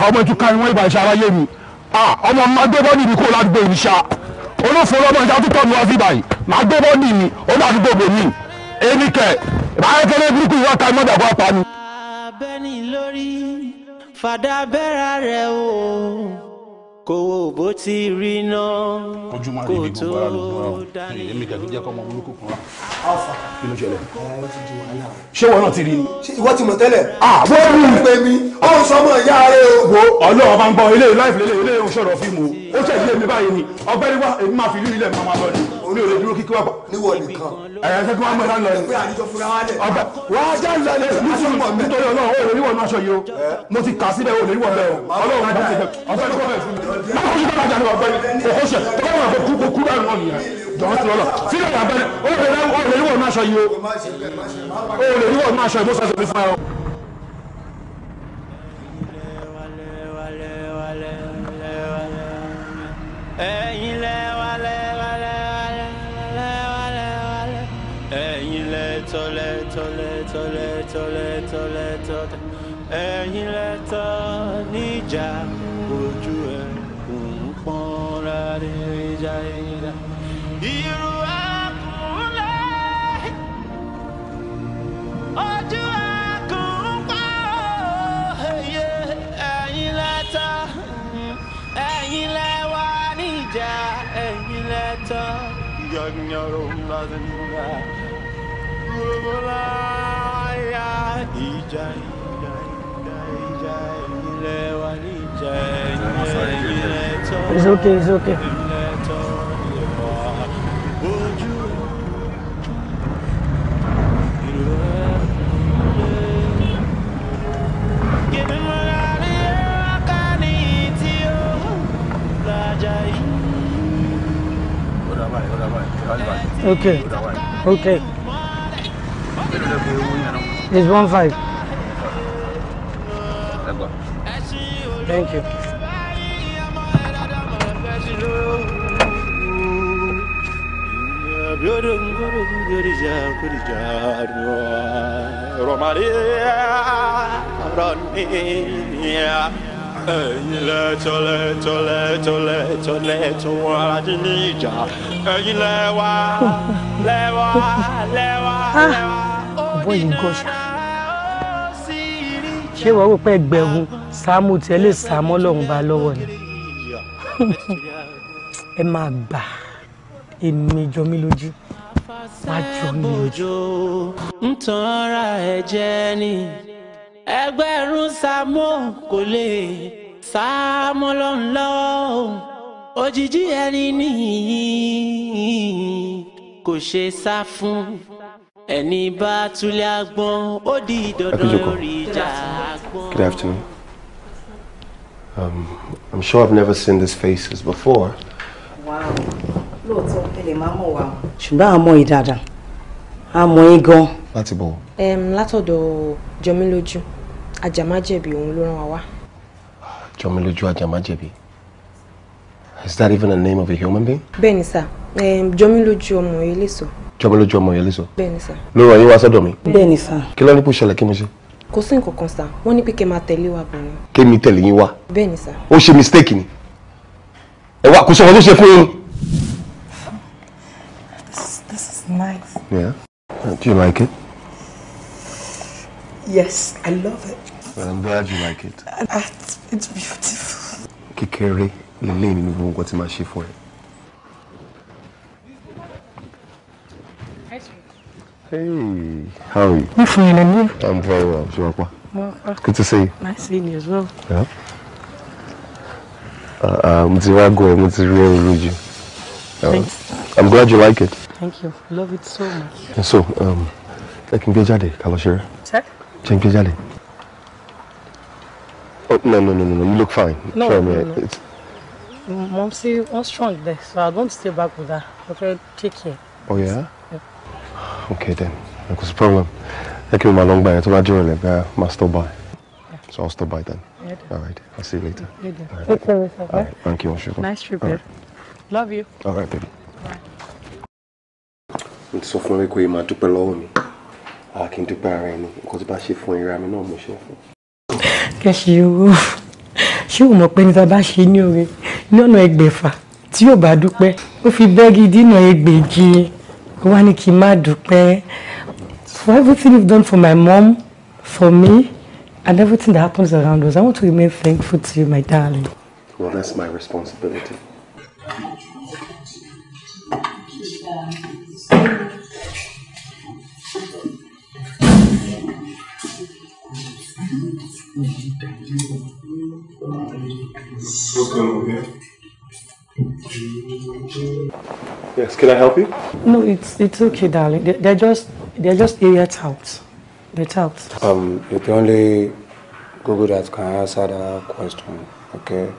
ọmọ ìtúkà ni wọ́n ìbà ìṣe aráyé mi ọmọ mi máa gbé bọ́ọ̀lì mi kúrò ládùúgbò mi ṣá olófo ọlọ́mọ ìṣá tó tọ́ mi wá sí báyìí máa gbé bọ́ọ̀lì mi ó ládùúgbò bò mí èmi kẹ báyẹn kẹlẹ́ burúkú ìwà ta mọ́jà kó apá mi. abẹ́ni lórí fàdà bẹ́ra rẹ̀ o kò bó ti rí náà kò tó dáa ní. èmi kàkí jẹ́ kọ́ ọmọ burúkú kan wá. alfa kí ló ṣẹlẹ̀. ṣé wọn náà ti rí ni. ìwọ ti mọ̀ tẹ́lẹ̀. àwọn ah, olú ìpè mi ó ń sọmọ ìyá rẹ o. wo ọlọ́run máa ń gbọ́ ilé láìpẹ́ lélẹ̀ ilé ìhun sọ̀rọ̀ fíìmù o ó ṣe ìdílé mi báyìí ni ọgbẹ́ni wá èmi máa fi ìlú ilẹ̀ máa lọ ni orí òde dúró kíkí wá pa. níwọ̀ nìkan. ẹ̀yà ṣẹ́gun wa mọ̀ náà lọ. ìpè àdìjọ fúnra wa lẹ̀. ọba wa já ń lọlẹ̀ nítorí ọlọ́run ó lè rí wọn náà aṣọ yìí o mo ti kà síbẹ̀ kó sí bàbá jàdùbà ọ̀gbẹ́ni òkú sẹ tọ́wọ́ wọn fẹ́ kú kó kú dànù ọ̀nìyà jọ̀wọ́ ti lọ́lọ́ fílẹ̀ wà bẹ́ẹ̀ o lè rí o lè rí wọ́n máa sọ yìí o o lè rí wọ́n máa sọ yìí bó sọ sọ mi fún ẹ o. tọ́lẹ̀ tọ́lẹ̀ tọ́lẹ̀ tọ́lẹ̀ ẹ̀yin lẹ́tọ́ níjà. jaira It's okay, it's okay. Okay. Okay. It's one five. Thank you. Romaria, Romaria. ẹ̀yin lẹ́tọ́ lẹ́tọ́ lẹ́tọ́ lẹ́tọ́ lẹ́tọ́ wọn aládé ní ìjà ẹ̀yin lẹ́wà lẹ́wà lẹ́wà lẹ́wà ah, ó ní náà ṣé wọ́n rò pé gbẹ̀rún sáàmù tí ẹ lè sáàmù ọlọ́run bá lọ́wọ́ ni ẹ máa gbà èmi jọ mí lójú má jọ mí lójú. ń tan ni ẹgbẹ̀rún sáàmù kò lè sámọ́lọ́ńlọ́ òjijì ẹni nìyí kò ṣe sá fún ẹni bá túlẹ̀ agbọ́n ó di dandan lórí ìjà agbọ́n. Good afternoon. Um, I'm sure I've never seen these faces before. Wow. Lóòótọ́ ẹ lè máa mọ̀ wá. Ṣùgbọ́n àmọ́ yìí dáadáa. Àmọ́ yìí gan. Láti bọ̀. Látọ̀dọ̀ Jọmílójú, Àjàmájẹ̀bi òun ló rán wá. Jọmilójú Ajamájẹ̀bi. Is that even a name of a human being? Bẹ́ẹ̀ni sá, Jọmilójú ọmọ Eléso. Jọmilójú ọmọ Eléso. Bẹ́ẹ̀ni sá. Ló ràn yín wá sọ́dọ̀ mi. Bẹ́ẹ̀ni sá. Kí ló ní kó ṣẹlẹ̀ kí mo ṣe? Kò sí nǹkan kan sá, wọ́n wa bọ̀ ni. Kémi tẹ̀lé mistake ni. Ẹ wá kò sọ̀rọ̀ tó This is nice. Yeah. Do you like it? Yes, I love it. Well, I'm glad you like it. Ah, it's, it's beautiful. Kékeré, lele nínú gbogbo nǹkan tí my ṣe fún ẹ. Hey, how are you? I'm fine, and you? I'm very well, Shirokwa. Uh, good to see you. Nice seeing you as well. Yeah. Uh, very good. I'm very I'm glad you like it. Thank you. love it so much. And so, um, I can get Jade, Kalashira. Sir? Can get Jade. Oh, no, no, no, no, no. You look fine. No, Try me. No, no. It's... Mom, see, I'm strong there, so I don't stay back with her. Okay, take care. Oh, yeah? yeah. Okay, then. What's the problem? I came my long bag. I told her, I must stop by. Yeah. So I'll stop by then. Yeah, All right. I'll see you later. You do. All right. Take care of yourself, All right. Thank you, Oshiko. Nice trip, babe. Right. Love you. All right, baby. Mo ti sọ fún ẹ pé máa dúpẹ́ lọ́wọ́ mi. A kì í dúpẹ́ ara ẹni. Nǹkan tí bá ṣe fún ìra kẹ́sì owó ṣé o mọ̀ pé ní ta bá ṣe ní oore ní ọ̀nà ẹgbẹ̀fà tí yóò bá dúpẹ́ ó fi bẹ́ẹ̀gì dínà ẹgbẹ̀je ó wá ní kí n má dúpẹ́ for everything you've done for my mom for me and everything that happens around us I want to remain thankful to you my darling. Well that's my responsibility. What's going on here? Yes, can I help you? No, it's it's okay, darling. they're just they're just idiots out. They're out. Um, you can only Google that can answer that question, okay?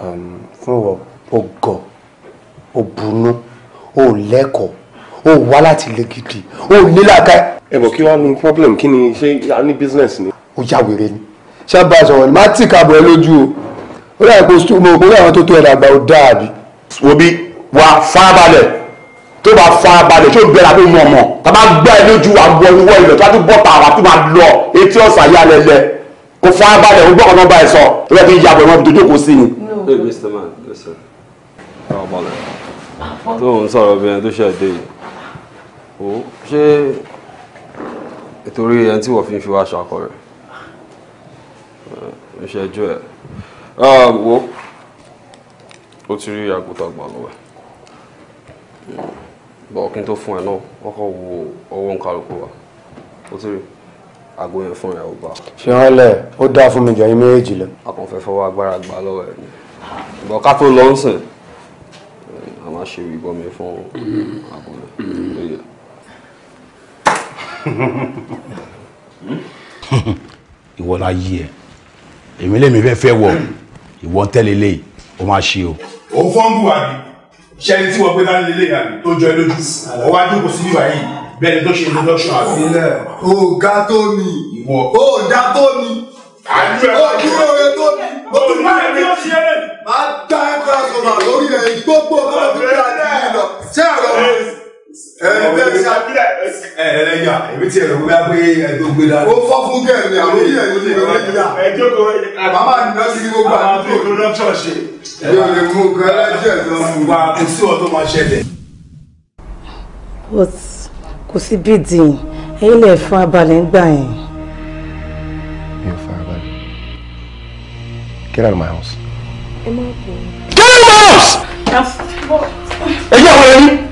Um, fún ọ, ó gọ̀, ó bunú, ó lẹ́kọ̀ọ́, ó wá láti ilé gidi, ó nílàkà. Ẹ bọ̀ problem kí ni ṣé a business ó ya wèrè ni ṣáàbà sọ̀rọ̀ ni má tì kábọ̀ ẹ lójú o ó dàbí kó mo kó láwọn tó tó ẹ̀ dàgbà ó dáàbí. òbí wa fábalẹ̀ tó bá fábalẹ̀ tó bẹ̀rẹ̀ àbí mọ̀mọ́ tá a bá gbá ẹ lójú wa wọ ìwọ ilẹ̀ tó bá tún bọ́ tààrà tó máa lọ etí ọ̀sà yà lẹ́lẹ̀ kó fábalẹ̀ ó gbọ́kànlá bá ẹ sọ ìwé fi yàgò ìwọ́n fi dojú kò sí ni. tó ń sọ̀rọ̀ obìnrin tó ṣe yìí ṣé nítorí ẹni tí wọ́n fi ń fi wá aṣọ akọ ìṣẹ́jú ẹ̀ wo ó ti rí àgùntàn àgbà lọ́wọ́ bọ̀ kí n tó fún ẹ náà wọ́n kọ́ wo ọwọ́ ń kálukú wa ó ti rí àgbo yẹn fún ẹ ò bá. fi hàn lẹ ó dáa fún mi jọ yín méjèèjì a kàn fẹ́ fọwọ́ agbára gbà lọ́wọ́ ẹ̀ ni bọ̀ ká tó lọ ń sìn a máa ṣe ìbọn mi fún àgbo yẹn. ìwọ la yí ẹ èmi lèmi fẹ́ fẹ́ wọ ìwọ tẹ́lẹ̀ lé o máa ṣe o. ó fọ́nbù àbí ṣe ẹni tí wọ́n gbé dání lélẹ̀ àbí tó jọ ẹ lójú ọwọ́ àjòkó sí bíbá yìí bẹ́ẹ̀ ni tó ṣe introduction àbí. o ga tó mi ìwọ o da tó mi o dúró re tó mi o tún bá ẹni ó ṣe é. máa dá ẹ kọ́ra sọ̀rọ̀ lórí ẹ̀ gbogbo ọ̀gá ọ̀gá ọ̀gá ọ̀gá ṣé àlọ́ ẹlẹ́yà èmi tí ẹ̀rọ wíwá kò sí ní gbogbo àdúgbò. lè fún abalẹ̀ ń gbà yẹn. mi ò fara get out of my house. get out of my house. ẹ̀yin àwọn ẹ̀yin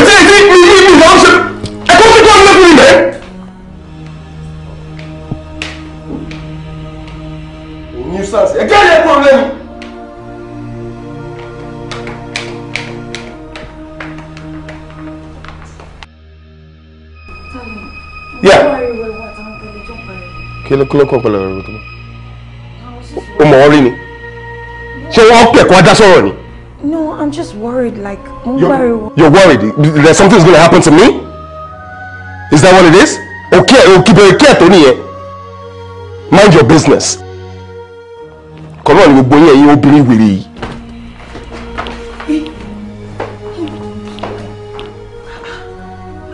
ètí ètí ibi ìwà ọ̀sẹ̀ ẹ̀kọ́ sí kọ́ọ̀lù lẹ́kùn ilẹ̀. òní sars ẹ̀jẹ̀ yẹ kúrò lẹ́nu. kí ló kí ló kọ́ pẹ̀lú ẹ̀rọ tó bá ó mọ̀ wọ́n rí ni ṣé wọ́n pẹ̀kọ́ adá sọ̀rọ̀ ni. No, I'm just worried. Like, I'm you're, You're worried that something's going to happen to me? Is that what it is? Okay, keep okay, okay, Tony. Mind your business. Come on, gbogbo yín ẹ̀yin obìnrin wèrè yìí.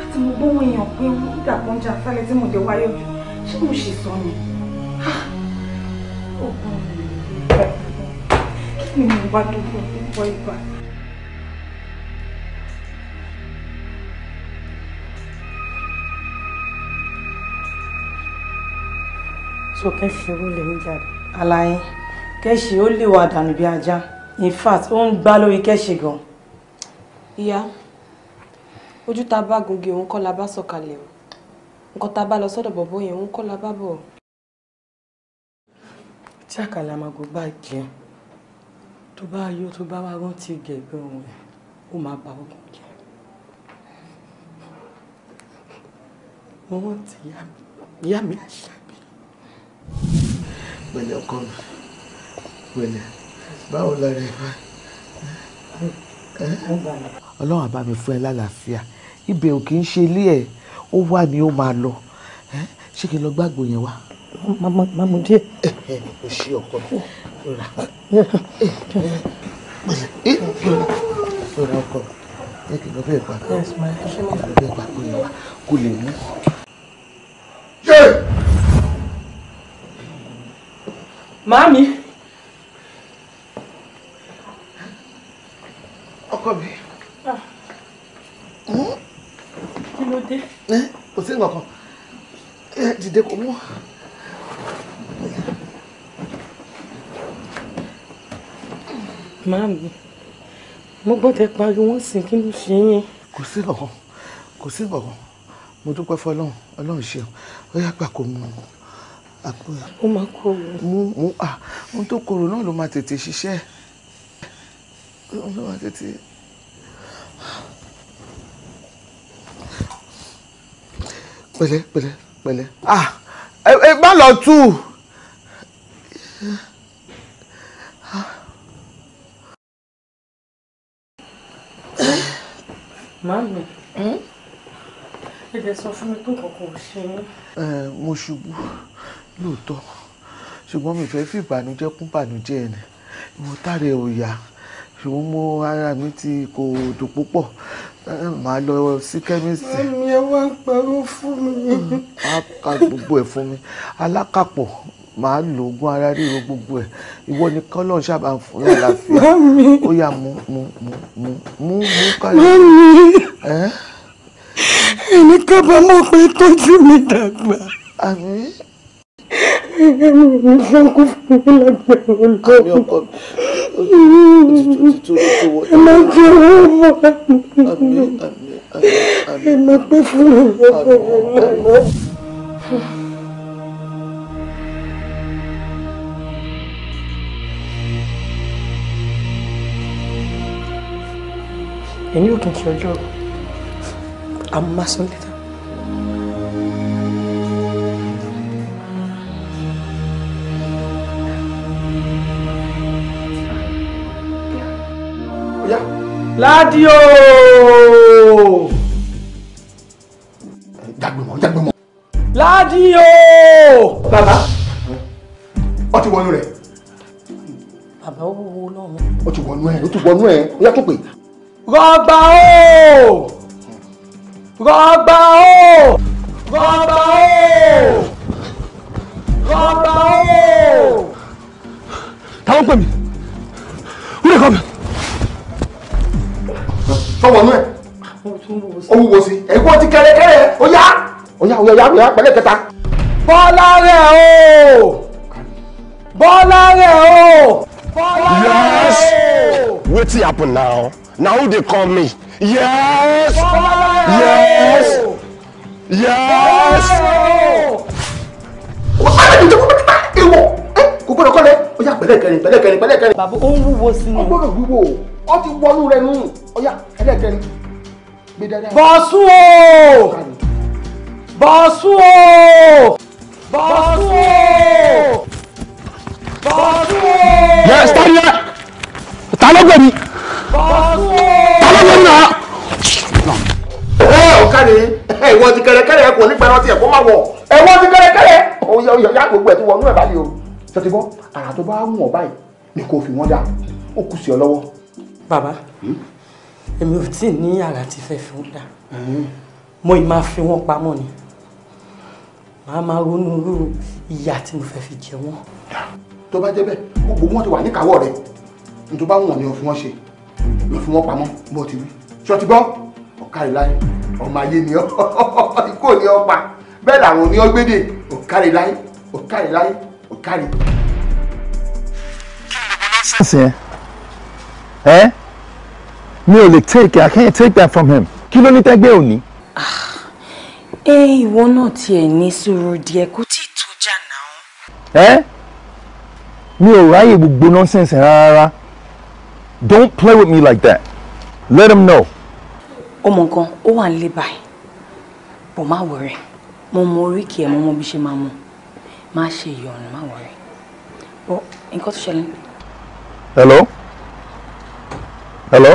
Àti mo gbóhùn èèyàn pé wọ́n dàgbọ́n jà fẹ́lẹ́ tí mo dé wáyé ojú. Ṣé mo kí ni mo bá dúró púpọ̀ ìgbà. so kẹ́sì ó lè ń jáde aláyé kẹ́sì ó lè wà dànù bí ajá in fact ó ń gbá lórí kẹ́sì gan. ìyá ojú tá a bá gògè òun kọ́ la bá sọ̀kalẹ̀ o nǹkan tá a bá lọ sọ́dọ̀ bọ̀bọ̀ yẹn òun kọ́ la bá bọ̀. tí àkàlà máa gbọ́ gbà tó bá yọ tó bá wá rántí gẹ̀gẹ́ òun ẹ̀ ó máa ba ọkàn jẹ́ mo rántí ìyá mi àṣà mi. pẹ̀lẹ́ ọkọ mi pẹ̀lẹ́ báwo la rẹ bá. ọlọ́run àbá mi fún ẹ lálàáfíà ibẹ̀ ò kì í ṣe ilé ẹ̀ ó wà ní ó máa lọ ṣé kí n lọ gbàgbọ́ yẹn wá. màmá màmá díẹ̀. ẹ ẹ o ṣe ọkọ mi rọra ọkọ jẹ́ kí n lọ fẹ́ pa kí n lọ fẹ́ pa kó lè wá kó lè mú. Màámi. Ọkọ mi. Ah. Hmm? Kí ló dé? Eh, kò sí nǹkan kan. Eh, dìde kò mú. Yeah. Màámi, mo gbọ́dọ̀ pariwo wọ́n sìn kí ló ṣe yín. Kò sí ọ̀kan, kò sí ọ̀kan. Mo dúpẹ́ fún Ọlọ́run, Ọlọ́run ṣeun. Ó yá gbà kó mu àpò. Ó máa kóró. Mú mú à ohun tó kóró náà ló máa tètè ṣiṣẹ́. Ló máa tètè. Pẹ̀lẹ́ pẹ̀lẹ́ pẹ̀lẹ́. À ẹ má lọ tú. Mami, hmm? ẹ̀jẹ̀ sọ fún mi pé kọ̀ọ̀kan ò ṣe mí. Mo ṣubú lóòótọ́, ṣùgbọ́n mi fẹ́ fi ìbànújẹ́ kún ìbànújẹ́ ẹ̀ ni. Ìwọ táre ò ṣùgbọ́n mo ara mi ti kò dùn púpọ̀. Màá lọ sí kẹ́míìsì. Mami ẹ wá ń parọ́ fún mi. Wọ́n hmm, á ka gbogbo ẹ̀ fún mi. Alákàpọ̀ màá lo oògùn ara ríro gbogbo ẹ̀ ìwọ ni kọ́lọ̀ ṣàbà ń fún yàrá fi ó yá mú mú mú mú mú mú kálí. ẹni kábàámọ̀ pé tọ́jú mi dàgbà. àmín. ẹni mi fẹ́ kú fún mi lágbàá olùkọ́. àmì ọkọ mi ẹ máa jẹ owó mọ́ àmì ẹ máa pẹ́ fún mi lọ́wọ́ ẹni ò kì í ṣe ọjọ́ rò àmọ́ máa sọ lẹ́tà. Ládìó. Jágbémọ̀ jágbémọ̀. Ládìó. Bàbá. Ó ti wọnú rẹ̀. Bàbá ó wo lọ́run. Ó ti wọnú ẹ̀ ó ti wọnú ẹ̀ ó yá tó pè rọgbà ó rọgbà ó rọgbà ó rọgbà ó. táwọn pè mí wúlò kọ́ mi. sọ̀wọ́n nú ẹ̀ ó wúwo sí ẹ̀gbọ́n ti kẹ́lẹ́kẹ́lẹ́ ó yá ó yá ó pẹ̀lẹ́ kẹta. bọ́lá rẹ̀ o bọ́lá rẹ̀ o bọ́lá rẹ̀ o. yes wetin happen now. Now who dey call me yes yes yes. ìwọ kò gbọ́dọ̀ kọlẹ ó yà pẹ̀lẹ́kẹrin pẹ̀lẹ́kẹrin pẹ̀lẹ́kẹrin. bàbá ó ń wúwo sí i. ó gbọ́dọ̀ wúwo ó ti wọnú rẹ nù ó yà pẹ̀lẹ́kẹrin. bọ́sù o bọ́sù o bọ́sù o bọ́sù o. yẹ sáré ta ló gbẹ̀mí ẹ ò káre ẹ ìwọ ti kẹrẹkẹrẹ kò ní pẹrọ tiẹ kó má wọ ẹ wọ ti kẹrẹkẹrẹ ó yọ ya gbogbo ẹ tó wọnú ẹ báyìí o ṣe ti gbọ́ àrà tó bá wù ọ báyìí ni kò fi wọn dà ó kù sí ọ lọ́wọ́. bàbá èmi ò tí ì ní àrà tí fẹ́ fi wọn dà mo ì máa fi wọn pamọ́ ni màá máa ronú irú ìyà tí mo fẹ́ fi jẹ wọn. tó bá jẹ́ bẹ́ẹ̀ gbogbo wọn ti wà níkàáwọ́ rẹ̀ nítorí bá wọn ni o ló fi wọ́n pamọ́ bó ti wí ṣọtí bọ́ ọ̀kárí láyé ọmọ ayé ni ọ ikú ò ọ pa bẹ́ẹ̀ làwọn oní ọgbẹ́dẹ ọ̀kárí láyé ọ̀kárí láyé ọ̀kárí. mi ò lè take I can't take that from him kí ló ní tẹ́gbẹ́ òní. ẹ ìwọ náà tiẹ̀ ní sùúrù díẹ̀ kó tí ì tó jà náà. ẹ mi ò ráyè gbogbo nonsense rárá rárá don't play with me like that let him know. Oh nǹkan ó wà nílé báyìí bò má wọrẹ mo mọ oríkì ẹ mo mọ bí ṣe máa mú má ṣe ìyọnu má wọrẹ bọ nǹkan tó hello hello.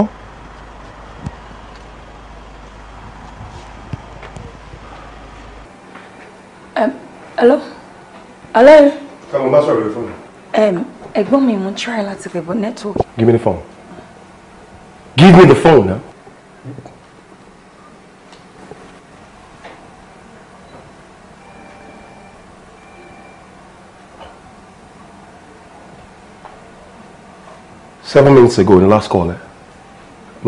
Um, hello? Hello? Come on, what's wrong your phone? Um, I mi, mo ń try láti pè, but network. Give me the phone. Give me the phone now. Seven minutes ago in the last call, eh?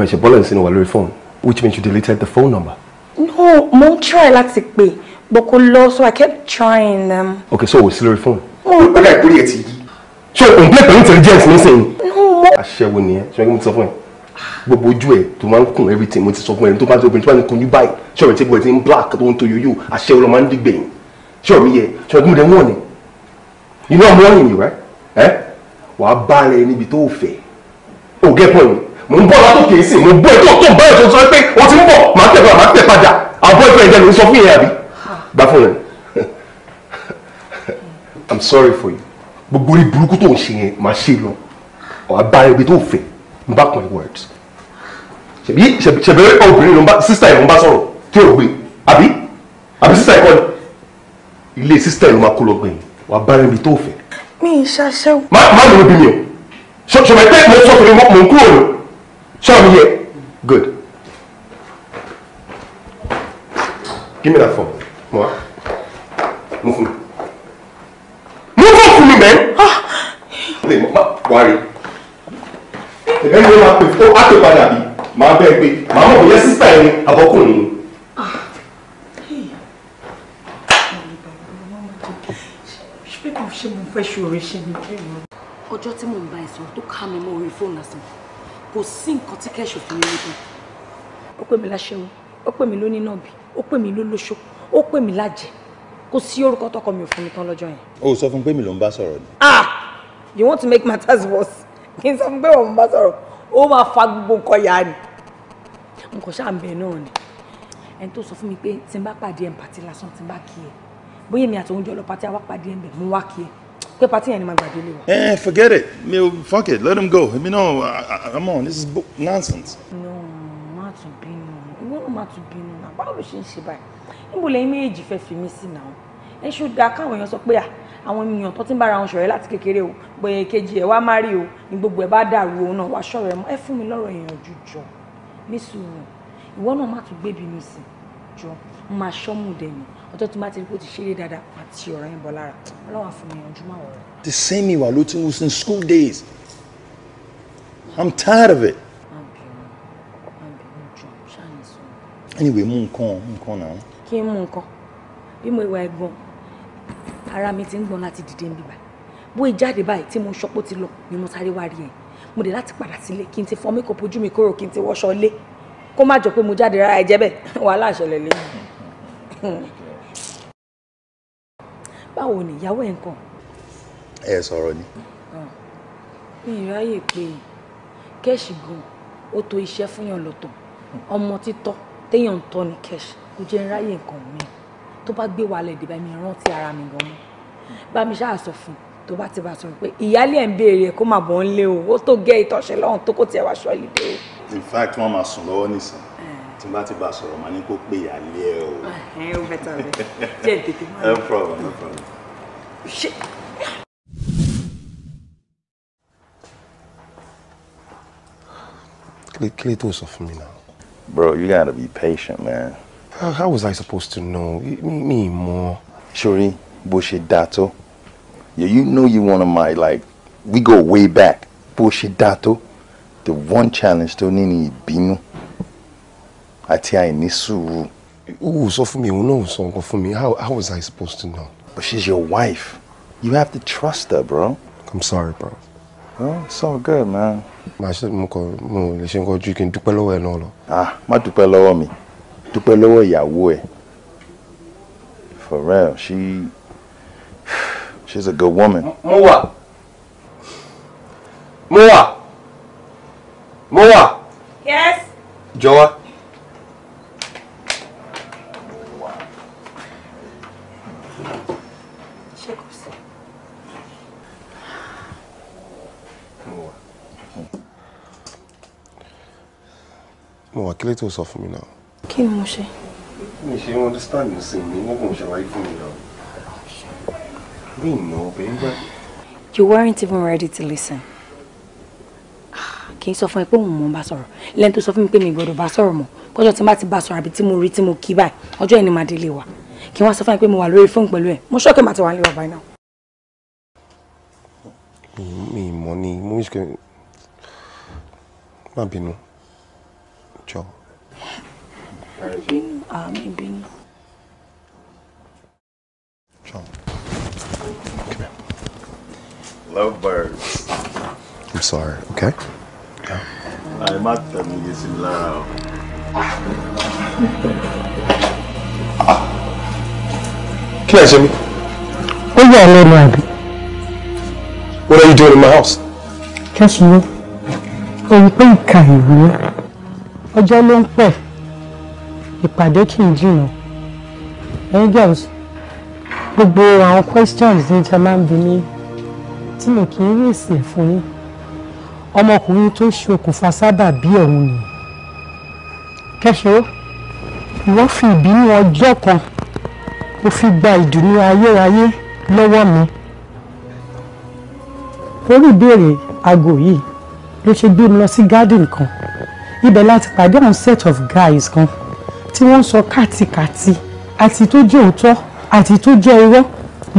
she balanced in our phone, which means you deleted the phone number. No, mo try láti pè, but kò lọ, so I kept trying them. Okay, so we still phone. Oh, but I couldn't it. So, on play intelligence, nothing. No, mo. Aṣẹ́wó ni ẹ́, ṣé kí mo sọ fún ẹ? gbogbo ojú ẹ tó máa ń kun everything mo ti sọ fún ẹ tó bá ti obìnrin tó bá ti kun yú báyìí ṣọ̀rọ̀ tí bọ̀ọ̀ ti ń black tó ń to yòóyò àṣẹ ọlọ́mọ á ń dìgbẹ̀yìn ṣọ̀rọ̀ mi yẹ ṣọ̀rọ̀ mi dẹ̀ wọ̀n ni you know I'm warning you right ẹ wàá bá rẹ níbi tó fẹ́ o get point mo ń bọ̀ látòkè sí mo bọ̀ ètò tó ń bá ètò sọ pé o ti ń bọ̀ máa tẹ̀ padà máa tẹ̀ padà àbọ̀ ẹ̀fẹ̀ ìjẹun ló I'm sorry for you gbogbo orí burúkú tó ń ṣe yẹn máa ṣe lọ wàá bá rẹ fẹ́ n back my words ṣebí ṣebí obìnrin ló ń bá sísítà yìí ló ń bá sọ̀rọ̀ tí ò gbé àbí àbí sísítà yìí kọ́ ni ilé sísítà yìí ló máa kó lọ gbẹ̀yìn wà á bá rẹ̀ ibi tó fẹ́. mi ì ṣaṣẹ́wó. má má lóun mi o ṣọ̀ṣọ̀mọ̀ ẹgbẹ́ mi sọ pé mo ń kúrò ní ṣọ́ọ̀bù yẹ good give me that phone mo wá ah! mo fún mi mo fún fún mi mẹ́. wàá rí ẹ̀mí ló máa pè fún àpèpadà bíi máa bẹ́ẹ̀ gbé màá mọ̀ bóyá sísítà ẹ̀ ni àbọ́kùnrin ni. Ah, ṣé mo fẹ́ ṣòro ṣe ni kí n. ọjọ́ tí mò ń bá ẹ sọ tó ká mi mọ́ orí fóònù lásán kò sí nǹkan tí kẹ́ṣọ̀ fún mi níbẹ̀. ó pè mí láṣẹ́wó ó pè mí lóní náà bí ó pè mí lólóṣó ó pè mí lájẹ kò sí orúkọ tọkọ mi ò fún mi tán lọ́jọ́ yẹn. o sọ fún pé mi ló ń bá sọ̀rọ̀ ni. ah you want to make matters worse kí n sọ fún pé òun bá sọ̀rọ̀ ó máa fa gbogbo nǹkan yá ni n kò ṣáà ń bẹ náà ni ẹni tó sọ fún mi pé tí n bá pàdé ẹ̀ ń pàtí lásán tí n bá kí ẹ bóyá èmi àtòun jọ lọ pàtí àwa pàdé ẹ̀ ń bẹ̀ mú wá kí ẹ pé pàtí yẹn ni màá gbàgbé lé wa. ẹ forget it mi ò fuck it let him go èmi náà i'm on this is nonsense. no má tún bínú ìwọ má tún bínú náà báwo ló ṣe ń ṣe báyìí níbo lẹ́yìn méjèèjì fẹ́ fi mí sí náà ẹ ṣó káwọn èèyàn sọ pé à àwọn èèyàn tó ti ń bára wọn ṣọ̀rẹ́ láti kékeré o pé kejì ẹ̀ wá má rí o ní gbogbo ẹ̀ bá dàrú òun náà wá ṣọ̀rẹ́ mọ́ ẹ fún mi lọ́rọ̀ èèyàn jù jọ ní sùúrù ìwọ náà má tún gbé bínú sí jọ n máa ṣọ́mù dẹ̀yìn ọjọ́ tí n bá ti rí pé ó ti ṣe é dáadáa wà á ti ọ̀rọ̀ yẹn bọ̀ lára ọlọ́wà fún mi ìyànjú máa wọ̀ rẹ̀. the same ìwà ló ti ń wù school days i'm tired of it. anyway mú nǹkan nǹkan náà. kí n mú nǹkan bí mo ìwà ẹ̀gbọ́n ara mi ti ń gbọ́n láti dìde ń bíbá bó ìjáde báyìí tí mo ṣọpọ́ ti lọ ni mo sáré wá rí ẹ̀ mo dé láti padà sílé kí n ti fọ mékòpù ojú mi kúrò kí n ti wọṣọ lé kó má jọ pé mo jáde rárá ẹ bẹ́ẹ̀ wàhálà ṣẹlẹ̀ lé. báwo ni ìyàwó ẹ̀ ń kàn. ẹ sọ̀rọ̀ ni. mi ì ráyè pé kẹ́ẹ̀ṣì gan ó tó iṣẹ́ fún yàn lọ́tọ̀ ọmọ títọ́ téèyàn ń tọ́ ni kẹ́ẹ̀ṣì kò jẹ́ ráyè nǹkan mi tó bá gbé wàhálà èdè mi rántí ara mi gan-an bá mi ṣáà sọ fún un tó bá ti bá sọ pé ìyáálé ẹ̀ ń béèrè kó máa bọ̀ ń lé o ó tó gẹ́ ìtọ́ṣe lọ́hùn tó kò tiẹ̀ wá ṣọ́ọ̀lì dé o. in fact wọ́n máa sùn lọ́wọ́ nìsín eh. tí n bá ti bá a sọ̀rọ̀ máa ní kó pé ìyáálé ẹ o. ẹ ah, eh, ó bẹ́tà bẹ́ẹ̀ jẹ́ ìtètè máa ń. no problem no problem. ṣé clearly those are for me now. Bro, you gotta be patient, man. How, how was I supposed to know? Me me, more. Shuri, bó ṣe Yeah, you know you one of my like we go way back. Bó ṣe the one challenge to Nini ni ìbínú àti àìní sùúrù. Ó sọ fún mi, òun náà sọ nǹkan How how was I supposed to know? But she's your wife. You have to trust her, bro. I'm sorry, bro. Oh, it's all good, man. My ṣe mo kọ mo lè ṣe nǹkan ju kí n dúpẹ́ Ah, má dúpẹ́ lọ́wọ́ me, Dúpẹ́ lọ́wọ́ ìyàwó ẹ. For real, she she's a good woman. Moa. wà mo wà mo wà. yes. jọ̀wọ́. mo wà kílẹ̀ tó sọ fún mi náà. kí ni mo You mi ṣe understand mi sí mi mo kàn ṣàlàyé fún mi náà. We know, baby. You weren't even ready to listen. Kì í sọ my ẹ pé òun mò ń bá sọ̀rọ̀. Lẹ́yìn tó sọ fún mi pé mi gbọ́dọ̀ bá sọ̀rọ̀ mọ́. Kọ́jọ́ tí to bá ti bá sọ̀rọ̀ àbí tí mo rí tí mo kí báyìí, ọjọ́ my ni màá délé wa. Kí wọ́n sọ fún mi mo wà Mo ṣọ́ọ̀kì màá ti wà nílé wa báyìí Mi ìmọ̀ lovebirds. I'm sorry, okay? Àì má tẹ̀mí yé sí mi lára o. Kí lè ṣe mí? Ó yà lẹ́nu àbí. What are you doing in my house? Catch me. Kẹ́sìmọ́, òun pé ìka ìwé ọjọ́ ló ń pẹ̀ ìpàdé kì í jìnnà. Hey girls, gbogbo àwọn questions ní ta to ń bi tí mi kì í rí èsì ẹ̀ fún yín ọmọkùnrin tó ṣokùnfà sábàbí ọ̀hún ni kẹ́sọ́ ìwọ́n fi ìbínú ọjọ́ kan ó fi gba ìdùnnú ayérayé lọ́wọ́ mi orí ìbéèrè aago yìí ló ṣe gbé mi lọ sí garden kan ibẹ̀ láti pàdé àwọn set of guys kan tí wọ́n ń sọ kàtìkàtì àti tó jẹ́ òótọ́ àti tó jẹ́ irọ́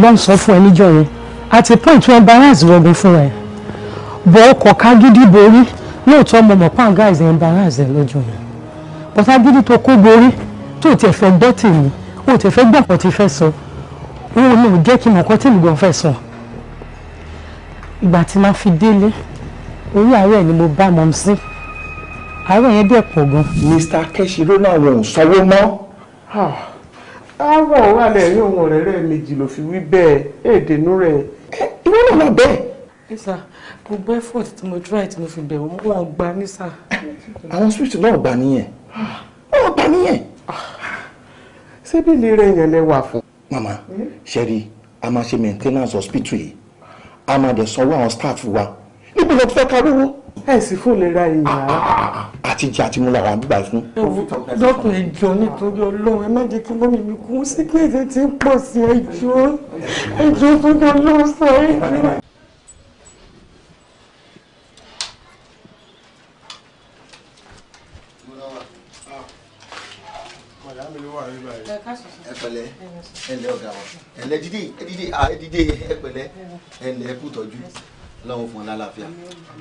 ló sọ fún ẹníjọ́ yẹn At a point wọn balance wọgun fún ẹ bọ ọkọ ká gidi borí lóòótọ́ mo mọ̀ pan guys ẹ̀ ń balance ẹ lọ́jọ́ yẹn but agídí tó kó borí tó tiẹ̀ fẹ́ gbọ́ tèmi ó tiẹ̀ fẹ́ gbàgbọ́ ti fẹ́ sọ owó náà jẹ́ kí mọ̀kọ́ tèmi gan fẹ́ sọ ìgbà tí máa fi délé orí àárẹ̀ ni mo bá mọ̀ sí àárẹ̀ yẹn dẹ̀ pọ̀ gan. Mr. Kẹ́sìrò náà wọn ò sanwó mọ́. Ah, àwọn ọ̀rọ̀ alẹ́ rí ohun ọ̀rẹ́ rẹ̀ méjì ló fi wí bẹ́ẹ̀ èdè nú rẹ̀ ìwọ náà máa bẹ́ẹ̀. nísà gbogbo effort tí mo try tí mo fi bẹ̀rù wọn ò gbà nísà. àwọn switch náà gbà nìyẹn wọn gbà nìyẹn. sébìlì rẹ yẹn lẹ fún. màmá ṣẹ́rí a máa ṣe maintenance hospital yìí a máa dẹ̀ sanwó àwọn staff wa níbo ló fẹ́ ká ẹ sì fún ìlera èèyàn rárá. Ah, ah, ah, àti jẹ àti mú lára gbígbà fún. dọ́kun ẹjọ́ nítorí ọlọ́run ẹ má jẹ́ kí mọ́mí mi kú síkèèdè tí ń pọ̀ sí ẹjọ́ ẹjọ́ tó dán lọ́wọ́ sọ ẹjọ́. ẹpẹ̀lẹ́ ẹlẹ ọgá wa ẹlẹ dídé ẹdídé ẹdídé ẹpẹ̀lẹ́ ẹlẹ ẹkú tọ́jú ọlọ́run fún ọ lálàáfíà.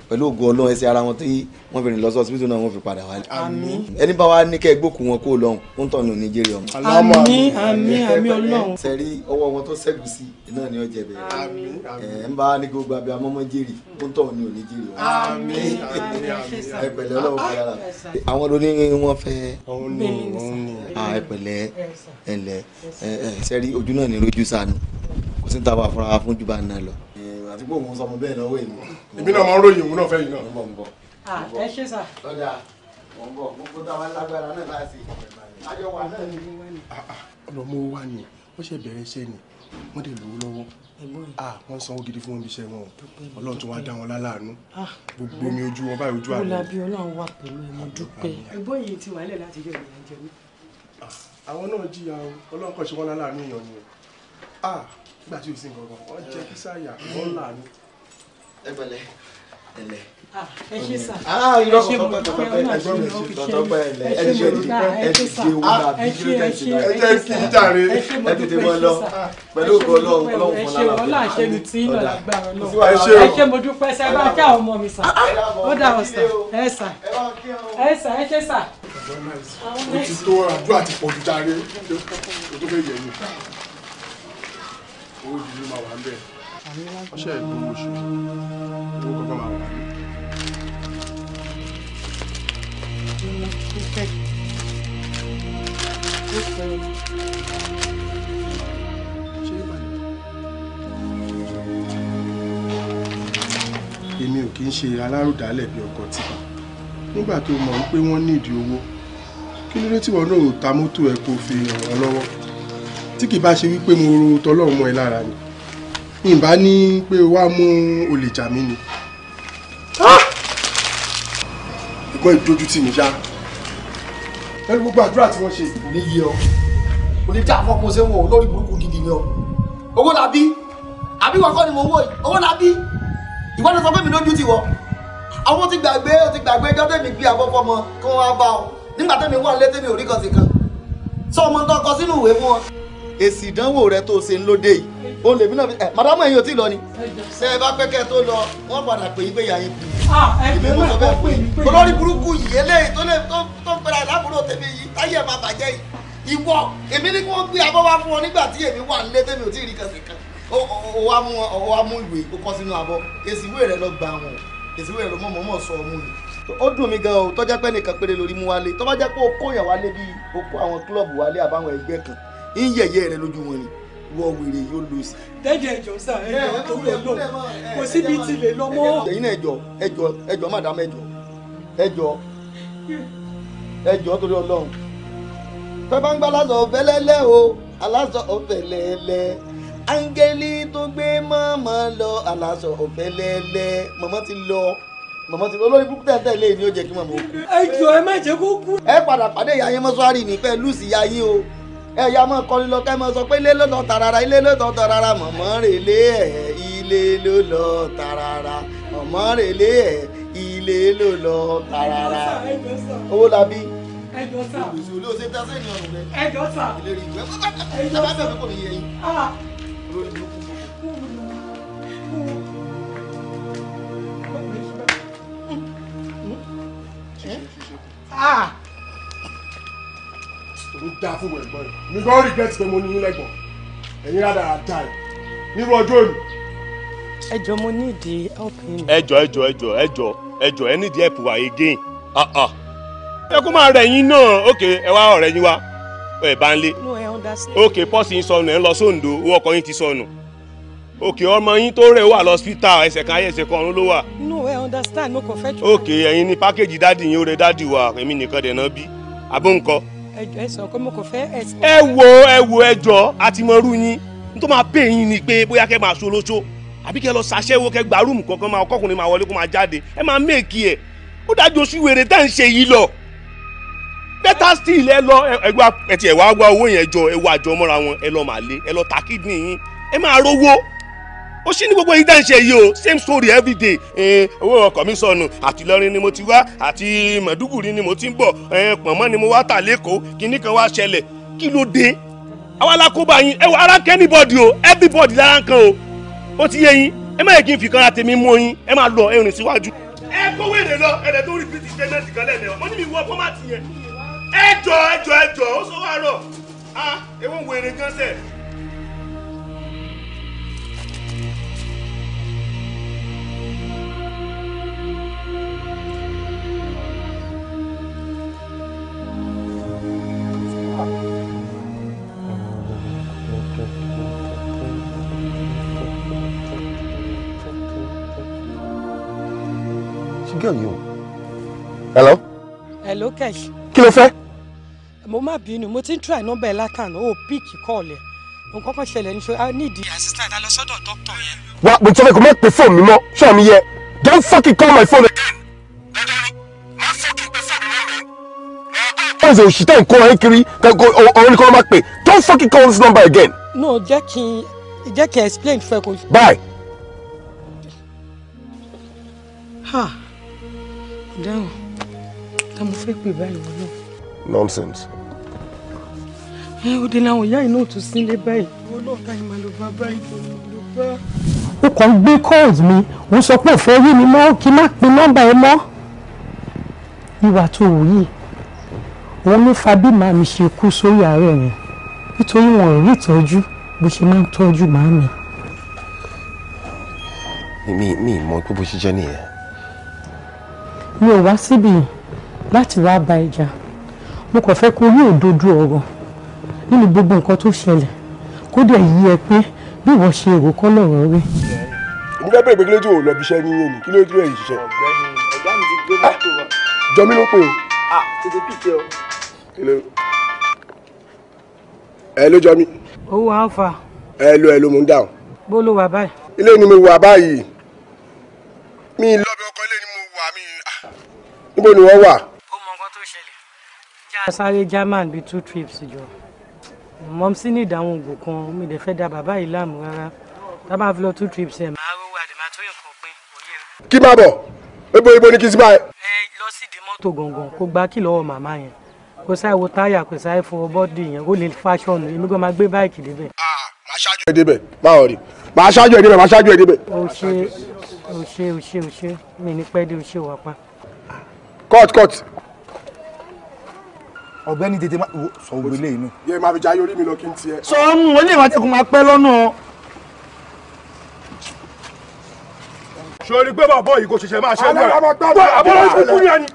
pẹ̀lú ògùn ọlọ́run ẹsẹ̀ ara wọn tí wọ́n fi rìn lọ sí ọsibítù náà wọ́n fi padà wálé. àmín. ẹni bá wa ní kẹ́ ẹ gbókùn wọn kó lọ́hùn ó ń tọ̀nù níjẹ́rì ọmọ. àmín àmín àmín ọlọ́run. sẹ́rí ọwọ́ wọn tó ṣẹ́gun sí náà ni ó jẹ bẹ́ẹ̀. àmín àmín. ẹ̀ ń bá ní gbogbo abẹ́ amọ́mọ́ jèrè ó ń tọ̀nù níjẹ́rì ọmọ. àmín àmín. ẹ̀pẹ̀lẹ́ ọlọ́run fẹ́. òun ni òun ni. ẹ̀pẹ̀lẹ́ ẹ̀lẹ́ sẹ́rí ojú àti pé òun sọmọ bẹ́ẹ̀ lọ́wọ́ èmi. èmi náà máa ń ròyìn òun náà fẹ́yìn náà. mo ń bọ̀. ẹ ṣe sà. lọ́dà mo ń bọ̀ gbogbo táwa lágbára náà láti àjọ wà náà ni. ọ̀dọ̀ mo wà ní wọ́n ṣe bẹ̀rẹ̀ iṣẹ́ ni wọ́n dẹ̀ lówó lọ́wọ́ wọ́n sanwó gidi fún wọn bí iṣẹ́ wọn ọlọ́run tó wá dá wọn láláàánú gbogbo omi ojú wọn báyìí ojú àná. olabi ọlọ́run wà pẹ̀lú ẹ mo dúpẹ́. ẹ̀gbọ́n yìí ti wà nílẹ̀ láti yọ ìrìn àjẹ àwọn náà jìyà ọlọ́run kàn ṣe wọ́n láláàánú èèyàn ni nígbà tí o sì ń gangan wọ́n jẹ́ kí sáyà wọ́n là ní. ẹ pẹ̀lẹ́ ẹlẹ. Ah, ẹ ṣe sà. aa ah, irọ́ kò tọ́pẹ́ tọ́pẹ́ ẹgbẹ́ mi ti tọ́pẹ́ ẹlẹ ẹ ṣe ẹ ṣe wò náà bí kí ló tẹ̀sí náà ẹ jẹ́ kí n jàre ẹ tètè mọ́ lọ pẹ̀lú ògo ọlọ́run ọlọ́run fún lálàbẹ̀ ọlọ́run ṣe mi tí ń lọ lágbára ọlọ́run ẹ ṣe mo dúpẹ́ sẹ́ bá kí àwọn ọmọ mi sà ah, ó dà ọ̀ sà ẹ sà ẹ sà ẹ ṣe sà. o ti tó àdúrà ti pọ̀ jù jàre o tó fẹ́ yẹ̀ mí owó ìdílé máa wà ń bẹ̀ ọṣẹ ìgbóhùn oṣù owó kọ́kọ́ máa wà ní. èmi ò kì í ṣe alárùdálẹ̀ bí ọkọ̀ tìpá nígbà tó mọ̀ wípé wọ́n nídìí owó kí ló dé tí wọn náà ò ta mọ́tò ẹ̀ kó fi ràn wọ́n lọ́wọ́ tí kì bá ṣe wípé mo ro tọlọ́run mọ́ ẹ lára ni ìbá ní pé wàá mú olè jà mí ni. ẹ̀gbọ́n ah! ìdójú tì mí ṣá pẹ̀lú gbogbo àdúrà tí wọ́n ṣe kò ní yé ọ. kò ní dá àfọkùn ṣe wọn lórí burúkú gidi ni ọ owó la bí àbí wọn kọ́ ni mo wọ yìí owó la bí ìwọ ni sọ pé mi lójú ti wọ àwọn ti gbàgbé o ti gbàgbé ẹjọ́ tẹ̀mí gbé àfọ́fọ́ mọ kí wọ́n wá bá ọ nígbà tẹ̀mí wà létẹ́mi ò rí kan sí kan sọ ọmọ tó kọ sínú ìwé fún ọ èsì ìdánwò rẹ tó ṣe ń lóde yìí o lè mí náà ẹ màdámù ẹ̀yin ò tí ì lọ ni. ṣé ẹ bá pẹ́ kẹ́ ẹ tó lọ wọ́n padà pè yín pé ìyá yín bì í. èmi mo sọ bẹ́ẹ̀ pé olórí burúkú yìí eléyìí tó lè tó ń pẹ́ra lábúrò tèmi yìí táyé ẹ̀ máa bàjẹ́ yìí ìwọ èmi ní kí wọ́n gbé abọ́ wá fún ọ nígbà tí èmi wà nílé tèmi ò tí ì rí kẹsì kan ó wá mú ó wá mú ìwé ó kọ sínú abọ́ èsì ìwé rẹ lọ gbà wọn èsì ìwé rẹ lọ mọ̀ọ́mọ̀ sọ ọmú ni ó dùn mí gan o tọ́jà pé nìkan péré lórí mú wálé tọ́jà pé ó kóyàn wálé bí ó kó àwọn kílọ̀bù wálé àbáwọn ẹgbẹ́ kan ń yẹ̀yẹ́ rẹ lójú wọn ni wọ wèrè yóò lò sí. dẹ́jẹ̀ ẹjọ́ sá ẹjọ́ tó lè lò kò síbi tí lè lọ mọ́. ẹ̀yin náà ẹjọ́ ẹjọ́ ẹjọ́ madam ẹjọ́ ẹjọ́ ẹjọ́ torí Ọlọ́run tọ́ba ń ọ̀fẹ́ lẹ́lẹ́ o alásán ọ̀fẹ́ lẹ́lẹ́ áńgẹ́lì tó gbé mọ́mọ́ lọ alásán ọ̀fẹ́ lẹ́lẹ́ mọ́mọ́ ti lọ mọ̀mọ́ ti olórí burúkú tẹ̀tẹ̀ lé ní ó jẹ́ kí mọ̀mọ́. ẹ jọ ẹ má jẹ́ kó kú. ẹ padà pàdé ìyá yín mọ́ṣúárì ní pẹ́ lùsì ìyá yín o ẹ̀yà mọ̀ kọ́ni lọ kẹ́ mọ̀ sọ pé ilé ló lọ tàràrà ilé ló lọ tàràrà mọ̀mọ́ rèlé ẹ̀ ilé ló lọ tarara. mọ̀mọ́ rèlé ẹ̀ ilé ló lọ tarara. owó la ẹjọ sá ìṣòro ṣe tẹ́sẹ̀ ní ọ̀rùn rẹ. ẹjọ sá ẹjọ sá Ah! kò ní dáa fún ẹ̀gbọ́n rẹ̀ mi gan regret pé mo ní yín lẹ́gbọ̀n ẹ̀yin rádà á dá ẹ̀ nírú ọjọ́ òní. ẹ jọ mo ní ìdí help mi. ẹ jọ ẹ jọ ẹ jọ ẹ jọ ẹ jọ ẹ nídìí help wa again ah, ah. ẹ kó máa rẹ̀ yín náà ok ẹ wá ọ̀rẹ́ yín wá ẹ bá ń lé ok pọ́sì yín sọnù ẹ ń lọ sóńdó owó ọkọ yín ti sọnù ok ọmọ yín tó rẹ̀ wà lọ́sítà ẹsẹ̀ kan ayé ẹsẹ̀ kan ọ̀run ló wà. no ẹ understand mo kàn fẹ́ jù. ok ẹ̀yin ni pákéjì dáàdì yín ó rẹ dáàdì wa èmi nìkan dẹ̀ náà bí abóńkọ ẹ sọ pé mo kò fẹ́ ẹsìn. ẹ wo ẹ wo ẹjọ àti mọrú yín n tó máa pè yín ni pé bóyá kẹ́ máa so lóṣó àbí kẹ́ lọ ṣàṣẹ́wó kẹ́ gba rúùmù kankan máa ọkọkùnrin máa wọlé kó máa jáde ẹ máa méèkì ẹ e. ó dájú oṣù wèrè tẹ́ ń ṣe yìí lọ better still ẹ lọ ẹ ti ẹ wá wá owó yẹn jọ ẹ wá àjọ mọ́ra wọn ẹ lọ màlẹ ẹ lọ ta kídìní yín ẹ máa rówó ó ṣì ní gbogbo yìí dáhùn ṣe yìí o same story every day owó ọkọ̀ mi sọnù àti Ìlọrin ni mo ti wá àti Màdúgùrí ni mo ti ń bọ̀ pọ̀nmọ́ ni mo wá tà lẹ́kọ̀ọ́ kíní kan wá ṣẹlẹ̀ kí ló dé àwa alákóbá yín ẹ wọ ara ń kẹ́ anybody o everybody lára ń kan o ó ti yé yín ẹ má yẹ kí n fi kan ra tèmi mú yín ẹ máa lọ ẹ rìn síwájú. ẹ kówó èrè lọ ẹ̀rẹ̀ tó rí bí ti statement kan lẹ́nu ọmọ ní mi wọ fọ́mátì yẹn ẹ jọ ah ewu wèrè gan sẹ́ẹ̀. ṣe girl hello. hello Kesh. kí ló fẹ́. mo má bínú mo ti ń try nọ́mbà ẹ̀ látàn ó píìkì kọ́ọ̀lẹ̀ nǹkan kan ṣẹlẹ̀ ní ṣe i need the assistant I dọ́kítọ̀ yẹn. doctor. á pè tí wọ́n kò má pè fóònù mi mọ́ ṣọ́ọ̀ mi yẹ don't fucking call my phone again. Ah, fún ẹsẹ̀ òṣìṣẹ́ nǹkan ọ̀hún kiri ọ̀hún nìkan ló máa pè don't fucking call this number again. no jẹ́ kí n jẹ́ kí n explain fẹ́ kó. bye. ha ọ̀daràn ta mo fẹ́ pè báyìí wọ́n náà. nonsense. ẹ ó dé láwọn ìyá yìí náà tún sílé báyìí. owó náà ká ìmọ̀ ló bá báyìí tó ló bá. ó kàn gbé calls mi wọ́n sọ pé òfin rí mi mọ́ kí n má pin nọ́mbà ẹ mọ́ ìwà tó wù yìí òun ló fa bí màmí ṣe kú sórí àárẹ̀ mi nítorí wọn ò rí ìtọ́jú bó ṣe máa ń tọ́jú màmí. mi mi mọ pé bó ṣe jẹ́ nìyẹn. mi ò wá síbi láti wá bá ìjà mo kàn fẹ́ kó rí òdodo ọ̀rọ̀ nínú gbogbo nǹkan tó ṣẹlẹ̀ kó dẹ̀ yí ẹ pé bí wọ́n ṣe èrò kọ́ lọ́rọ̀ rí. èmi fẹ́ bèrè pé kí ló tí ò lọ bí iṣẹ́ ní kí ló tí ò yìí ṣiṣẹ́. ọ̀gbẹ́ni ọ̀gá mi ti gbé mọ́tò wa. jọmí ló pè o. ah tètè pìtẹ́ o. Hello, ló jọ mí. owó à hello, fà. ẹ ló ẹ ló mú dáhùn. bó ló wà báyìí. ilé ni mo wà báyìí mi lọ́bẹ̀ ọkọ ilé ni mo wà mí. Ah. níbo ni wọ́n wà. ó mọ nǹkan tó ṣẹlẹ̀. já sáré german bíi two trips jọ mọ̀mísí ní ìdáhùn ògùn kan mi dẹ̀ fẹ́ da baba yìí láàmú rárá tá a bá fi lọ two trips ẹ̀. màá rówó àdèmà tó yàn kó pín òye rẹ. kí máa bọ̀ ebo ebo ni kí n ti bá ẹ. ẹ lọ sí ìdí gangan kó gba kí lọ́wọ́ màmá yẹn kò sáìwò táyà kò sáìfò bọ́dì yẹn ó lè fashion èmi gan máa gbé báìkì débẹ̀. Ah, màá ṣáájú ẹ débẹ̀ máa rí màá ṣáájú ẹ débẹ̀ màá ṣáájú ẹ débẹ̀. o ṣe o ṣe o ṣe o ṣe mi ní pẹ́ o ṣe wà pa. cut cut. ọ̀gbẹ́ni tètè máa sọ òwe lẹ́yìn náà. yẹ máa fi jayé orí mi lọ kí n tiẹ̀. sọ ọ́n mo lè máa tẹkùn máa pẹ́ lọ́nà. sori pé bàbá yìí kò ṣẹ̀ṣẹ̀ máa ṣe é gbà bọ àbọ̀lọ́ ìkúkú ni ẹni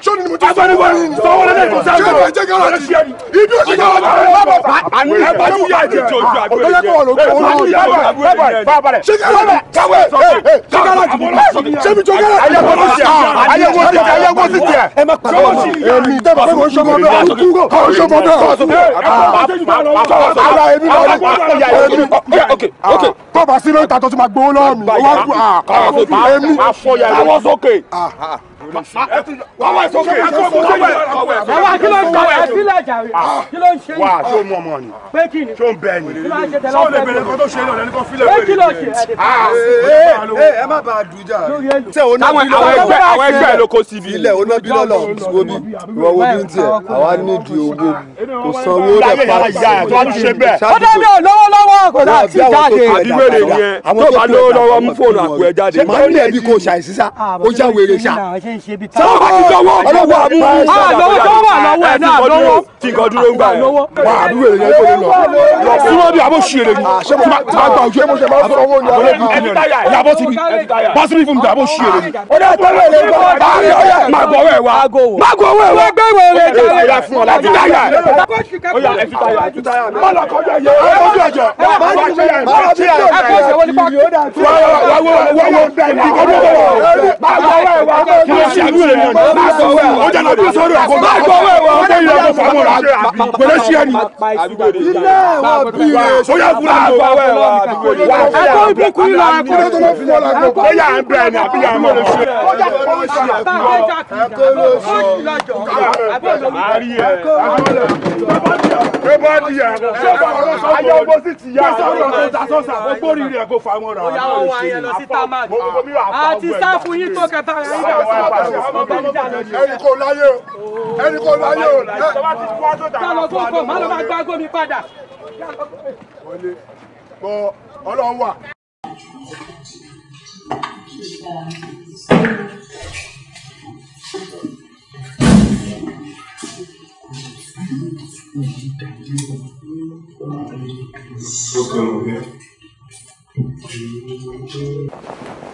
agbaniwọ ni sọwọ́n lẹ́lẹ́ kò sáré lọ ṣé kí ibi òsì kan wà lọ́wọ́ àní ẹ̀bá ní ìyá ẹ̀jẹ̀ tó ju àgbélé jẹ ẹ̀bá ní ìyá ẹ̀jẹ̀ àgbélé jẹ bàbá rẹ̀ ṣé kí ẹ̀rọ káwé ṣé kí ẹ̀rọ jù ṣé mi jọ kẹ́rẹ́ ayẹwo ti tiẹ̀ ayẹwo ti tiẹ̀ ayẹwo ti tiẹ̀ ẹ má pàdé wọn èmi tẹ́ bàbá kò sọmọ bẹ́ẹ̀ kú kò kò sọmọ bẹ́ẹ̀ ara èmi bá yẹ èmi bá yẹ kọ́ba sí ló ń ta tó ti ma gbowó lọ́wọ́ mi wọ́n á kú à èmi afọyàwó sókè ah, ah wà wà sókè wà wà kí ló ń kọ ẹ sílẹ̀ jàre kí ló ń ṣe yìí. wà tó mọ ọmọ ni pé kí ni tó ń bẹ ni sọ lè bẹ̀rẹ̀ kó tó ṣe lọ lẹni kó filẹ wẹrẹ ni. ẹ ẹ má bàa dùjà tẹ o náà bí lọlọ àwọn ẹgbẹ́ ló kó síbi ilẹ o náà bí lọlọ wo bí ìwọ wo bí ń tiẹ àwa nídìí owó kò sanwó rẹ pàṣẹ. ó débi ò lówó kò láti jáde. jáde. máa ń ṣe bí ká. sọ wàá ti dọwọ ọlọwọ àmú àlọwọ tó wà lọ́wọ́ ẹ náà lọ́wọ́ tí nǹkan dúró ń gbà yẹn wà á bí wèrè yẹn tó lè lọ súnmọ́ bí abó ṣe lè ní máa gbà ojú ẹmọ ṣẹlẹ̀ ọsọ owó ni àwọn ẹbí ti rẹ yàbọ ti mi pásítì fún mi abó ṣe lè ní. ó dẹ́ tó wèrè gbọ́ máa gbọ́ wẹ̀ wá máa gbọ́ wẹ̀ wá gbẹ́ wèrè jáde ẹ̀yà fún ọ̀la ti táyà ẹ̀ wá wọ wá wọ ṣe àdúrà rẹ máa àti sáfù yín tó kẹta yẹn ẹni kò láyé o ẹni kò láyé o. kálọ̀ tó kọ̀ má lọ bá gbá gómi padà. wọlé gbọ́ ọlọ́run wà. Thank you.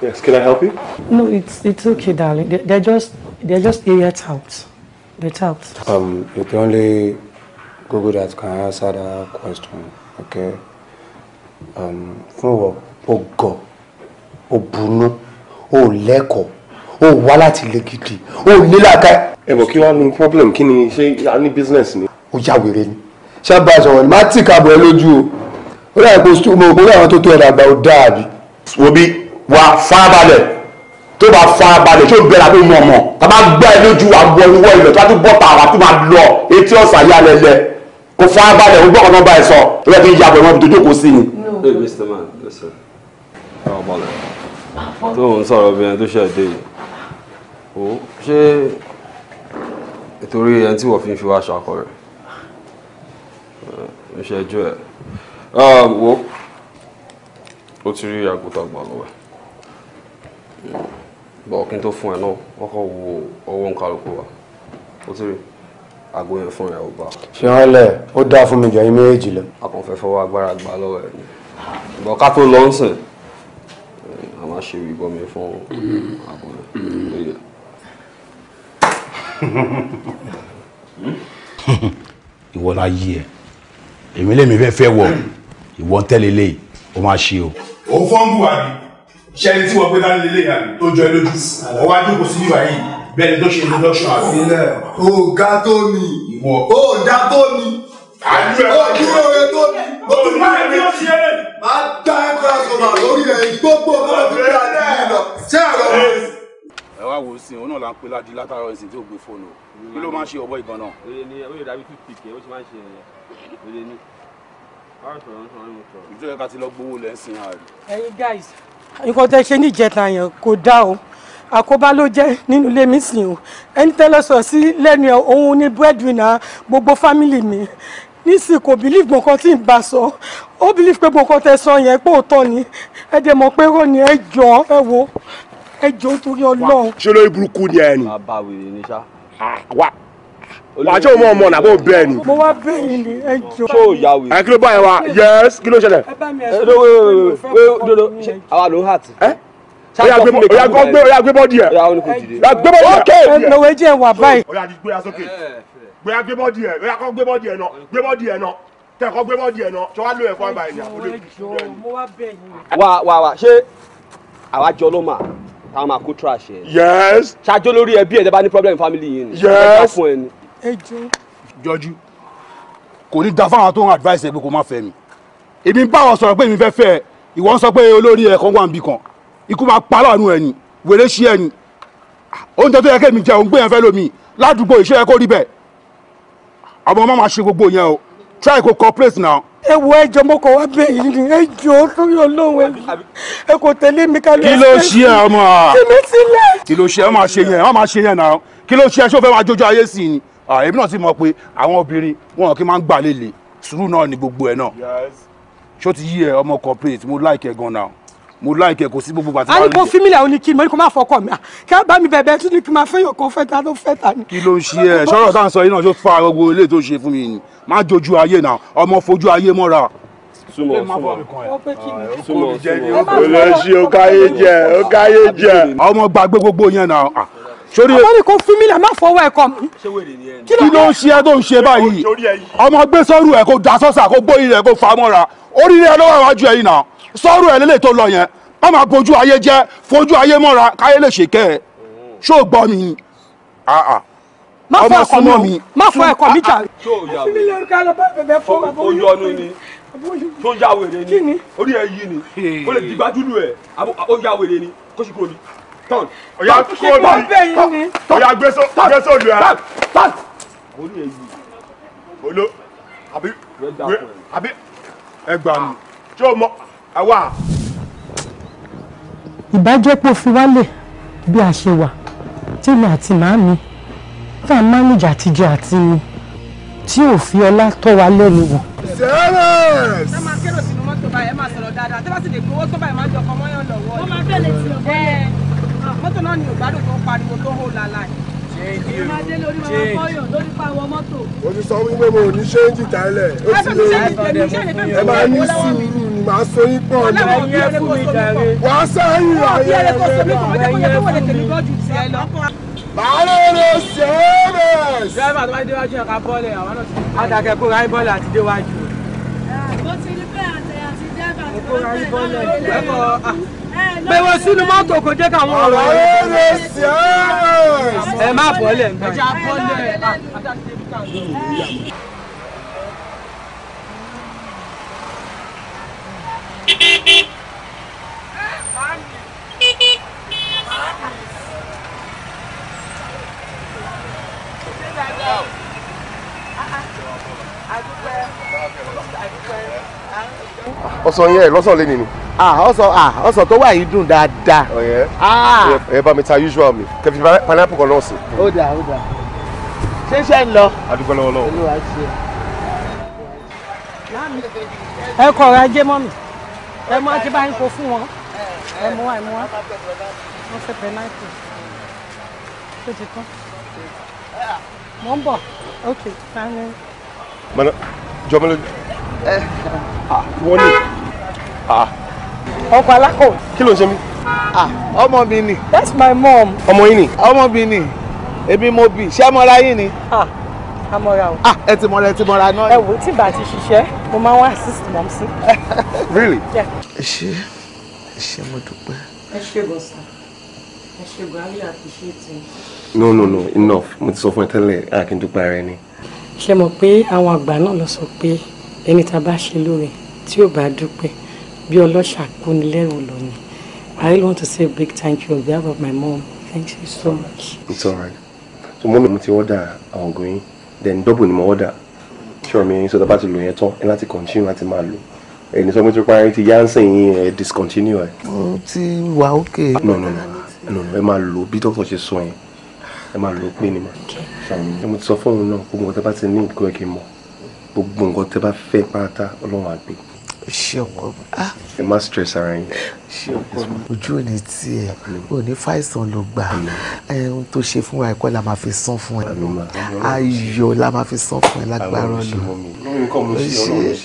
Yes, can I help you? No, it's it's okay, darling. they're just they're just idiot out. They're out. Um, you can only Google that can answer that question, okay? Um, fún wọn, oh, gọ̀, oh, bunú, oh, lẹ́kọ̀ọ́, oh, wá láti oh, gidi, ó nílàkà. Ẹ bọ̀ kí wàá ní problem kí ni ṣé a ní business oh, Ó yà wèrè ni. Ṣé bá a sọ̀rọ̀ ni? Má tì ká bọ̀ ẹ́ lójú o ó dàbí kó sùn mọ́ àwọn tó tó ẹ̀rọ àgbà ó dàbí. òbí wà fábalẹ̀ tó bá fábalẹ̀ tó bẹ̀rẹ̀ àbí mọ̀ mọ̀ tàbá gbá ẹ lójú wa wọ ìwọ ilẹ̀ tó bá tún bọ́ tààrà tó máa lọ etí ọ̀sà yà lẹ́lẹ̀ kó fábalẹ̀ ó gbọ́ ọ̀nà báyìí sọ ó yẹ kí n yàgò ẹ̀wọ̀n tó jókòó sí ni. tó ń sọ̀rọ̀ obìnrin tó ṣẹ̀dé yìí ṣé ìtorí ẹni tí wọ́n fi ń fi wá ṣàkọ rẹ̀ ń ṣẹ́jú ẹ̀ Ah, wo ó ti rí àgùntàn gbọ̀n lọ́wọ́ bọ̀ kí n tó fún ẹ náà wọ́n kọ́ wo ọwọ́ ń kálukú wa ó ti rí àgbo yẹn fún ẹ ò bá. fi hàn lẹ ó dáa fún mi jọ yín méjì lọ. a kàn fẹ́ fọwọ́ agbára gbà lọ́wọ́ ẹ̀ ni bọ̀ ká tó lọ ń sìn a máa ṣe ìbọn mi fún àgbo yẹn. ìwọ la yí ẹ èmi lèmi fẹ́ fẹ́ wọ̀ ìwọ ń tẹ́lẹ̀ lé o máa ṣe o. òun fọ́ńbù àbí ṣẹ́ni tí wọ́n gbé dání lélẹ̀ àbí tó jọ ẹ lójú ọwọ́ àjòkó sí níwá yìí bẹ́ẹ̀ ni tó ṣe introduction àbí. o ga tó mi o da tó mi o dúró rẹ tó mi o tún bá ẹni ó ṣe é. máa dá ẹ kọ́ àṣọ màá lórí rẹ gbogbo ọ̀gá tó dá ẹ lọ ṣé àlọ́ ẹ wá wo sí òun náà la ń pe láti látàrọ ẹsìn tí ò gbé fóònù o kí ló máa ń ṣe ọ̀bọ ìgànnà. òye ni òye dàbí ìjọ yẹn ká ti lọ gbowó lẹ́sìn àárín. ẹ̀yin guys nǹkan tẹ́ ṣe níjẹta yẹn kò dáa o àkóbá ló jẹ́ nínú ilé mi sìn o ẹni tẹ́lẹ̀ sọ sí lẹ́nu ẹ̀ òun ní breadwinner gbogbo family. mi nísì kò bìlíf gbọ̀ǹkan tí ń bá sọ ó bìlíf pé gbọ̀ǹkan tẹ́ sọ yẹn pé òótọ́ ni ẹ dẹ̀ mọ̀ pé rọ́ ni ẹ jọ ẹ wo ẹ jọ torí Ọlọ́run. ṣé lóyún burúkú ni ẹ ni. bàbá wèrè ni ṣá. Ah, wá wàá tí o mọ ọmọ náà kó bẹ́ẹ̀ ni. mo wá bẹ́ẹ̀ ni ẹ jọ. ṣé o yà wò. ẹ kí ló bá yẹn wa yẹs kí ló ṣẹlẹ̀. ẹ bá mi ẹ sọ pé mo fẹ́ kọ́ àwa ló hà tí oya gbé oya gbé oya gbé bọ́ọ̀dì ẹ̀ oya gbé bọ́ọ̀dì ẹ̀ ok ẹnìwé jẹ́ wà báyìí. oya di gbé asókè gbé gbé bọ́ọ̀dì ẹ̀ oya kọ́ gbé bọ́ọ̀dì ẹ̀ nọ gbé bọ́ọ̀dì ẹ̀ nọ tẹ̀kọ́ gbé bọ́ọ̀dì ẹ̀ nọ tí wàá lò ẹ̀fọ́ ẹ̀ báyìí ní àkúlé. wà wà wà ṣé àwa jọ ló mà táwọn máa kó trash ẹ. yes. ṣáájú lórí ẹbí ẹ̀ tẹ́ bá ní problem family yìí ni. yes. ẹ ẹ jọ. jọjú kò ní da fáwọn tó ń advice ẹ pé kó má fẹ́ mi èmi bá wọn sọ̀rọ̀ pé èmi fẹ́ fẹ́ ẹ ìwọ ń sọ pé olórí ẹ̀ kan wà níbì kan ikú máa pa láàánú ẹ ni wèrè ṣí ẹ ni oúnjẹ tó yẹ kémi jẹ òun gbé yẹn fẹ́ lómi ládùúgbò ìṣe yẹ kó rí bẹ́ẹ̀ àwọn ọmọ máa ṣe gbogbo yẹn o try kó cooperate now. ẹ wo ẹjọ mo kọ wá bẹ yìí ni ẹ jọ sórí olóhùn ẹ kò tẹ̀lé mi ká lọ. kí ló ṣe ẹ ọmọ. kí ló ṣe ẹ máa ṣe yẹn ẹ máa ṣe yẹn náà kí ló ṣe ẹ ṣó fẹ́ máa jójó ayé sí ni Ah, èmi náà sì mọ̀ pé àwọn obìnrin wọn kì í máa ń gbà lélẹ̀ sùúrù náà ni gbogbo ẹ̀ náà ṣó ti yí ẹ ọmọ complete. mo like ẹ gan now mo like ẹ kò sí gbogbo bàtí. àyìnbó fímìlì àwọn oníkì mo ní kó má fọkọ mi ah, kí á bá mi bẹ̀bẹ̀ tún ní kí n máa fẹ́yàn kan fẹ́ ta ló fẹ́ ta ni. kí ló ń ṣe ẹ sọ̀rọ̀ tá à ń sọ yìí náà ṣó fa gbogbo ilé tó ṣe fún mi ni má jojú ayé náà ọmọ fojú ayé mọ́ra súnmọ́ súnmọ́ súnmọ́ súnmọ́ olè ṣe ó káyé jẹ ó ọmọ gbàgbé gbogbo yẹn náà ah, sórí ẹ ọmọdé kò fún mi là má fọwọ́ ẹ kọ mi. kí ló ń ṣe ẹ tó ń ṣe báyìí ọmọ gbé sọ́rù ẹ kó da sọ́sà kó gbóyè rẹ kó fa mọ́ra oríire ẹ lọ́wọ́ iwájú ẹ yìí nà sọ́rù ẹ lélẹ̀ tó lọ yẹn má má bójú ayé jẹ́ fojú ayé mọ́ra káyé lè ṣe kẹ́ ẹ ṣó gbọ́ mi ọmọ súnmọ́ mi. má fọ ẹ̀kọ́ mi jà. ojú ọdún ni tó yà wèrè ni orí ẹ yí ni ó lè dìgbàdúrú ẹ ó yà wèrè ni kó sì kúrò ní tọ́n ọ̀yà kọ́ọ̀dù tọ́n ọ̀yà gbèsò gbèsò lù ẹ́. olo àbí àbí ẹgbàá mi tí o mọ ẹ wà. ìbájẹ́pọ̀ fi wálé bí a ṣe wà tèmi àti màámi tá a mánéjà àtijọ́ àti mi tí ò fi ọlá tọ́ wa lẹ́nu wò. sẹ́rẹ̀. ẹ máa kérò sínú mọ́tò báyìí ẹ máa sọ̀rọ̀ dáadáa tí wọ́n sì lè gbowó tó báyìí máa jọ ọkọ̀ mọ́yàn lọ́wọ́. wọ́n máa bẹ̀rẹ̀ sí ọ̀gbọ́n yẹn mọ́tò náà ni ò tó pariwo tó hó lálá èyí máa dé lórí máa fọyọ̀ lórí pàwọ̀ mọ́tò. o ti sọ wípé mo ní ṣéǹjì tálẹ̀ ó ti ẹ máa ní sùúrù màá so yín pọ̀ ní. ẹ̀yin ẹ̀ fún mi jàre. wà á ayé ẹ̀ mẹ́ta. Bàálẹ̀ ló ṣe é bẹ̀. Dírẹ́bà tó bá dé wájú ẹ̀ka bọ́ọ̀lù àwọn náà ti. Àtàkẹ́kọ̀ọ́ bọ́ọ̀lù àti déwájú pé wọ́n sínú mọ́tò kò jẹ́ káwọn ọ̀rọ̀ rẹ̀ ẹ má bọ́lẹ̀ nǹkan yìí. Wow. Uh-uh. I do well. I do well ọsàn yẹn lọ́sàn lé nìyí. ọsàn ọsàn tó wà yìí dùn dáadáa. ọ̀yẹ́ ẹ bá mi ta usual mi kẹfì pineapple kan náà sí. ó dà ó dà ṣé ṣe ń lọ. adúgbò lọ́wọ́lọ́wọ́. olúwa ṣe. ẹ kọ̀ ọ̀rọ̀ ajé mọ́ mi ẹ mọ́ ti bá ń kó fún wọn ẹ mú wa ẹ mú wa wọ́n fẹ́ pẹ̀náìtì tó ti tán mò ń bọ̀ ok. jọmọlẹ wọ́n ní ah. ah. ọkọ̀ alákọ̀. kí ló ń ṣe mí. Ah, ọmọ mi ni. that's my mom. ọmọ yín ni. ọmọ mi ni èmi mo bì ṣé mọ́ra yín ni. amọ̀ra o. ẹ ti mọ̀ra ẹ ti mọ̀ra náà. ẹ wò tí bá ti ṣiṣẹ́ mo máa ń wá assist mom sí. really. ẹ ṣé ẹ ṣé mo dúpẹ́. ẹ ṣé gan sa ẹ ṣé gan àfiṣẹ́tì. no no no enough mo ti sọ fún ẹ tẹ́lẹ̀ a kì í dúpẹ́ ara ẹni. ṣe mọ̀ pé àwọn àgbà náà lọ sọ pé ẹni tá a bá ṣe lóore tí ò bá dúpẹ́ bí ọlọ́ṣà kú ni lẹ́rù lọ I really want to say a big thank you on behalf of my mom thank you so much. it's alright so mọ́mí mo ti order àwọn ògùn yín then double ni mo order sure mi so dábàá ti lò yẹn tán ẹ láti continue láti máa lò ẹni sọ pé tí parí ti yánsìn yín ẹ discontinue ẹ. ó ti wà ókè. no no no ẹ máa lò bí dókítà ṣe sọ yẹn ẹ máa lò ó pé ni mà. ẹ mo ti sọ fóun náà kó mo tẹ́ bá ti ní nǹkan ẹ̀ kí gbogbo nǹkan tẹ́ bá fẹ́ pátá ọlọ́run àgbẹ̀. ṣé ọkọ mi. Ah. ẹ má stress ara yín. ṣé ọkọ mi. ojú ò ní tiẹ̀ ò ní fàìsàn ló gbà ohun tó ṣe fún wa ẹ̀kọ́ la máa fi san fún ẹ ayọ̀ la máa fi san fún ẹ lágbára ọ̀nà. lórí nǹkan mo ṣe ọlọ́run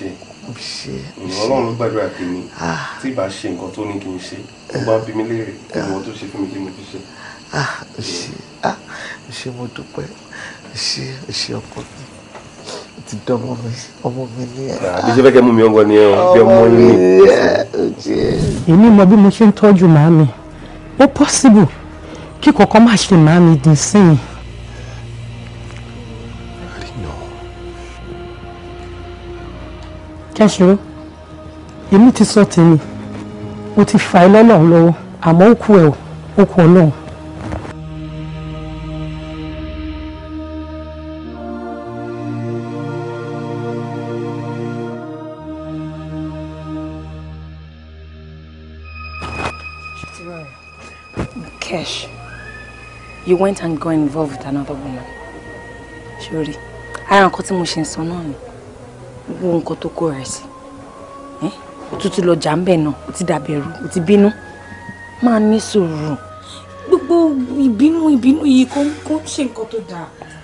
ṣe ọlọ́run gbàdúrà tèmi ah. tí ìbá ṣe nǹkan tó ní kí n ṣe ó bá bí mi léèrè ìwọ tó ṣe fún mi kí mo fi ṣe. Ah, ṣe mo dúpẹ́ ṣe ọkọ mi ti dọ́mọ mi ọmọ mi ní ah, ẹ̀. àbíṣe fẹ́ kẹ́ mú mi ọgbọ ni ẹ bí ọmọ yín ni. èmi mọ bí mo ṣe ń tọ́jú màámi ó pọ́sibù kí kọ̀ọ̀kan má ṣe màámi dì sí i. kẹ́sìrò èmi ti sọ tèmi mo ti fà ẹ́ lọ́lọ́run lọ́wọ́ àmọ́ ó kú ẹ̀ ó kú ọlọ́run. you went and got involved with another woman ṣorí I am cutting mo ṣe on you. náà ni wo nǹkan Eh? kó rẹ̀ sí òtútù lọ jà ń bẹ̀ náà ó ti dàbẹ̀rù ó ti bínú máa ní sùúrù. gbogbo ìbínú ìbínú yìí kò ń ṣe nǹkan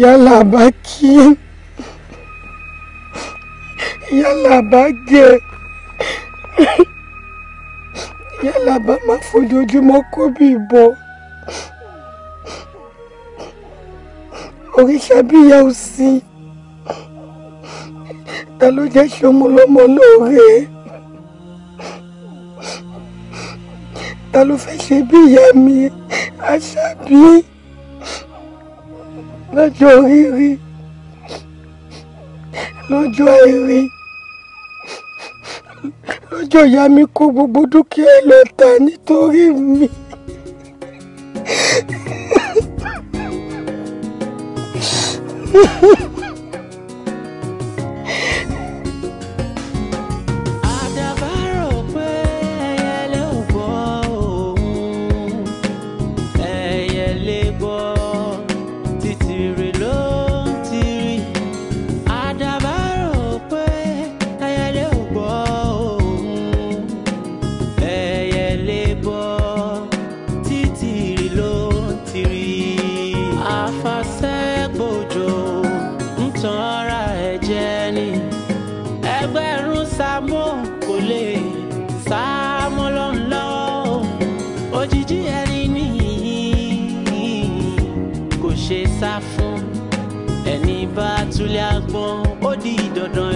yálà bá kí yálà bá gé yálà bá má fojoojúmọ́ kó bí ìbọn òrìṣà bí ìyá ò sí ta ló jẹ́ ṣọmọ lọ́mọ lóore ta ló fẹ́ ṣe bí mi àṣà lọ́jọ́ rírí lọ́jọ́ rírí lọ́jọ́ ìyá mi kó gbogbo dúkìá ẹ̀ lọ tà nítorí mi. Ha ha ha! bá tulẹ̀ agbọ́n ó